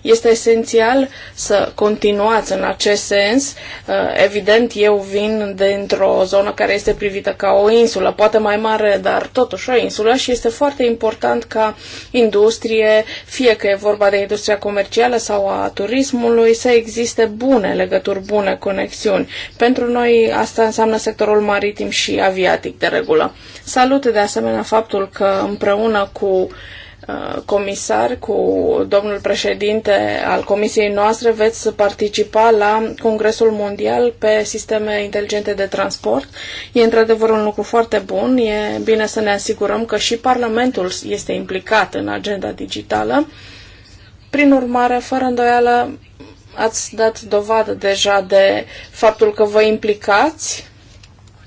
Este esențial să continuați în acest sens. Uh, evident, eu vin dintr-o zonă care este privită ca o insulă, poate mai mare, dar totuși o insulă și este foarte important ca industrie, fie că e vorba de industria comercială sau a turismului, să existe bune legături, bune conexiuni. Pentru noi asta înseamnă împreună sectorul maritim și aviatic de regulă. Salut de asemenea faptul că împreună cu uh, comisar, cu domnul președinte al comisiei noastre, veți participa la Congresul Mondial pe sisteme inteligente de transport. E într-adevăr un lucru foarte bun. E bine să ne asigurăm că și Parlamentul este implicat în agenda digitală. Prin urmare, fără îndoială, ați dat dovadă deja de faptul că vă implicați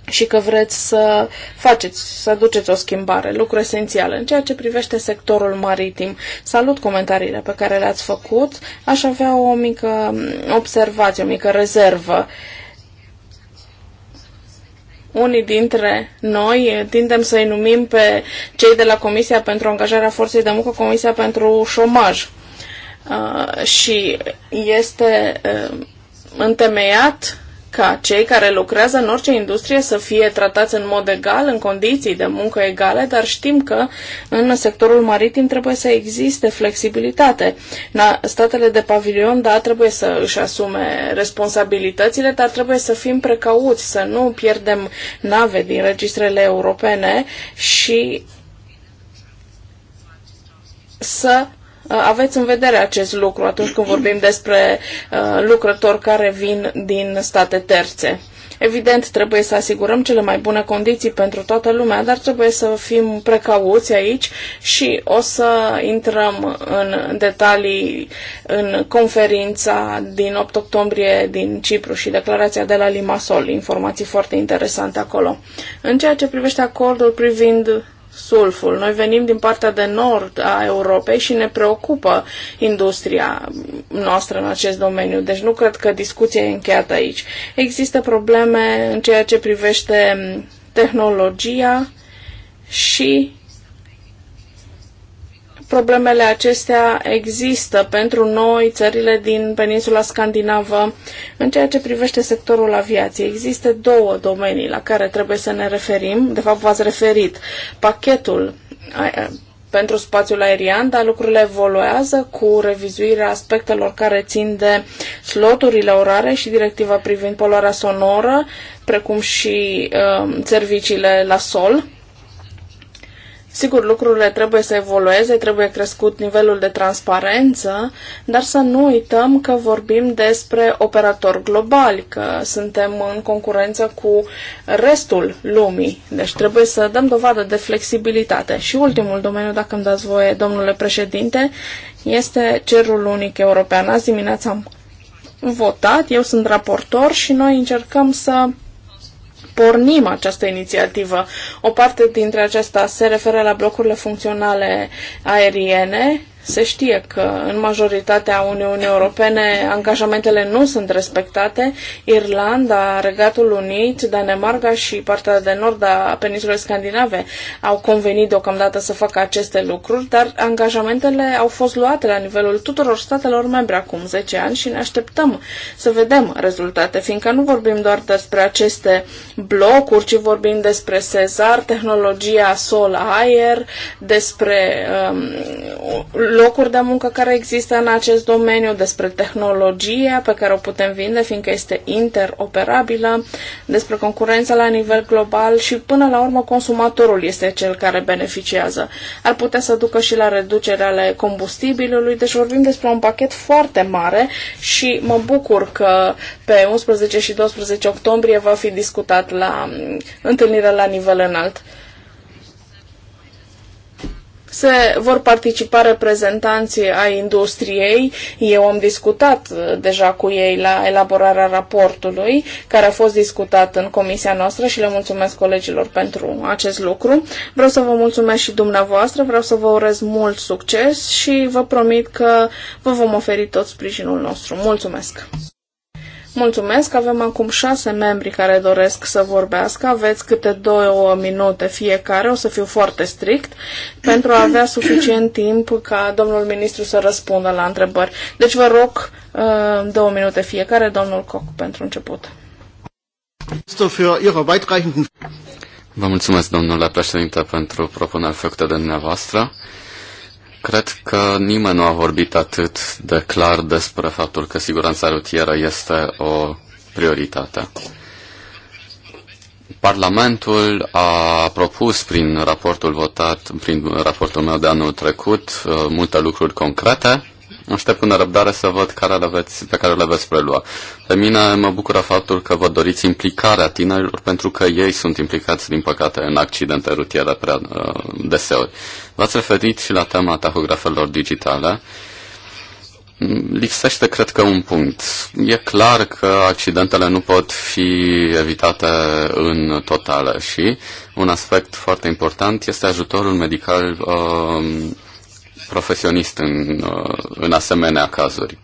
și că vreți să faceți, să aduceți o schimbare, lucru esențial. În ceea ce privește sectorul maritim, salut comentariile pe care le-ați făcut. Aș avea o mică observație, o mică rezervă. Unii dintre noi tindem să-i numim pe cei de la Comisia pentru Angajarea Forței de Muncă Comisia pentru Șomaj. Uh, și este uh, întemeiat ca cei care lucrează în orice industrie să fie tratați în mod egal, în condiții de muncă egale, dar știm că în sectorul maritim trebuie să existe flexibilitate. Na, statele de pavilion, da, trebuie să își asume responsabilitățile, dar trebuie să fim precauți, să nu pierdem nave din registrele europene și să Uh, aveți în vedere acest lucru atunci când vorbim despre uh, lucrători care vin din state terțe. Evident, trebuie să asigurăm cele mai bune condiții pentru toată lumea, dar trebuie să fim precauți aici și o să intrăm în detalii în conferința din 8 octombrie din Cipru și declarația de la Limasol, informații foarte interesante acolo. În ceea ce privește acordul privind sulful. Noi venim din partea de nord a Europei și ne preocupă industria noastră în acest domeniu, deci nu cred că discuția e încheiată aici. Există probleme în ceea ce privește tehnologia și Problemele acestea există pentru noi, țările din peninsula scandinavă. În ceea ce privește sectorul aviației, există două domenii la care trebuie să ne referim. De fapt, v-ați referit. Pachetul pentru spațiul aerian, dar lucrurile evoluează cu revizuirea aspectelor care țin de sloturile orare și directiva privind poluarea sonoră, precum și uh, serviciile la sol. Sigur, lucrurile trebuie să evolueze, trebuie crescut nivelul de transparență, dar să nu uităm că vorbim despre operatori globali, că suntem în concurență cu restul lumii. Deci trebuie să dăm dovadă de flexibilitate. Și ultimul domeniu, dacă îmi dați voie, domnule președinte, este cerul unic european. Azi dimineața am votat, eu sunt raportor și noi încercăm să pornim această inițiativă. O parte dintre aceasta se referă la blocurile funcționale aeriene se știe că în majoritatea Uniunii Europene angajamentele nu sunt respectate. Irlanda, Regatul Unit, Danemarca și partea de nord a peninsulei scandinave au convenit deocamdată să facă aceste lucruri, dar angajamentele au fost luate la nivelul tuturor statelor membre acum 10 ani și ne așteptăm să vedem rezultate, fiindcă nu vorbim doar despre aceste blocuri, ci vorbim despre Cezar, tehnologia Sol-Aer, despre um, locuri de muncă care există în acest domeniu, despre tehnologia pe care o putem vinde, fiindcă este interoperabilă, despre concurența la nivel global și, până la urmă, consumatorul este cel care beneficiază. Ar putea să ducă și la reducerea ale combustibilului, deci vorbim despre un pachet foarte mare și mă bucur că pe 11 și 12 octombrie va fi discutat la mm, întâlnirea la nivel înalt se vor participa reprezentanții ai industriei. Eu am discutat uh, deja cu ei la elaborarea raportului care a fost discutat în comisia noastră și le mulțumesc colegilor pentru acest lucru. Vreau să vă mulțumesc și dumneavoastră, vreau să vă urez mult succes și vă promit că vă vom oferi tot sprijinul nostru. Mulțumesc! Mulțumesc, avem acum șase membri care doresc să vorbească. Aveți câte două minute fiecare, o să fiu foarte strict, pentru a avea suficient timp ca domnul ministru să răspundă la întrebări. Deci vă rog uh, două minute fiecare, domnul Coc, pentru început. Vă mulțumesc, domnule președinte, pentru propunerea făcută de dumneavoastră. Cred că nimeni nu a vorbit atât de clar despre faptul că siguranța rutieră este o prioritate. Parlamentul a propus prin raportul votat, prin raportul meu de anul trecut, uh, multe lucruri concrete Aștept cu nerăbdare să văd care le veți, pe care le veți prelua. Pe mine mă bucură faptul că vă doriți implicarea tinerilor, pentru că ei sunt implicați, din păcate, în accidente rutiere prea uh, deseori. V-ați referit și la tema tahografelor digitale. Lipsește, cred că, un punct. E clar că accidentele nu pot fi evitate în totală și un aspect foarte important este ajutorul medical uh, profesionist în, uh, în asemenea cazuri.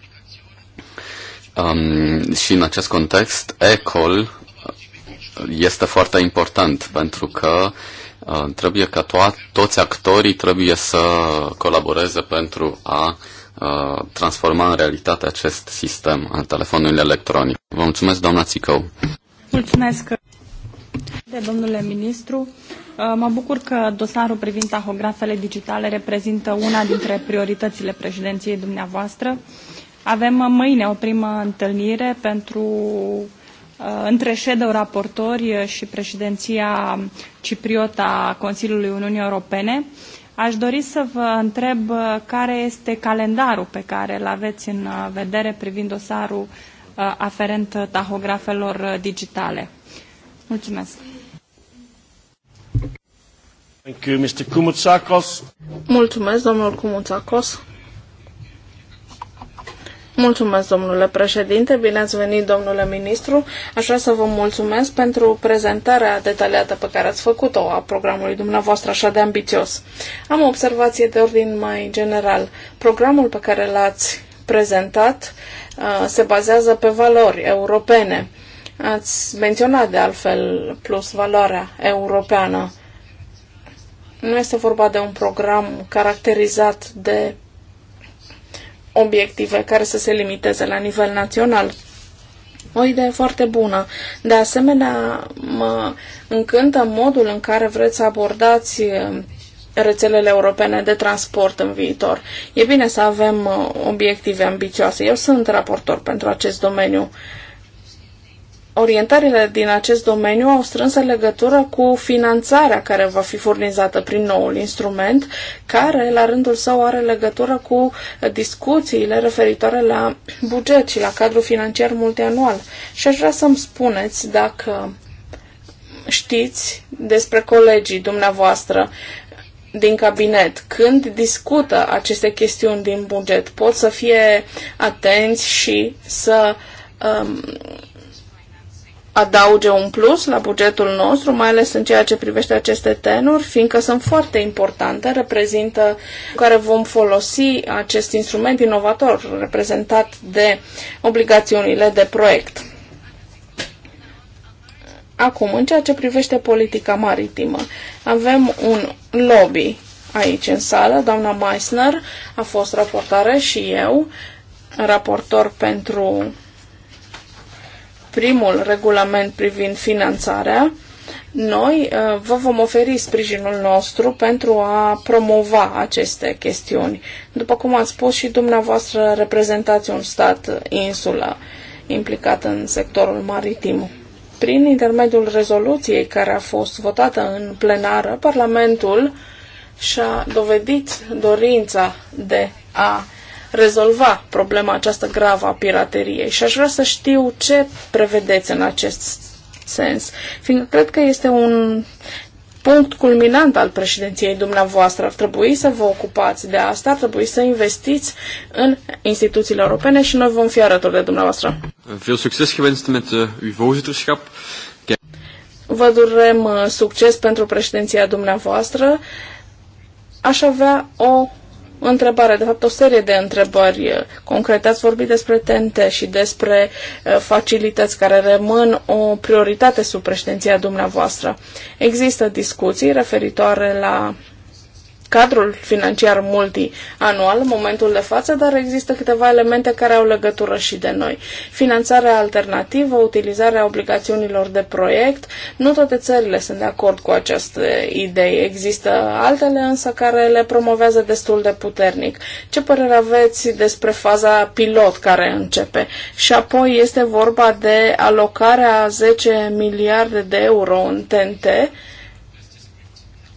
Um, și în acest context, ECOL este foarte important pentru că uh, trebuie ca to- toți actorii trebuie să colaboreze pentru a uh, transforma în realitate acest sistem al telefonului electronic. Vă mulțumesc, doamna Țicău. Mulțumesc. Domnule ministru, uh, mă bucur că dosarul privind tahografele digitale reprezintă una dintre prioritățile președinției dumneavoastră. Avem mâine o primă întâlnire pentru uh, între shadow raportori și președinția cipriotă a Consiliului Uniunii Europene. Aș dori să vă întreb uh, care este calendarul pe care îl aveți în vedere privind dosarul aferent tahografelor digitale. Mulțumesc. Thank you, Mr. Kumutsakos. Mulțumesc, domnul Kumutsakos. Mulțumesc, domnule președinte, bine ați venit, domnule ministru. Aș vrea să vă mulțumesc pentru prezentarea detaliată pe care ați făcut-o a programului dumneavoastră așa de ambițios. Am o observație de ordin mai general. Programul pe care l-ați prezentat uh, se bazează pe valori europene. Ați menționat de altfel plus valoarea europeană. Nu este vorba de un program caracterizat de obiective care să se limiteze la nivel național. O idee foarte bună. De asemenea, mă încântă modul în care vreți să abordați uh, rețelele europene de transport în viitor. E bine să avem uh, obiective ambicioase. Eu sunt raportor pentru acest domeniu orientările din acest domeniu au strânsă legătură cu finanțarea care va fi furnizată prin noul instrument, care la rândul său are legătură cu discuțiile referitoare la buget și la cadrul financiar multianual. Și aș vrea să-mi spuneți dacă știți despre colegii dumneavoastră din cabinet, când discută aceste chestiuni din buget, pot să fie atenți și să um, adauge un plus la bugetul nostru, mai ales în ceea ce privește aceste tenuri, fiindcă sunt foarte importante, reprezintă care vom folosi acest instrument inovator reprezentat de obligațiunile de proiect. Acum, în ceea ce privește politica maritimă, avem un lobby aici în sală. Doamna Meissner a fost raportare și eu, raportor pentru primul regulament privind finanțarea, noi uh, vă vom oferi sprijinul nostru pentru a promova aceste chestiuni. După cum ați spus și dumneavoastră, reprezentați un stat insulă implicat în sectorul maritim. Prin intermediul rezoluției care a fost votată în plenară, Parlamentul și-a dovedit dorința de a rezolva problema aceasta gravă a pirateriei și aș vrea să știu ce prevedeți în acest sens, fiindcă cred că este un punct culminant al președinției dumneavoastră. Ar trebui să vă ocupați de asta, ar trebui să investiți în instituțiile europene și noi vom fi alături de dumneavoastră. Veel succes gewenst met eh, uw voorzitterschap. Vă durem eh, succes pentru președinția dumneavoastră. Aș avea o o întrebare, de fapt o serie de întrebări uh, concrete. Ați vorbit despre TNT și despre uh, facilități care rămân o prioritate sub președinția dumneavoastră. Există discuții referitoare la cadrul financiar multianual în momentul de față, dar există câteva elemente care au legătură și de noi. Finanțarea alternativă, utilizarea obligațiunilor de proiect, nu toate țările sunt de acord cu aceste idei. Există altele însă care le promovează destul de puternic. Ce părere aveți despre faza pilot care începe? Și apoi este vorba de alocarea 10 miliarde de euro în TNT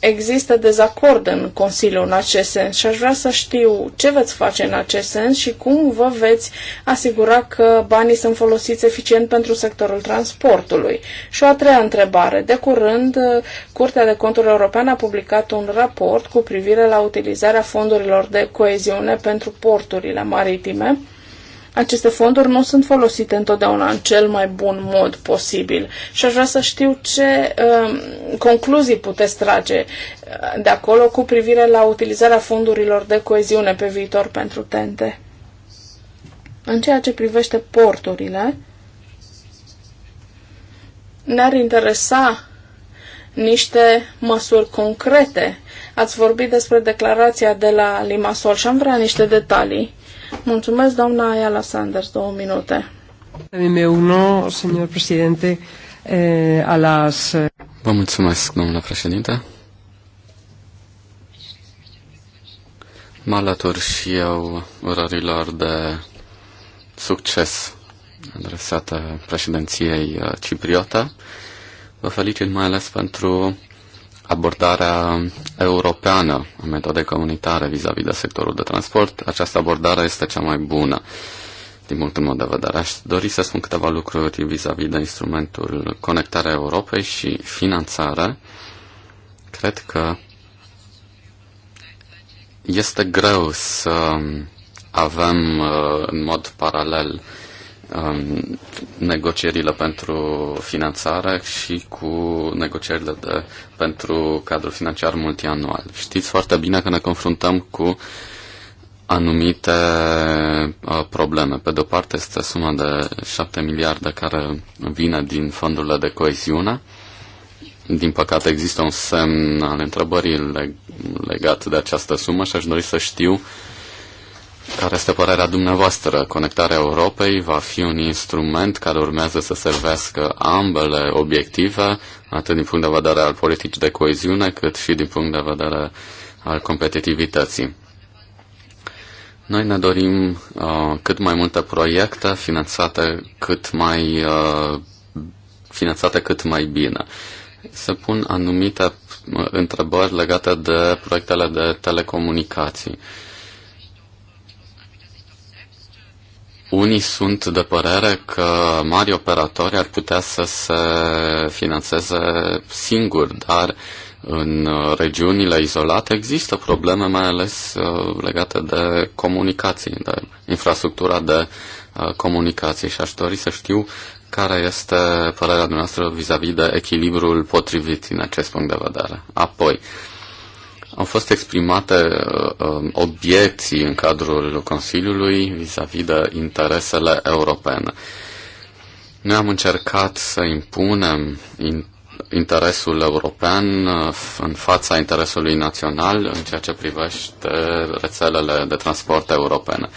există dezacord în Consiliu în acest sens și aș vrea să știu ce veți face în acest sens și cum vă veți asigura că banii sunt folosiți eficient pentru sectorul transportului. Și o a treia întrebare. De curând, uh, Curtea de Conturi Europeană a publicat un raport cu privire la utilizarea fondurilor de coeziune pentru porturile maritime aceste fonduri nu sunt folosite întotdeauna în cel mai bun mod posibil și aș vrea să știu ce uh, concluzii puteți trage uh, de acolo cu privire la utilizarea fondurilor de coeziune pe viitor pentru tente. În ceea ce privește porturile, ne-ar interesa niște măsuri concrete. Ați vorbit despre declarația de la Limasol și am vrea niște detalii Mulțumesc, doamna Ayala Sanders, două minute. Me uno, señor presidente, eh, a las... Eh, Vă mulțumesc, domnule președinte. Mă alătur și eu urărilor de succes adresată președinției eh, cipriotă. Vă felicit mai ales pentru abordarea europeană a metodei comunitare vis-a-vis -vis de sectorul de transport, această abordare este cea mai bună din punctul meu de vedere. Aș dori să spun câteva lucruri vis-a-vis -vis de instrumentul Conectarea Europei și finanțare. Cred că este greu să avem uh, în mod paralel um, negocierile pentru finanțare și cu negocierile de, pentru cadrul financiar multianual. Știți foarte bine că ne confruntăm cu anumite uh, probleme. Pe de-o parte este suma de 7 miliarde care vine din fondurile de coeziune. Din păcate există un semn al întrebării leg- legat de această sumă și aș dori să știu uh, care este părerea dumneavoastră? Conectarea Europei va fi un instrument care urmează să servească ambele obiective, atât din punct de vedere al politicii de coeziune, cât și din punct de vedere al competitivității. Noi ne dorim uh, cât mai multe proiecte finanțate cât mai, uh, finanțate cât mai bine. Se pun anumite uh, întrebări legate de proiectele de telecomunicații. Uh, Unii sunt de părere că mari operatori ar putea să se financeze singuri, dar în regiunile izolate există probleme, mai ales uh, legate de comunicații, de infrastructura de uh, comunicații și aș dori să știu care este părerea dumneavoastră vis-a-vis -vis de echilibrul potrivit din acest punct de vedere. Apoi, au fost exprimate uh, um, obiecții în cadrul Consiliului vis-a-vis -vis de interesele europene. Noi am încercat să impunem in, interesul european uh, în fața interesului național în ceea ce privește rețelele de transport europene.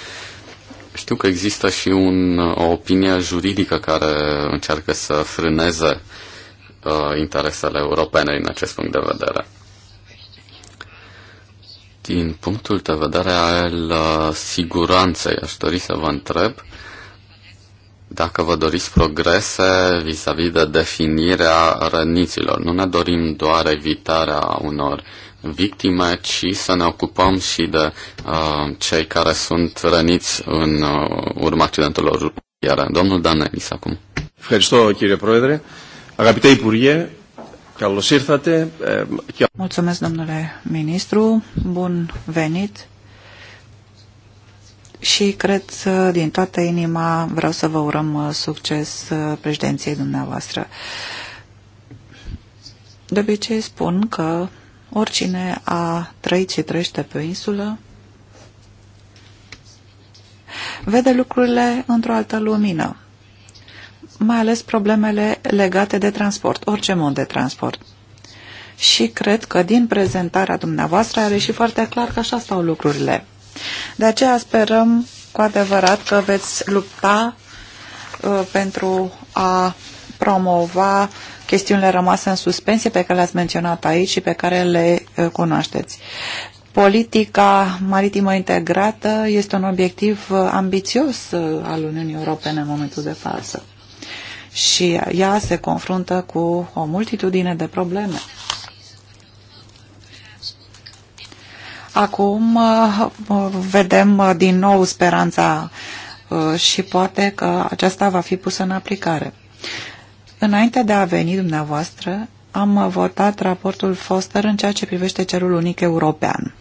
Știu că există și un, o opinie juridică care încearcă să frâneze uh, interesele europene din acest punct de vedere din punctul de vedere al uh, siguranței, aș dori să vă întreb dacă vă doriți progrese vis-a-vis -vis de definirea răniților. Nu ne dorim doar evitarea unor victime, ci să ne ocupăm și de uh, cei care sunt răniți în uh, urma accidentelor rutiere. Domnul Danelis acum. Mulțumesc, κύριε Πρόεδρε. Agapitei Purie, Καλώς ήρθατε. Mulțumesc, domnule ministru. Bun venit. Și cred uh, din toată inima vreau să vă urăm uh, succes uh, președinției dumneavoastră. De obicei spun că oricine a trăit și trăiește pe o insulă vede lucrurile într-o altă lumină mai ales problemele legate de transport, orice mod de transport. Și cred că din prezentarea dumneavoastră are și foarte clar că așa stau lucrurile. De aceea sperăm cu adevărat că veți lupta uh, pentru a promova chestiunile rămase în suspensie pe care le-ați menționat aici și pe care le uh, cunoașteți. Politica maritimă integrată este un obiectiv uh, ambițios uh, al Uniunii Europene în momentul de față și ea se confruntă cu o multitudine de probleme. Acum uh, vedem din nou speranța uh, și poate că aceasta va fi pusă în aplicare. Înainte de a veni dumneavoastră, am votat raportul Foster în ceea ce privește cerul unic european.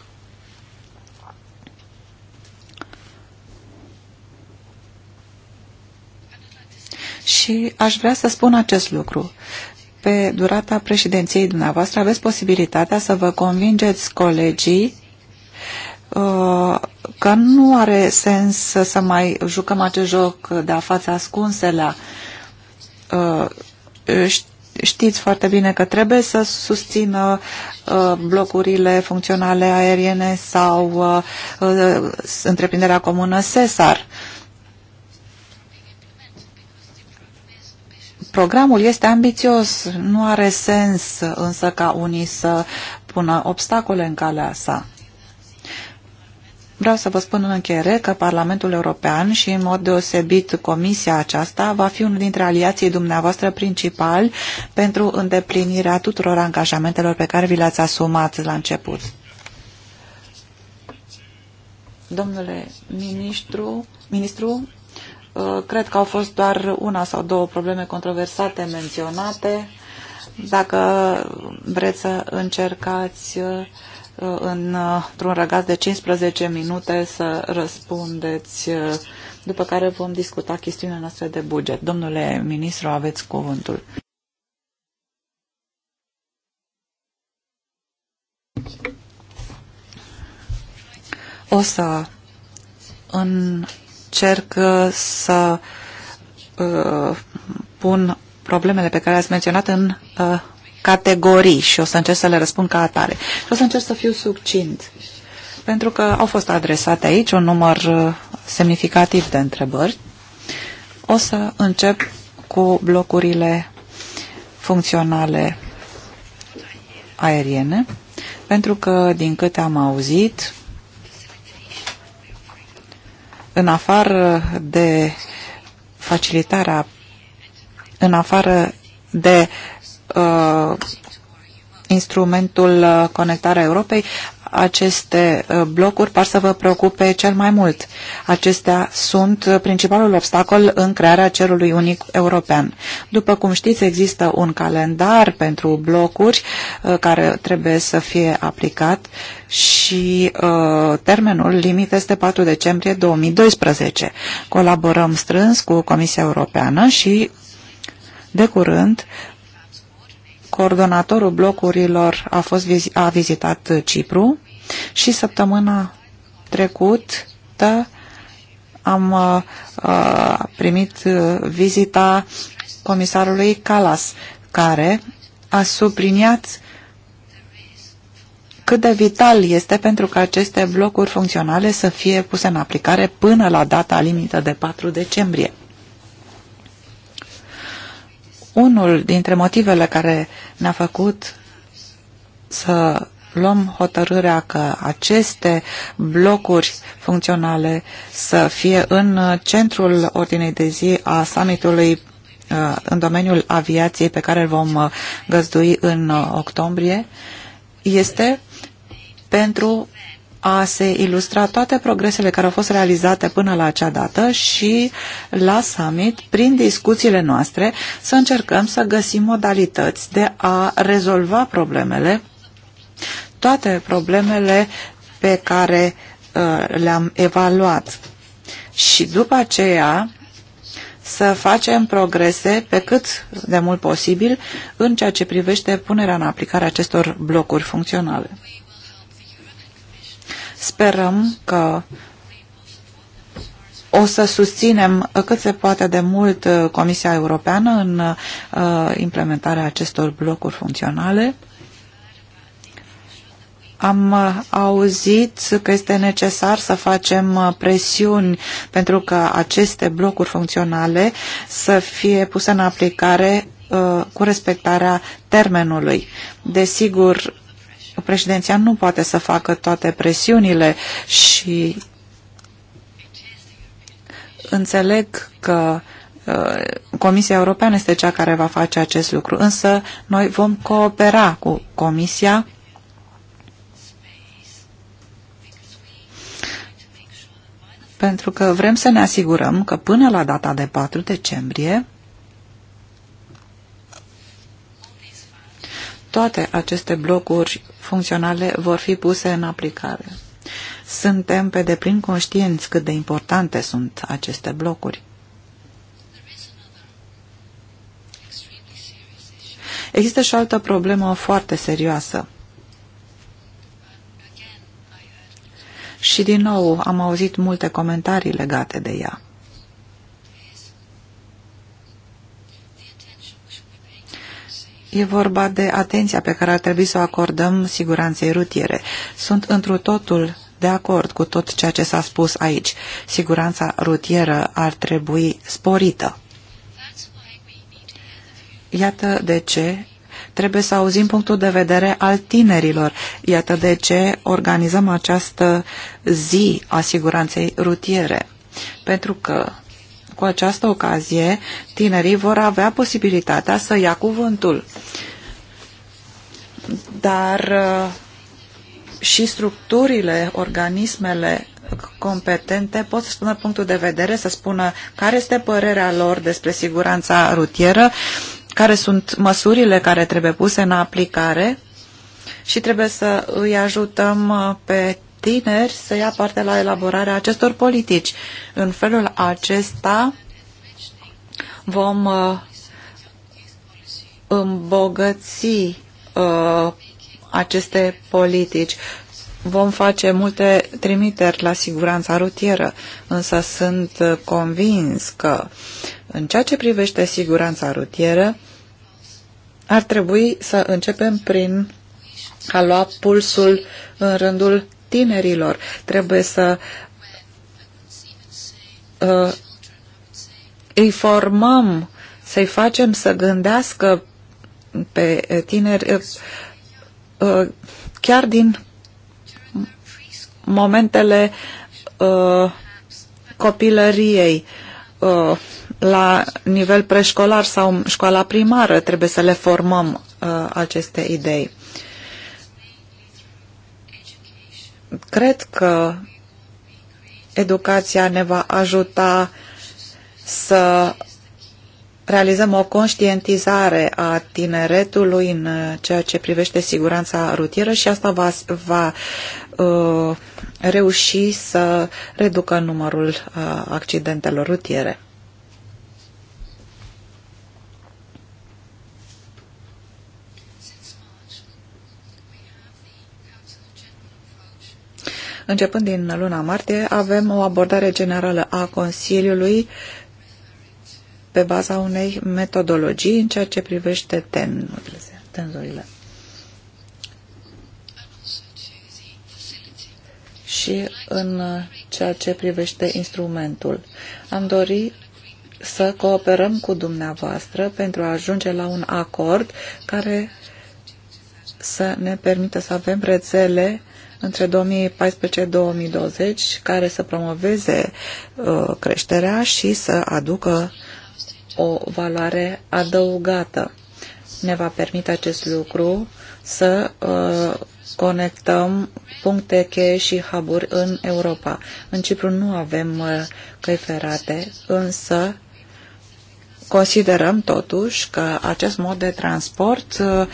și aș vrea să spun acest lucru. Pe durata președinției dumneavoastră aveți posibilitatea să vă convingeți colegii uh, că nu are sens să mai jucăm acest joc de a fața ascunselea. Uh, știți foarte bine că trebuie să susțină uh, blocurile funcționale aeriene sau întreprinderea comună SESAR. Programul este ambițios, nu are sens însă ca unii să pună obstacole în calea sa. Vreau să vă spun în încheiere că Parlamentul European și în mod deosebit Comisia aceasta va fi unul dintre aliații dumneavoastră principali pentru îndeplinirea tuturor angajamentelor pe care vi le-ați asumat la început. Domnule ministru, ministru Uh, cred că au fost doar una sau două probleme controversate menționate. Dacă vreți să încercați uh, într-un răgaz de 15 minute să răspundeți, uh, după care vom discuta chestiunea noastră de buget. Domnule ministru, aveți cuvântul. O să în încerc uh, să uh, pun problemele pe care le-ați menționat în uh, categorii și o să încerc să le răspund ca atare. Și o să încerc să fiu succint, pentru că au fost adresate aici un număr semnificativ de întrebări. O să încep cu blocurile funcționale aeriene, pentru că, din câte am auzit, în afară de facilitarea, în afară de uh, instrumentul uh, Conectarea Europei, aceste uh, blocuri par să vă preocupe cel mai mult. Acestea sunt uh, principalul obstacol în crearea cerului unic european. După cum știți, există un calendar pentru blocuri uh, care trebuie să fie aplicat și termenul limit este 4 decembrie 2012. Colaborăm strâns cu Comisia Europeană și de curând coordonatorul blocurilor a, fost, a vizitat Cipru și săptămâna trecută am uh, uh primit uh, vizita comisarului Calas, care a subliniat cât de vital este pentru că aceste blocuri funcționale să fie puse în aplicare până la data limită de 4 decembrie. Unul dintre motivele care ne-a făcut să luăm hotărârea că aceste blocuri funcționale să fie în centrul ordinei de zi a summitului uh, în domeniul aviației pe care îl vom uh, găzdui în uh, octombrie, este pentru a se ilustra toate progresele care au fost realizate până la acea dată și la summit, prin discuțiile noastre, să încercăm să găsim modalități de a rezolva problemele toate problemele pe care uh, le-am evaluat. Și după aceea să facem progrese pe cât de mult posibil în ceea ce privește punerea în aplicare acestor blocuri funcționale. Sperăm că o să susținem cât se poate de mult uh, Comisia Europeană în uh, implementarea acestor blocuri funcționale am uh, auzit că este necesar să facem uh, presiuni pentru că aceste blocuri funcționale să fie puse în aplicare uh, cu respectarea termenului. Desigur, președinția nu poate să facă toate presiunile și înțeleg că Comisia Europeană este cea care va face acest lucru, însă noi vom coopera cu Comisia pentru că vrem să ne asigurăm că până la data de 4 decembrie toate aceste blocuri funcționale vor fi puse în aplicare. Suntem pe deplin conștienți cât de importante sunt aceste blocuri. Există și o altă problemă foarte serioasă. și din nou am auzit multe comentarii legate de ea. E vorba de atenția pe care ar trebui să o acordăm siguranței rutiere. Sunt întru totul de acord cu tot ceea ce s-a spus aici. Siguranța rutieră ar trebui sporită. Iată de ce Trebuie să auzim punctul de vedere al tinerilor. Iată de ce organizăm această zi a siguranței rutiere. Pentru că cu această ocazie tinerii vor avea posibilitatea să ia cuvântul. Dar uh, și structurile, organismele competente pot să spună punctul de vedere, să spună care este părerea lor despre siguranța rutieră care sunt măsurile care trebuie puse în aplicare și trebuie să îi ajutăm uh, pe tineri să ia parte la elaborarea acestor politici. În felul acesta vom uh, îmbogăți uh, aceste politici vom face multe trimiteri la siguranța rutieră, însă sunt uh, convins că în ceea ce privește siguranța rutieră, ar trebui să începem prin a lua pulsul în rândul tinerilor. Trebuie să uh, îi formăm, să-i facem să gândească pe uh, tineri uh, uh, chiar din momentele uh, copilăriei uh, la nivel preșcolar sau școala primară trebuie să le formăm uh, aceste idei. Cred că educația ne va ajuta să realizăm o conștientizare a tineretului în ceea ce privește siguranța rutieră și asta va, va uh, reuși să reducă numărul uh, accidentelor rutiere. Începând din luna martie, avem o abordare generală a Consiliului uh, pe baza unei metodologii în ceea ce privește tenzurile. Și în ceea ce privește instrumentul. Am dorit să cooperăm cu dumneavoastră pentru a ajunge la un acord care să ne permită să avem rețele între 2014-2020 care să promoveze uh, creșterea și să aducă o valoare adăugată. Ne va permite acest lucru să uh, conectăm puncte cheie și hub în Europa. În Cipru nu avem uh, căi ferate, însă Considerăm totuși că acest mod de transport uh,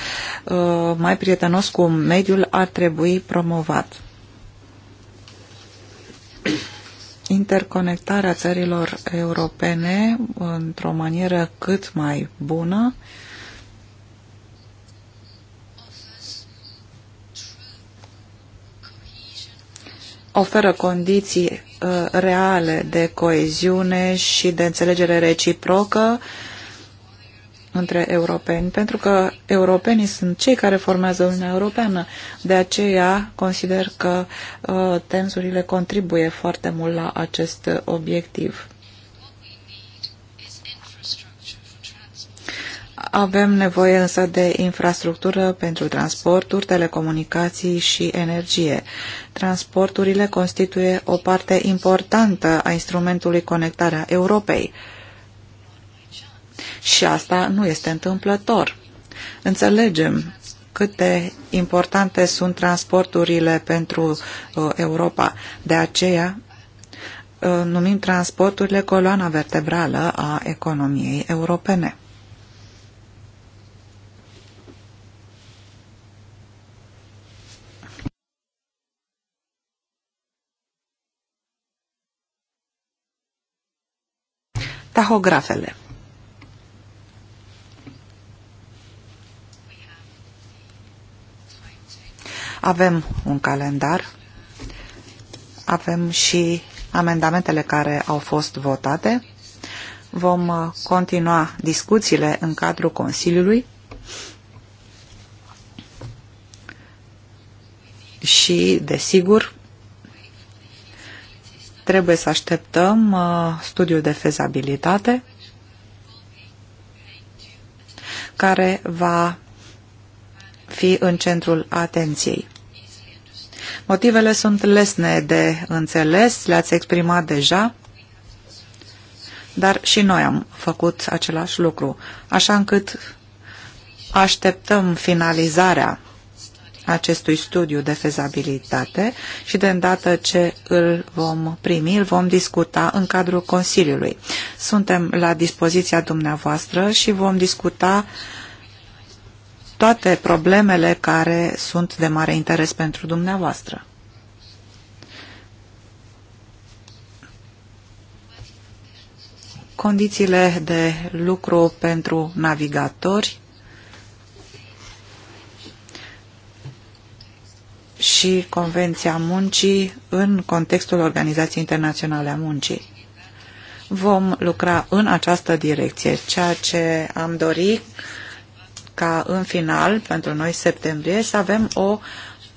uh, mai prietenos cu mediul ar trebui promovat. interconectarea țărilor europene într-o manieră cât mai bună oferă condiții uh, reale de coeziune și de înțelegere reciprocă uh, între europeni, pentru că europenii sunt cei care formează Uniunea Europeană. De aceea consider că uh, tensurile contribuie foarte mult la acest obiectiv. Avem nevoie însă de infrastructură pentru transporturi, telecomunicații și energie. Transporturile constituie o parte importantă a instrumentului Conectarea Europei. Uh, și asta nu este întâmplător. Înțelegem cât de importante sunt transporturile pentru uh, Europa. De aceea uh, numim transporturile coloana vertebrală a economiei europene. Tahografele Avem un calendar, avem și amendamentele care au fost votate. Vom uh, continua discuțiile în cadrul Consiliului și, desigur, trebuie să așteptăm uh, studiul de fezabilitate care va fi în centrul atenției. Motivele sunt lesne de înțeles, le-ați exprimat deja, dar și noi am făcut același lucru, așa încât așteptăm finalizarea acestui studiu de fezabilitate și de îndată ce îl vom primi, îl vom discuta în cadrul Consiliului. Suntem la dispoziția dumneavoastră și vom discuta uh, toate problemele care sunt de mare interes pentru dumneavoastră. Condițiile de lucru pentru navigatori și Convenția Muncii în contextul Organizației Internaționale a Muncii. Vom lucra în această direcție, ceea ce am dorit ca în final, pentru noi septembrie, să avem o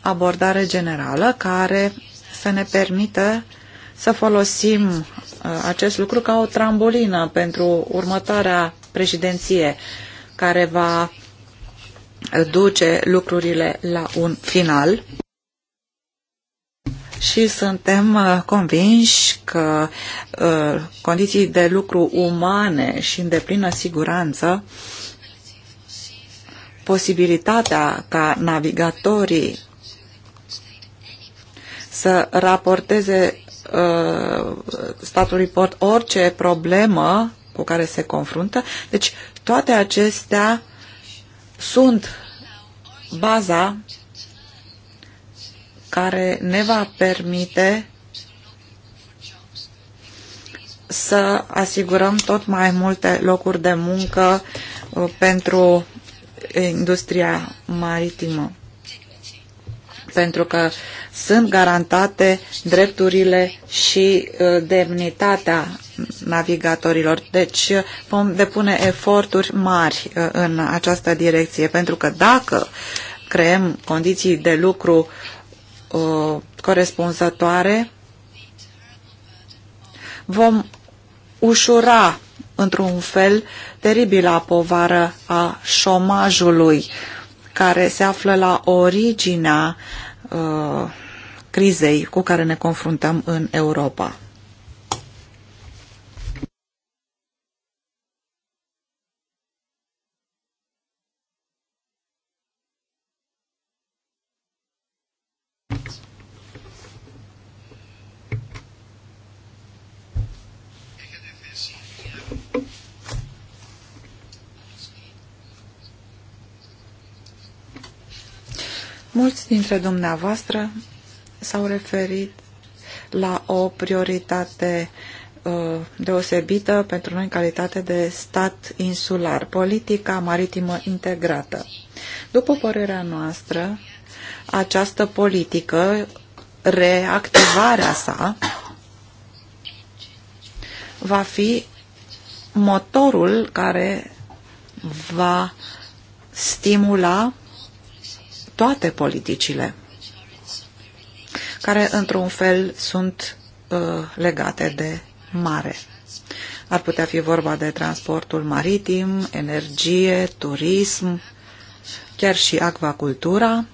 abordare generală care să ne permită să folosim uh, acest lucru ca o trambolină pentru următoarea președinție care va duce lucrurile la un final și suntem uh, convinși că uh, condiții de lucru umane și în deplină siguranță posibilitatea ca navigatorii să raporteze uh, statul report orice problemă cu care se confruntă. Deci toate acestea sunt baza care ne va permite să asigurăm tot mai multe locuri de muncă uh, pentru industria maritimă pentru că sunt garantate drepturile și uh, demnitatea navigatorilor. Deci uh, vom depune eforturi mari uh, în această direcție, pentru că dacă creăm condiții de lucru corespunzătoare, vom ușura într-un fel teribilă povară a șomajului care se află la originea uh, crizei cu care ne confruntăm în Europa. Mulți dintre dumneavoastră s-au referit la o prioritate uh, deosebită pentru noi în calitate de stat insular, politica maritimă integrată. După părerea noastră, această politică, reactivarea sa, va fi motorul care va stimula toate politicile care într-un fel sunt uh, legate de mare. Ar putea fi vorba de transportul maritim, energie, turism, chiar și acvacultura,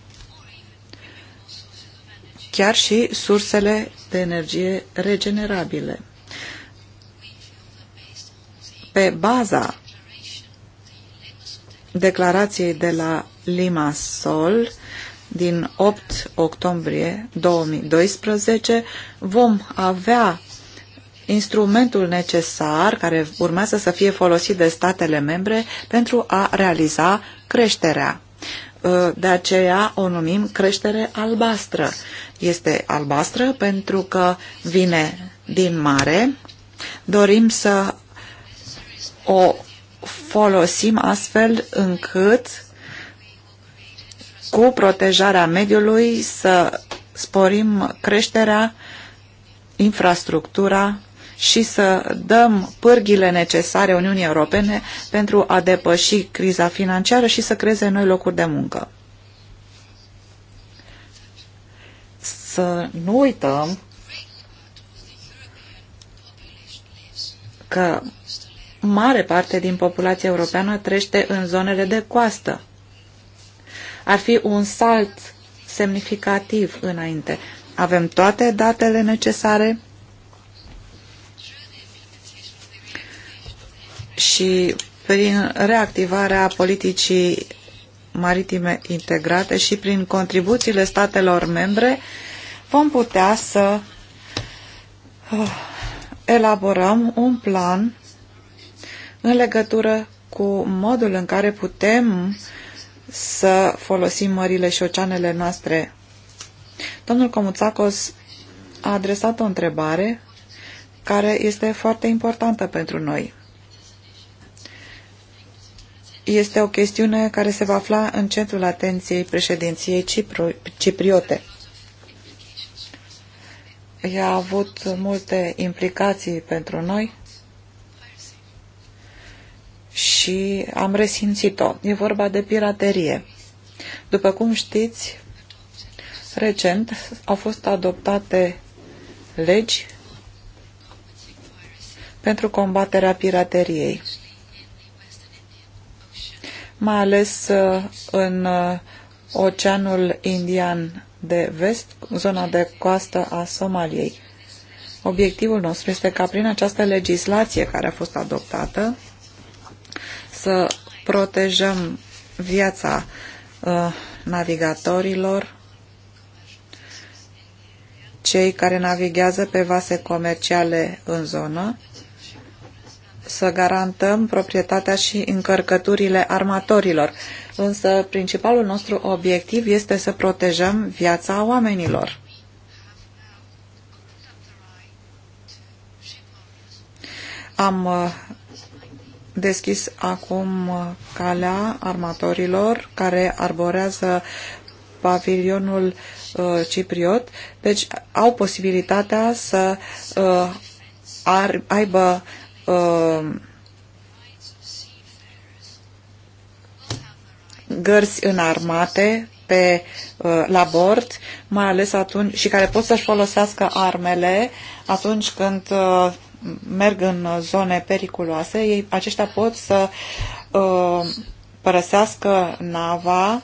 chiar și sursele de energie regenerabile. Pe baza declarației de la Lima Sol din 8 octombrie 2012 vom avea instrumentul necesar care urmează să fie folosit de statele membre pentru a realiza creșterea. Ă, de aceea o numim creștere albastră. Este albastră pentru că vine din mare. Dorim să o folosim astfel încât cu protejarea mediului să sporim creșterea, infrastructura și să dăm pârghile necesare Uniunii Europene pentru a depăși criza financiară și să creeze noi locuri de muncă. Să nu uităm că mare parte din populația europeană trește în zonele de coastă. Ar fi un salt semnificativ înainte. Avem toate datele necesare și prin reactivarea politicii maritime integrate și prin contribuțiile statelor membre vom putea să uh, elaborăm un plan în legătură cu modul în care putem să folosim mările și oceanele noastre. Domnul Comuțacos a adresat o întrebare care este foarte importantă pentru noi. Este o chestiune care se va afla în centrul atenției președinției Cipru, cipriote. Ea a avut multe implicații pentru noi și am resimțit-o. E vorba de piraterie. După cum știți, recent au fost adoptate legi pentru combaterea pirateriei, mai ales uh, în uh, Oceanul Indian de vest, zona de coastă a Somaliei. Obiectivul nostru este ca prin această legislație care a fost adoptată să protejăm viața uh, navigatorilor, cei care navighează pe vase comerciale în zonă, să garantăm proprietatea și încărcăturile armatorilor. Însă principalul nostru obiectiv este să protejăm viața oamenilor. Am uh, deschis acum uh, calea armatorilor care arborează pavilionul uh, cipriot, deci au posibilitatea să uh, ar, aibă uh, gărzi înarmate pe, uh, la bord, mai ales atunci, și care pot să-și folosească armele atunci când uh, merg în zone periculoase, ei, aceștia pot să uh, părăsească nava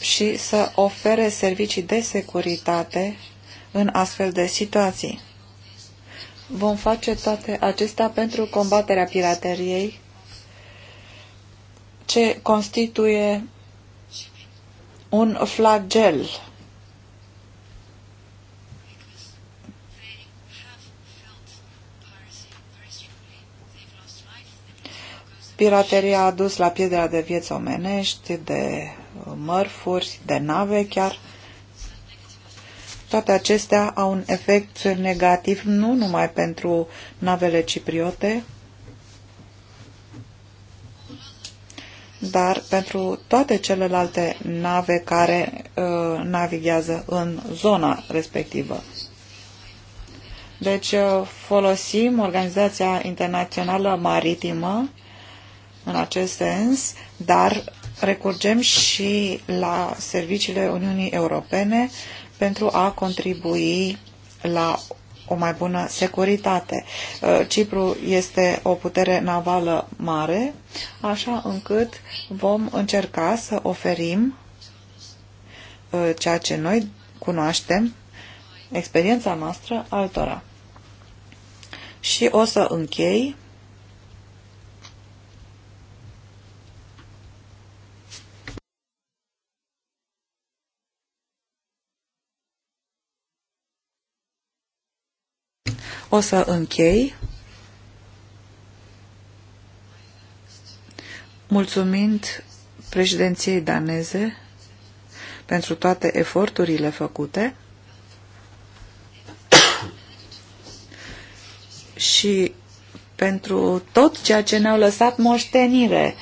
și să ofere servicii de securitate în astfel de situații. Vom face toate acestea pentru combaterea pirateriei, ce constituie un flagel. Pirateria a dus la pierderea de vieți omenești, de mărfuri, de nave chiar. Toate acestea au un efect negativ nu numai pentru navele cipriote, dar pentru toate celelalte nave care uh, navighează în zona respectivă. Deci uh, folosim Organizația Internațională Maritimă în acest sens, dar recurgem și la serviciile Uniunii Europene pentru a contribui la o mai bună securitate. Uh, Cipru este o putere navală mare, așa încât vom încerca să oferim uh, ceea ce noi cunoaștem, experiența noastră altora. Și o să închei O să închei mulțumind președinției daneze pentru toate eforturile făcute și pentru tot ceea ce ne-au lăsat moștenire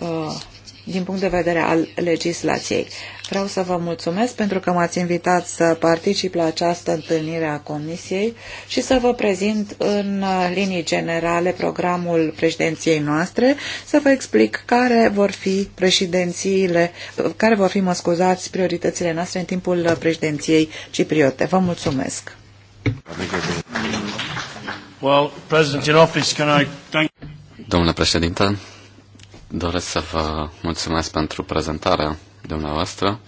uh, din punct de vedere al legislației. Vreau să vă mulțumesc pentru că m-ați invitat să particip la această întâlnire a Comisiei și să vă prezint în linii generale programul președinției noastre, să vă explic care vor fi președințiile, care vor fi, mă scuzați, prioritățile noastre în timpul președinției cipriote. Vă mulțumesc! Well, President in office, can I thank... Domnule președinte, doresc să vă mulțumesc pentru prezentarea dumneavoastră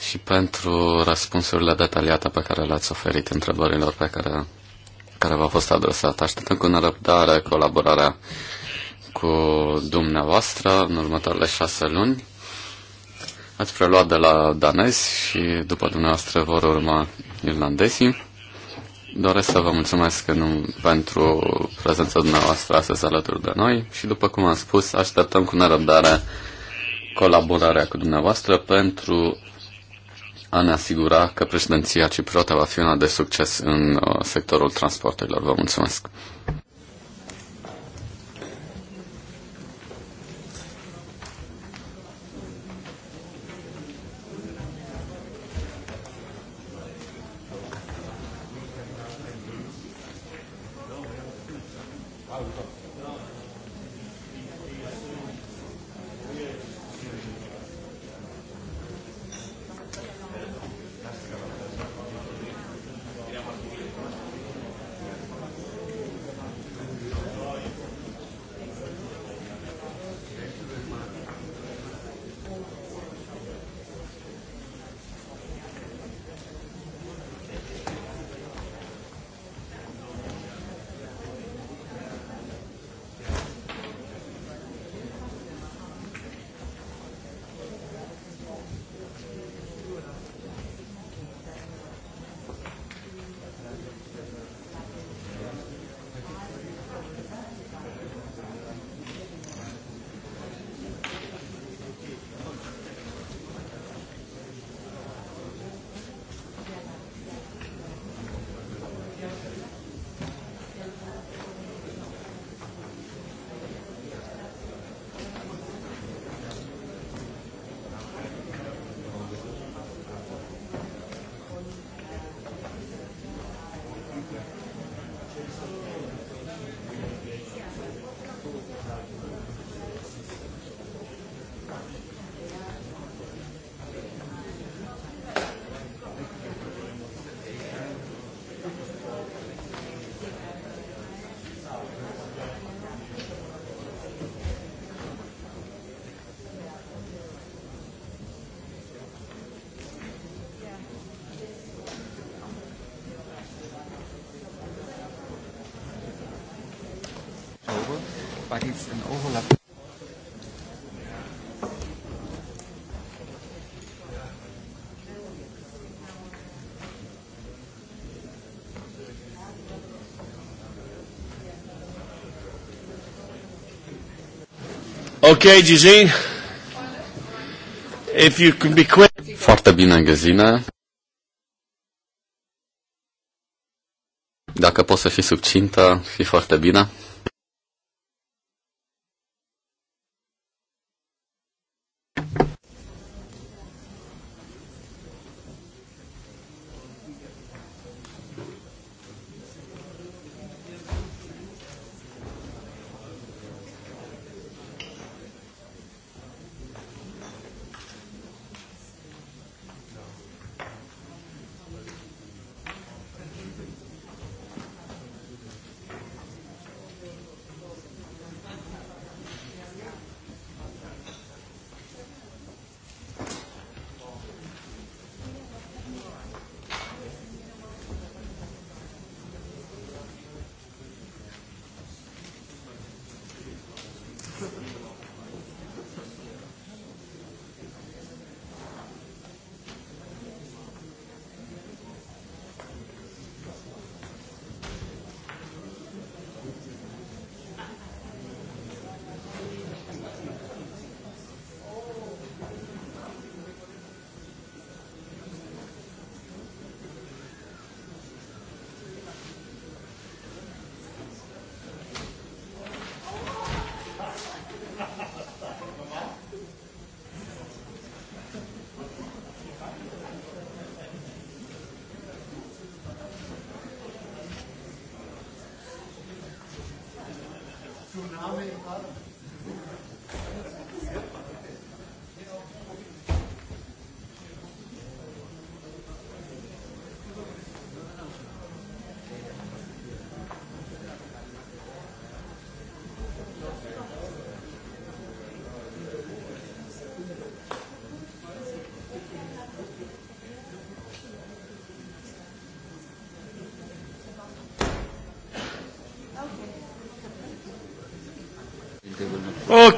și pentru răspunsurile detaliate pe care le-ați oferit întrebărilor pe care, care v-au fost adresate. Așteptăm cu nerăbdare colaborarea cu dumneavoastră în următoarele șase luni. Ați preluat de la danezi și după dumneavoastră vor urma irlandezii. Doresc să vă mulțumesc nu, pentru prezența dumneavoastră astăzi alături de noi și, după cum am spus, așteptăm cu nerăbdare colaborarea cu dumneavoastră pentru a ne asigura că președinția cipriotă va fi una de succes în uh, sectorul transporturilor. Vă mulțumesc! Ok, Gigi. If you can be quick. Foarte bine, Găzina. Dacă poți să fii subțintă, fi foarte bine.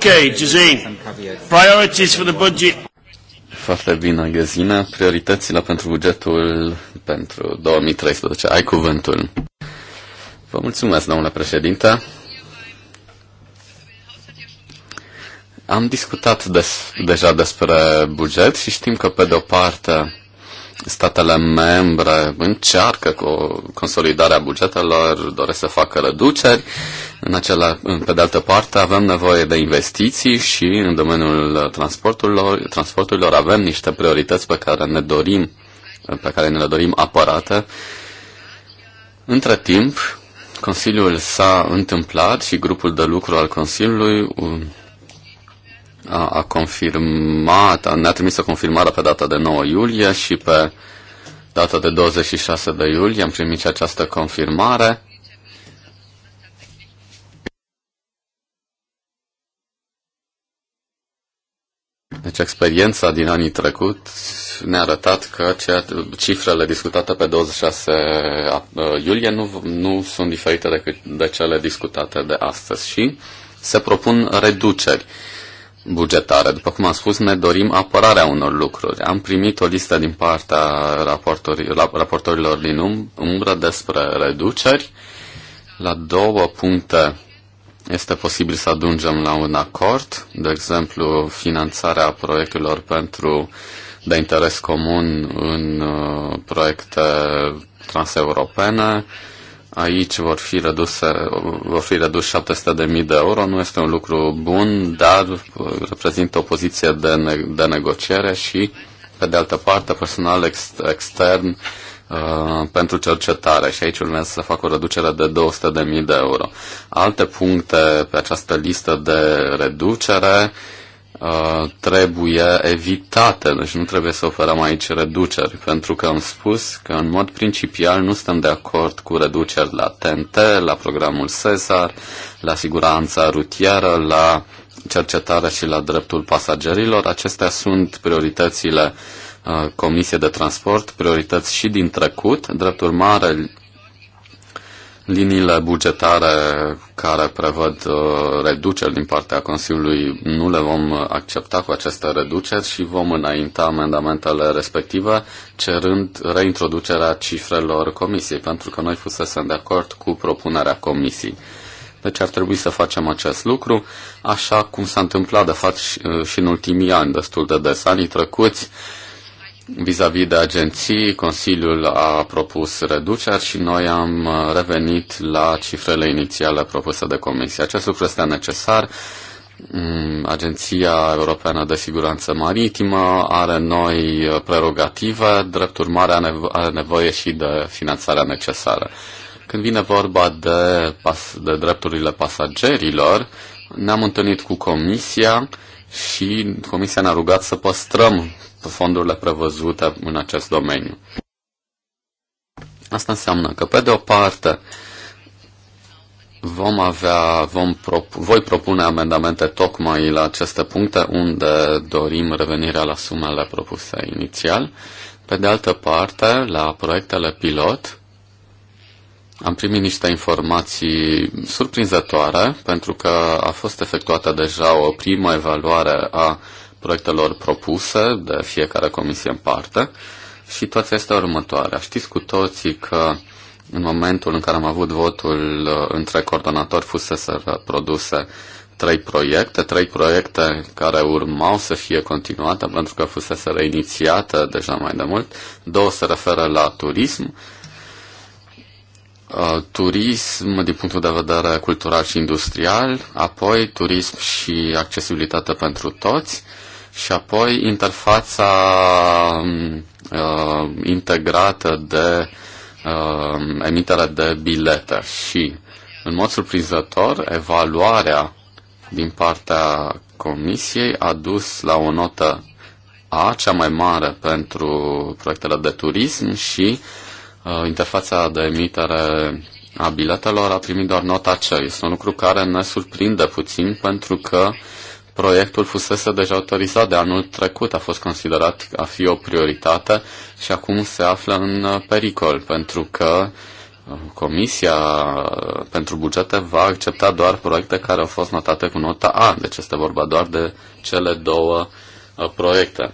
Okay, Gesine. Priorities for the budget. Foarte bine, Gesine. Prioritățile pentru bugetul pentru 2013. Ai cuvântul. Vă mulțumesc, domnule președinte. Am discutat des, deja despre buget și știm că, pe de-o parte, statele membre încearcă cu consolidarea bugetelor, doresc să facă reduceri în acela, pe de altă parte, avem nevoie de investiții și în domeniul transporturilor, transporturilor avem niște priorități pe care ne dorim, pe care ne le dorim apărate. Între timp, Consiliul s-a întâmplat și grupul de lucru al Consiliului um, a, a confirmat, ne-a trimis o confirmare pe data de 9 iulie și pe data de 26 de iulie am primit și această confirmare Deci experiența din anii trecut ne-a arătat că ceea, cifrele discutate pe 26 iulie nu, nu sunt diferite decât de cele discutate de astăzi și se propun reduceri bugetare. După cum am spus, ne dorim apărarea unor lucruri. Am primit o listă din partea raportorilor din um, umbră despre reduceri la două puncte este posibil să ajungem la un acord, de exemplu, finanțarea proiectelor pentru de interes comun în uh, proiecte transeuropene. Aici vor fi reduse, vor fi redus 700.000 de euro. Nu este un lucru bun, dar uh, reprezintă o poziție de, ne- de negociere și, pe de altă parte, personal ex- extern uh, Uh, pentru cercetare și aici urmează să fac o reducere de 200.000 de euro. Alte puncte pe această listă de reducere uh, trebuie evitate, deci nu trebuie să oferăm aici reduceri, pentru că am spus că în mod principial nu suntem de acord cu reduceri la TNT, la programul Cesar, la siguranța rutieră, la cercetare și la dreptul pasagerilor. Acestea sunt prioritățile uh, Comisie de Transport, priorități și din trecut. Drept urmare, liniile bugetare care prevăd uh, reduceri din partea Consiliului nu le vom accepta cu aceste reduceri și vom înainta amendamentele respective cerând reintroducerea cifrelor Comisiei, pentru că noi fusesem de acord cu propunerea Comisiei. Deci ar trebui să facem acest lucru, așa cum s-a întâmplat de fapt și uh, în ultimii ani destul de des. Anii trecuți, Vis-a-vis -vis de agenții, Consiliul a propus reduceri și noi am revenit la cifrele inițiale propuse de Comisie. Acest lucru este necesar. Mm, Agenția Europeană de Siguranță Maritimă are noi prerogative, drept urmare are nevoie și de finanțarea necesară. Când vine vorba de, pas- de drepturile pasagerilor, ne-am întâlnit cu Comisia și Comisia ne-a rugat să păstrăm fondurile prevăzute în acest domeniu. Asta înseamnă că, pe de o parte, vom avea, vom prop, voi propune amendamente tocmai la aceste puncte unde dorim revenirea la sumele propuse inițial. Pe de altă parte, la proiectele pilot, am primit niște informații surprinzătoare, pentru că a fost efectuată deja o primă evaluare a proiectelor propuse de fiecare comisie în parte. Situația este următoarea. Știți cu toții că în momentul în care am avut votul uh, între coordonatori fusese produse trei proiecte, trei proiecte care urmau să fie continuate pentru că fusese reinițiate deja mai de mult. Două se referă la turism, uh, turism din punctul de vedere cultural și industrial, apoi turism și accesibilitate pentru toți și apoi interfața um, uh, integrată de uh, emitere de bilete și, în mod surprinzător, evaluarea din partea comisiei a dus la o notă A, cea mai mare pentru proiectele de turism și uh, interfața de emitere a biletelor a primit doar nota C. Este un lucru care ne surprinde puțin pentru că uh, proiectul fusese deja autorizat de anul trecut, a fost considerat a fi o prioritate și acum se află în uh, pericol, pentru că uh, Comisia uh, pentru bugete va accepta doar proiecte care au fost notate cu nota A, deci este vorba doar de cele două proiecte.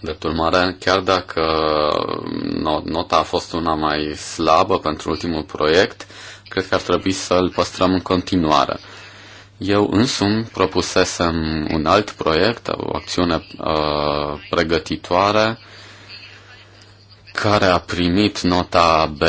De urmare, chiar dacă nota a fost una mai slabă pentru ultimul proiect, cred că ar trebui să-l păstrăm în continuare. Eu însumi propusesem un alt proiect, o acțiune uh, pregătitoare care a primit nota B,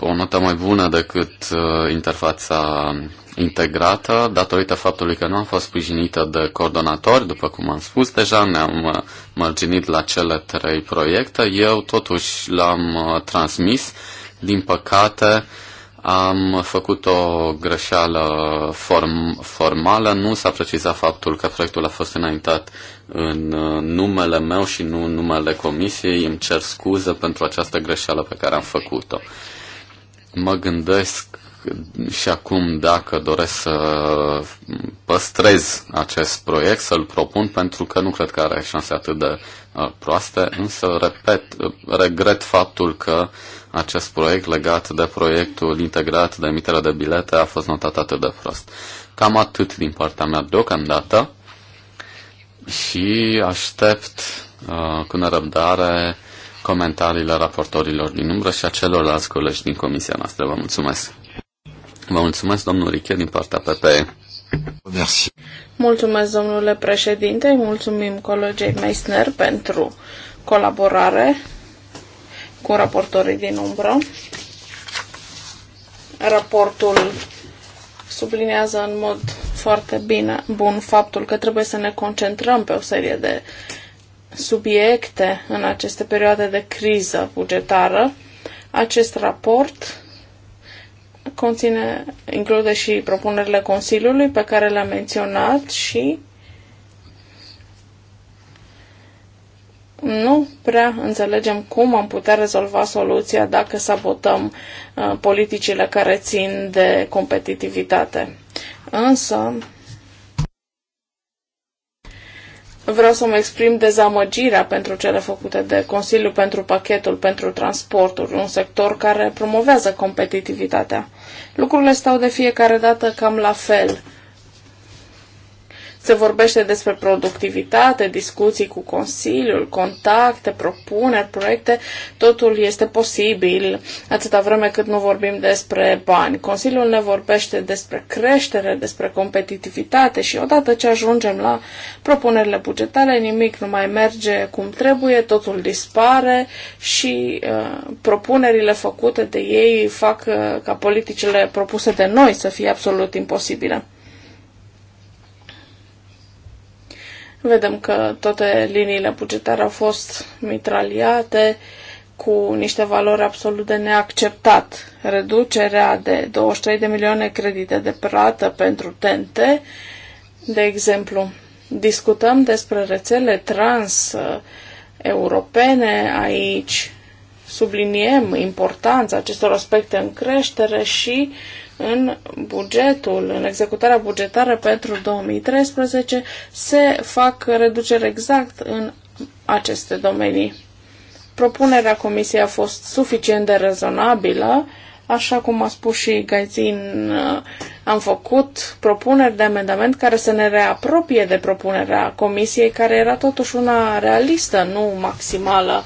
o notă mai bună decât uh, interfața integrată, datorită faptului că nu am fost sprijinită de coordonatori, după cum am spus deja, ne-am uh, mărginit la cele trei proiecte. Eu totuși l-am uh, transmis, din păcate, uh, am făcut o greșeală form, formală, nu s-a precizat faptul că proiectul a fost înaintat în uh, numele meu și nu în numele comisiei. Îmi cer scuze pentru această greșeală pe care am făcut-o. Mă gândesc și acum dacă doresc să păstrez acest proiect, să-l propun, pentru că nu cred că are șanse atât de Uh, proaste, însă repet, uh, regret faptul că acest proiect legat de proiectul integrat de emiterea de bilete a fost notat atât de prost. Cam atât din partea mea deocamdată și aștept uh, cu nerăbdare comentariile raportorilor din umbră și a celorlalți colegi din comisia noastră. Vă mulțumesc! Vă mulțumesc, domnul Riche, din partea PPE. Merci. Mulțumesc, domnule președinte, mulțumim colegei Meissner pentru colaborare cu raportorii din umbră. Raportul sublinează în mod foarte bine, bun faptul că trebuie să ne concentrăm pe o serie de subiecte în aceste perioade de criză bugetară. Acest raport conține, include și propunerile Consiliului pe care le-am menționat și nu prea înțelegem cum am putea rezolva soluția dacă sabotăm uh, politicile care țin de competitivitate. Însă, Vreau să-mi exprim dezamăgirea pentru cele făcute de Consiliu pentru pachetul pentru transporturi, un sector care promovează competitivitatea. Lucrurile stau de fiecare dată cam la fel se vorbește despre productivitate, discuții cu Consiliul, contacte, propuneri, proiecte. Totul este posibil atâta vreme cât nu vorbim despre bani. Consiliul ne vorbește despre creștere, despre competitivitate și odată ce ajungem la propunerile bugetare, nimic nu mai merge cum trebuie, totul dispare și uh, propunerile făcute de ei fac uh, ca politicile propuse de noi să fie absolut imposibile. Vedem că toate liniile bugetare au fost mitraliate cu niște valori absolut de neacceptat. Reducerea de 23 de milioane credite de plată pentru TNT, de exemplu. Discutăm despre rețele trans uh, europene aici, subliniem importanța acestor aspecte în creștere și în bugetul, în executarea bugetară pentru 2013 se fac reduceri exact în aceste domenii. Propunerea comisiei a fost suficient de rezonabilă, așa cum a spus și Gaizin, am făcut propuneri de amendament care să ne reapropie de propunerea comisiei, care era totuși una realistă, nu maximală.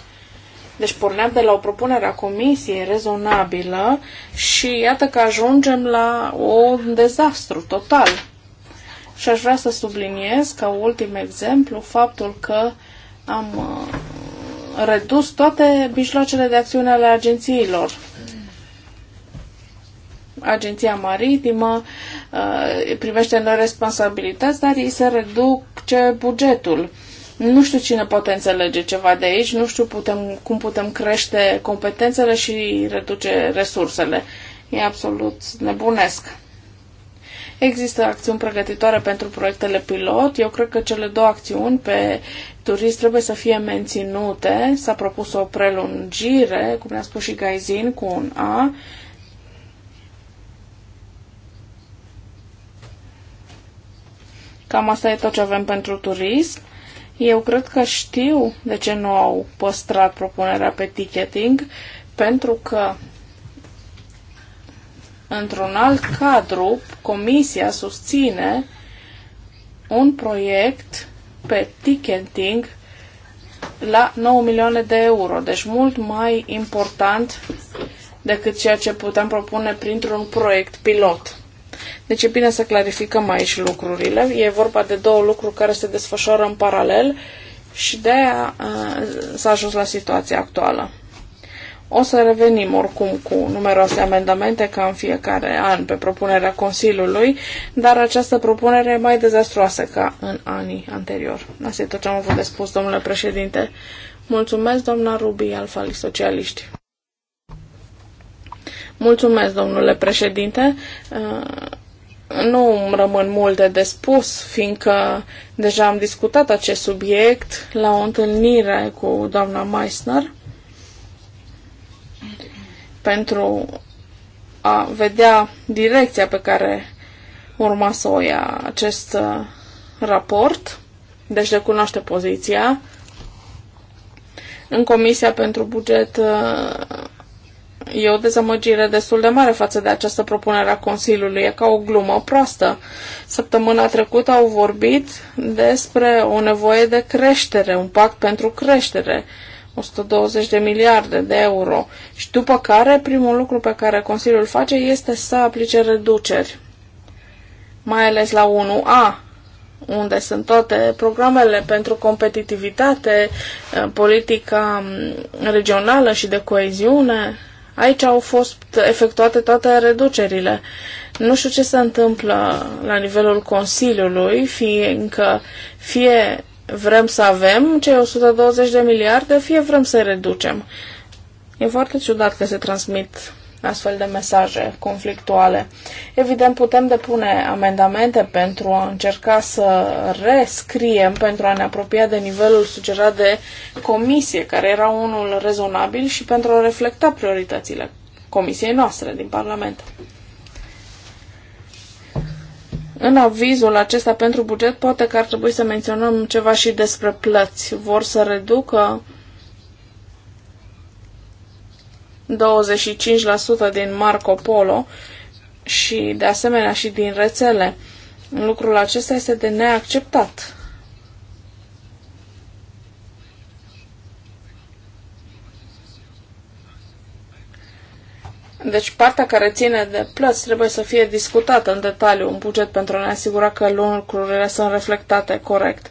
Deci porneam de la o propunere a comisiei rezonabilă și iată că ajungem la un dezastru total. Și aș vrea să subliniez ca ultim exemplu faptul că am uh, redus toate mijloacele de acțiune ale agențiilor. Agenția Maritimă uh, primește noi responsabilități, dar îi se reduce bugetul. Nu știu cine poate înțelege ceva de aici, nu știu putem, cum putem crește competențele și reduce resursele. E absolut nebunesc. Există acțiuni pregătitoare pentru proiectele pilot. Eu cred că cele două acțiuni pe turist trebuie să fie menținute. S-a propus o prelungire, cum ne-a spus și Gaizin, cu un A. Cam asta e tot ce avem pentru turism. Eu cred că știu de ce nu au păstrat propunerea pe ticketing, pentru că într-un alt cadru, comisia susține un proiect pe ticketing la 9 milioane de euro, deci mult mai important decât ceea ce putem propune printr-un proiect pilot. Deci e bine să clarificăm aici lucrurile. E vorba de două lucruri care se desfășoară în paralel și de aia s-a ajuns la situația actuală. O să revenim oricum cu numeroase amendamente ca în fiecare an pe propunerea Consiliului, dar această propunere e mai dezastruoasă ca în anii anterior. Asta e tot ce am avut de spus, domnule președinte. Mulțumesc, doamna Rubi, Alfali Socialiști. Mulțumesc, domnule președinte. Uh, nu îmi rămân mult de spus, fiindcă deja am discutat acest subiect la o întâlnire cu doamna Meissner pentru a vedea direcția pe care urma să o ia acest uh, raport, deci de cunoaște poziția. În Comisia pentru Buget uh, E o dezamăgire destul de mare față de această propunere a Consiliului. E ca o glumă proastă. Săptămâna trecută au vorbit despre o nevoie de creștere, un pact pentru creștere. 120 de miliarde de euro. Și după care, primul lucru pe care Consiliul face este să aplice reduceri. Mai ales la 1A, unde sunt toate programele pentru competitivitate, eh, politica mm, regională și de coeziune, Aici au fost efectuate toate reducerile. Nu știu ce se întâmplă la nivelul Consiliului, fiindcă fie vrem să avem cei 120 de miliarde, fie vrem să reducem. E foarte ciudat că se transmit astfel de mesaje conflictuale. Evident, putem depune amendamente pentru a încerca să rescriem, pentru a ne apropia de nivelul sugerat de comisie, care era unul rezonabil și pentru a reflecta prioritățile comisiei noastre din Parlament. În avizul acesta pentru buget, poate că ar trebui să menționăm ceva și despre plăți. Vor să reducă 25% din Marco Polo și de asemenea și din rețele. Lucrul acesta este de neacceptat. Deci partea care ține de plăți trebuie să fie discutată în detaliu un buget pentru a ne asigura că lucrurile sunt reflectate corect.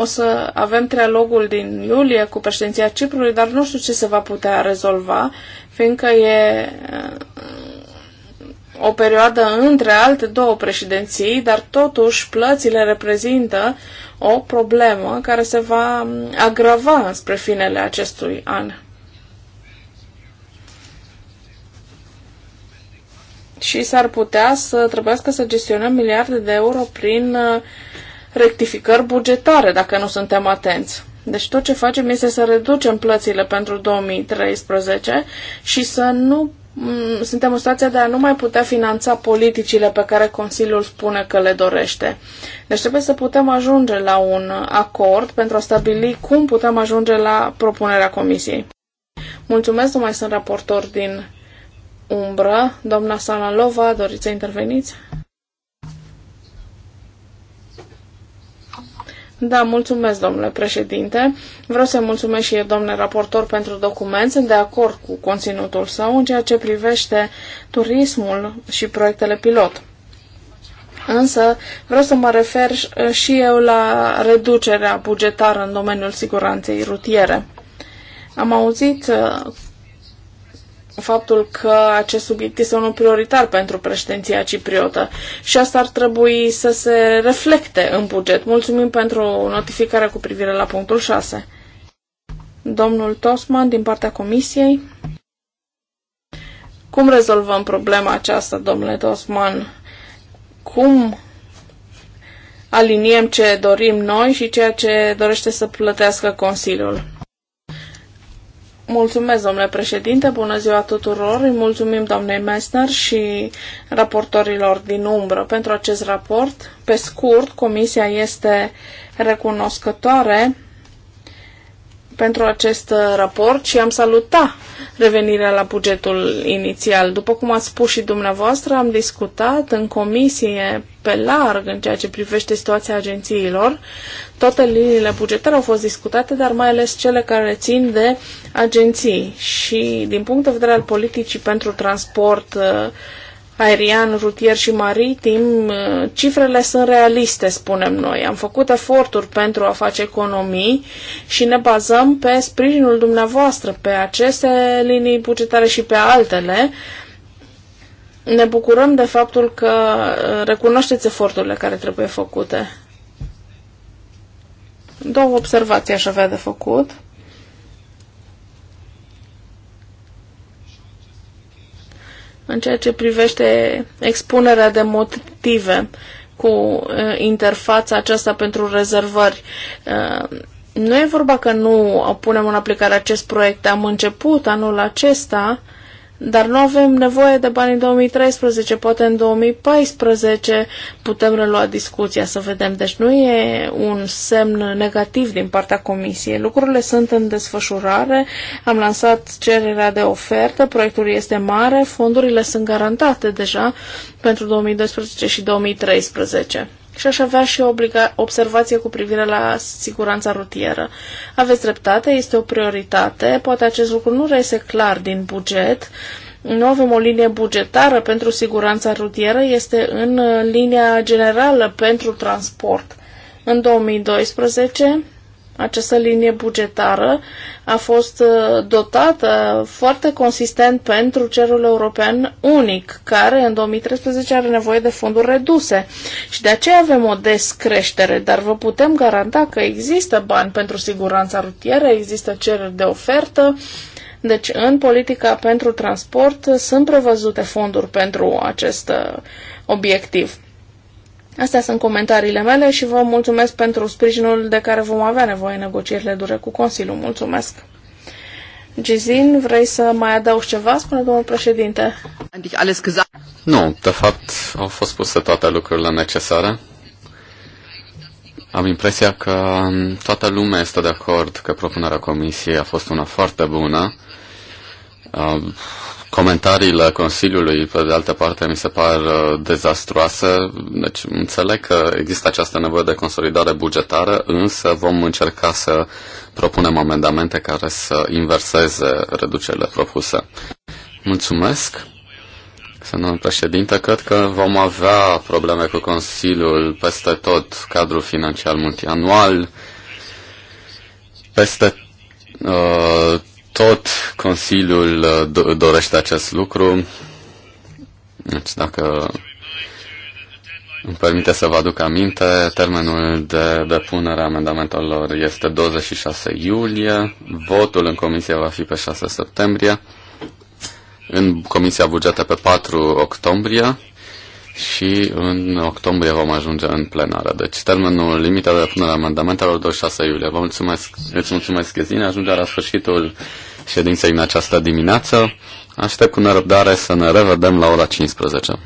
O să avem trialogul din iulie cu președinția Ciprului, dar nu știu ce se va putea rezolva, fiindcă e uh, o perioadă între alte două președinții, dar totuși plățile reprezintă o problemă care se va um, agrava spre finele acestui an. Și s-ar putea să trebuiască să gestionăm miliarde de euro prin uh, rectificări bugetare dacă nu suntem atenți. Deci tot ce facem este să reducem plățile pentru 2013 și să nu mm, suntem în stația de a nu mai putea finanța politicile pe care Consiliul spune că le dorește. Deci trebuie să putem ajunge la un acord pentru a stabili cum putem ajunge la propunerea Comisiei. Mulțumesc, nu mai sunt raportor din umbră. Doamna Sanalova, doriți să interveniți? Da, mulțumesc, domnule președinte. Vreau să mulțumesc și eu, domnule raportor, pentru document. Sunt de acord cu conținutul său în ceea ce privește turismul și proiectele pilot. Însă vreau să mă refer și eh, eu la reducerea bugetară în domeniul siguranței rutiere. Am auzit eh, faptul că acest subiect este unul prioritar pentru președinția cipriotă și asta ar trebui să se reflecte în buget. Mulțumim pentru notificarea cu privire la punctul 6. Domnul Tosman, din partea Comisiei. Cum rezolvăm problema aceasta, domnule Tosman? Cum aliniem ce dorim noi și ceea ce dorește să plătească Consiliul? Mulțumesc, domnule președinte, bună ziua tuturor, îi mulțumim doamnei Messner și raportorilor din umbră pentru acest raport. Pe scurt, comisia este recunoscătoare pentru acest uh, raport și am salutat revenirea la bugetul inițial. După cum ați spus și dumneavoastră, am discutat în comisie pe larg în ceea ce privește situația agențiilor. Toate liniile bugetare au fost discutate, dar mai ales cele care țin de agenții. Și din punct de vedere al politicii pentru transport, uh, aerian, rutier și maritim, uh, cifrele sunt realiste, spunem noi. Am făcut eforturi pentru a face economii și ne bazăm pe sprijinul dumneavoastră, pe aceste linii bugetare și pe altele. Ne bucurăm de faptul că uh, recunoașteți eforturile care trebuie făcute. Două observații aș avea de făcut. În ceea ce privește expunerea de motive cu uh, interfața aceasta pentru rezervări, uh, nu e vorba că nu punem în aplicare acest proiect. Am început anul acesta uh, dar nu avem nevoie de bani în 2013, poate în 2014 putem relua discuția să vedem. Deci nu e un semn negativ din partea Comisiei. Lucrurile sunt în desfășurare, am lansat cererea de ofertă, proiectul este mare, fondurile sunt garantate deja pentru 2012 și 2013 și aș avea și o observație cu privire la siguranța rutieră. Aveți dreptate, este o prioritate, poate acest lucru nu reiese clar din buget, nu avem o linie bugetară pentru siguranța rutieră, este în linia generală pentru transport. În 2012 această linie bugetară a fost uh, dotată foarte consistent pentru cerul european unic, care în 2013 are nevoie de fonduri reduse. Și de aceea avem o descreștere, dar vă putem garanta că există bani pentru siguranța rutieră, există cereri de ofertă, deci, în politica pentru transport sunt prevăzute fonduri pentru acest uh, obiectiv. Astea sunt comentariile mele și vă mulțumesc pentru sprijinul de care vom avea nevoie în negocierile dure cu Consiliul. Mulțumesc! Gizin, vrei să mai adaugi ceva, spune domnul președinte? Nu, de fapt au fost puse toate lucrurile necesare. Am impresia că um, toată lumea este de acord că propunerea comisiei a fost una foarte bună. Um, Comentariile Consiliului, pe de altă parte, mi se par uh, dezastruoase. Deci înțeleg că există această nevoie de consolidare bugetară, însă vom încerca să propunem amendamente care să inverseze reducerile propuse. Mulțumesc! Domnul președinte, cred că vom avea probleme cu Consiliul peste tot, cadrul financiar multianual, peste uh, tot Consiliul uh, dorește acest lucru. Deci dacă îmi permite să vă aduc aminte, termenul de depunere a amendamentelor este 26 iulie, votul în comisie va fi pe 6 septembrie, în Comisia Bugete pe 4 octombrie și în octombrie vom ajunge în plenară. Deci termenul limită de depunere a amendamentelor 26 iulie. Vă mulțumesc, îți mulțumesc, Ghezine, ajungea la sfârșitul ședinței în această dimineață. Aștept cu nerăbdare să ne revedem la ora 15.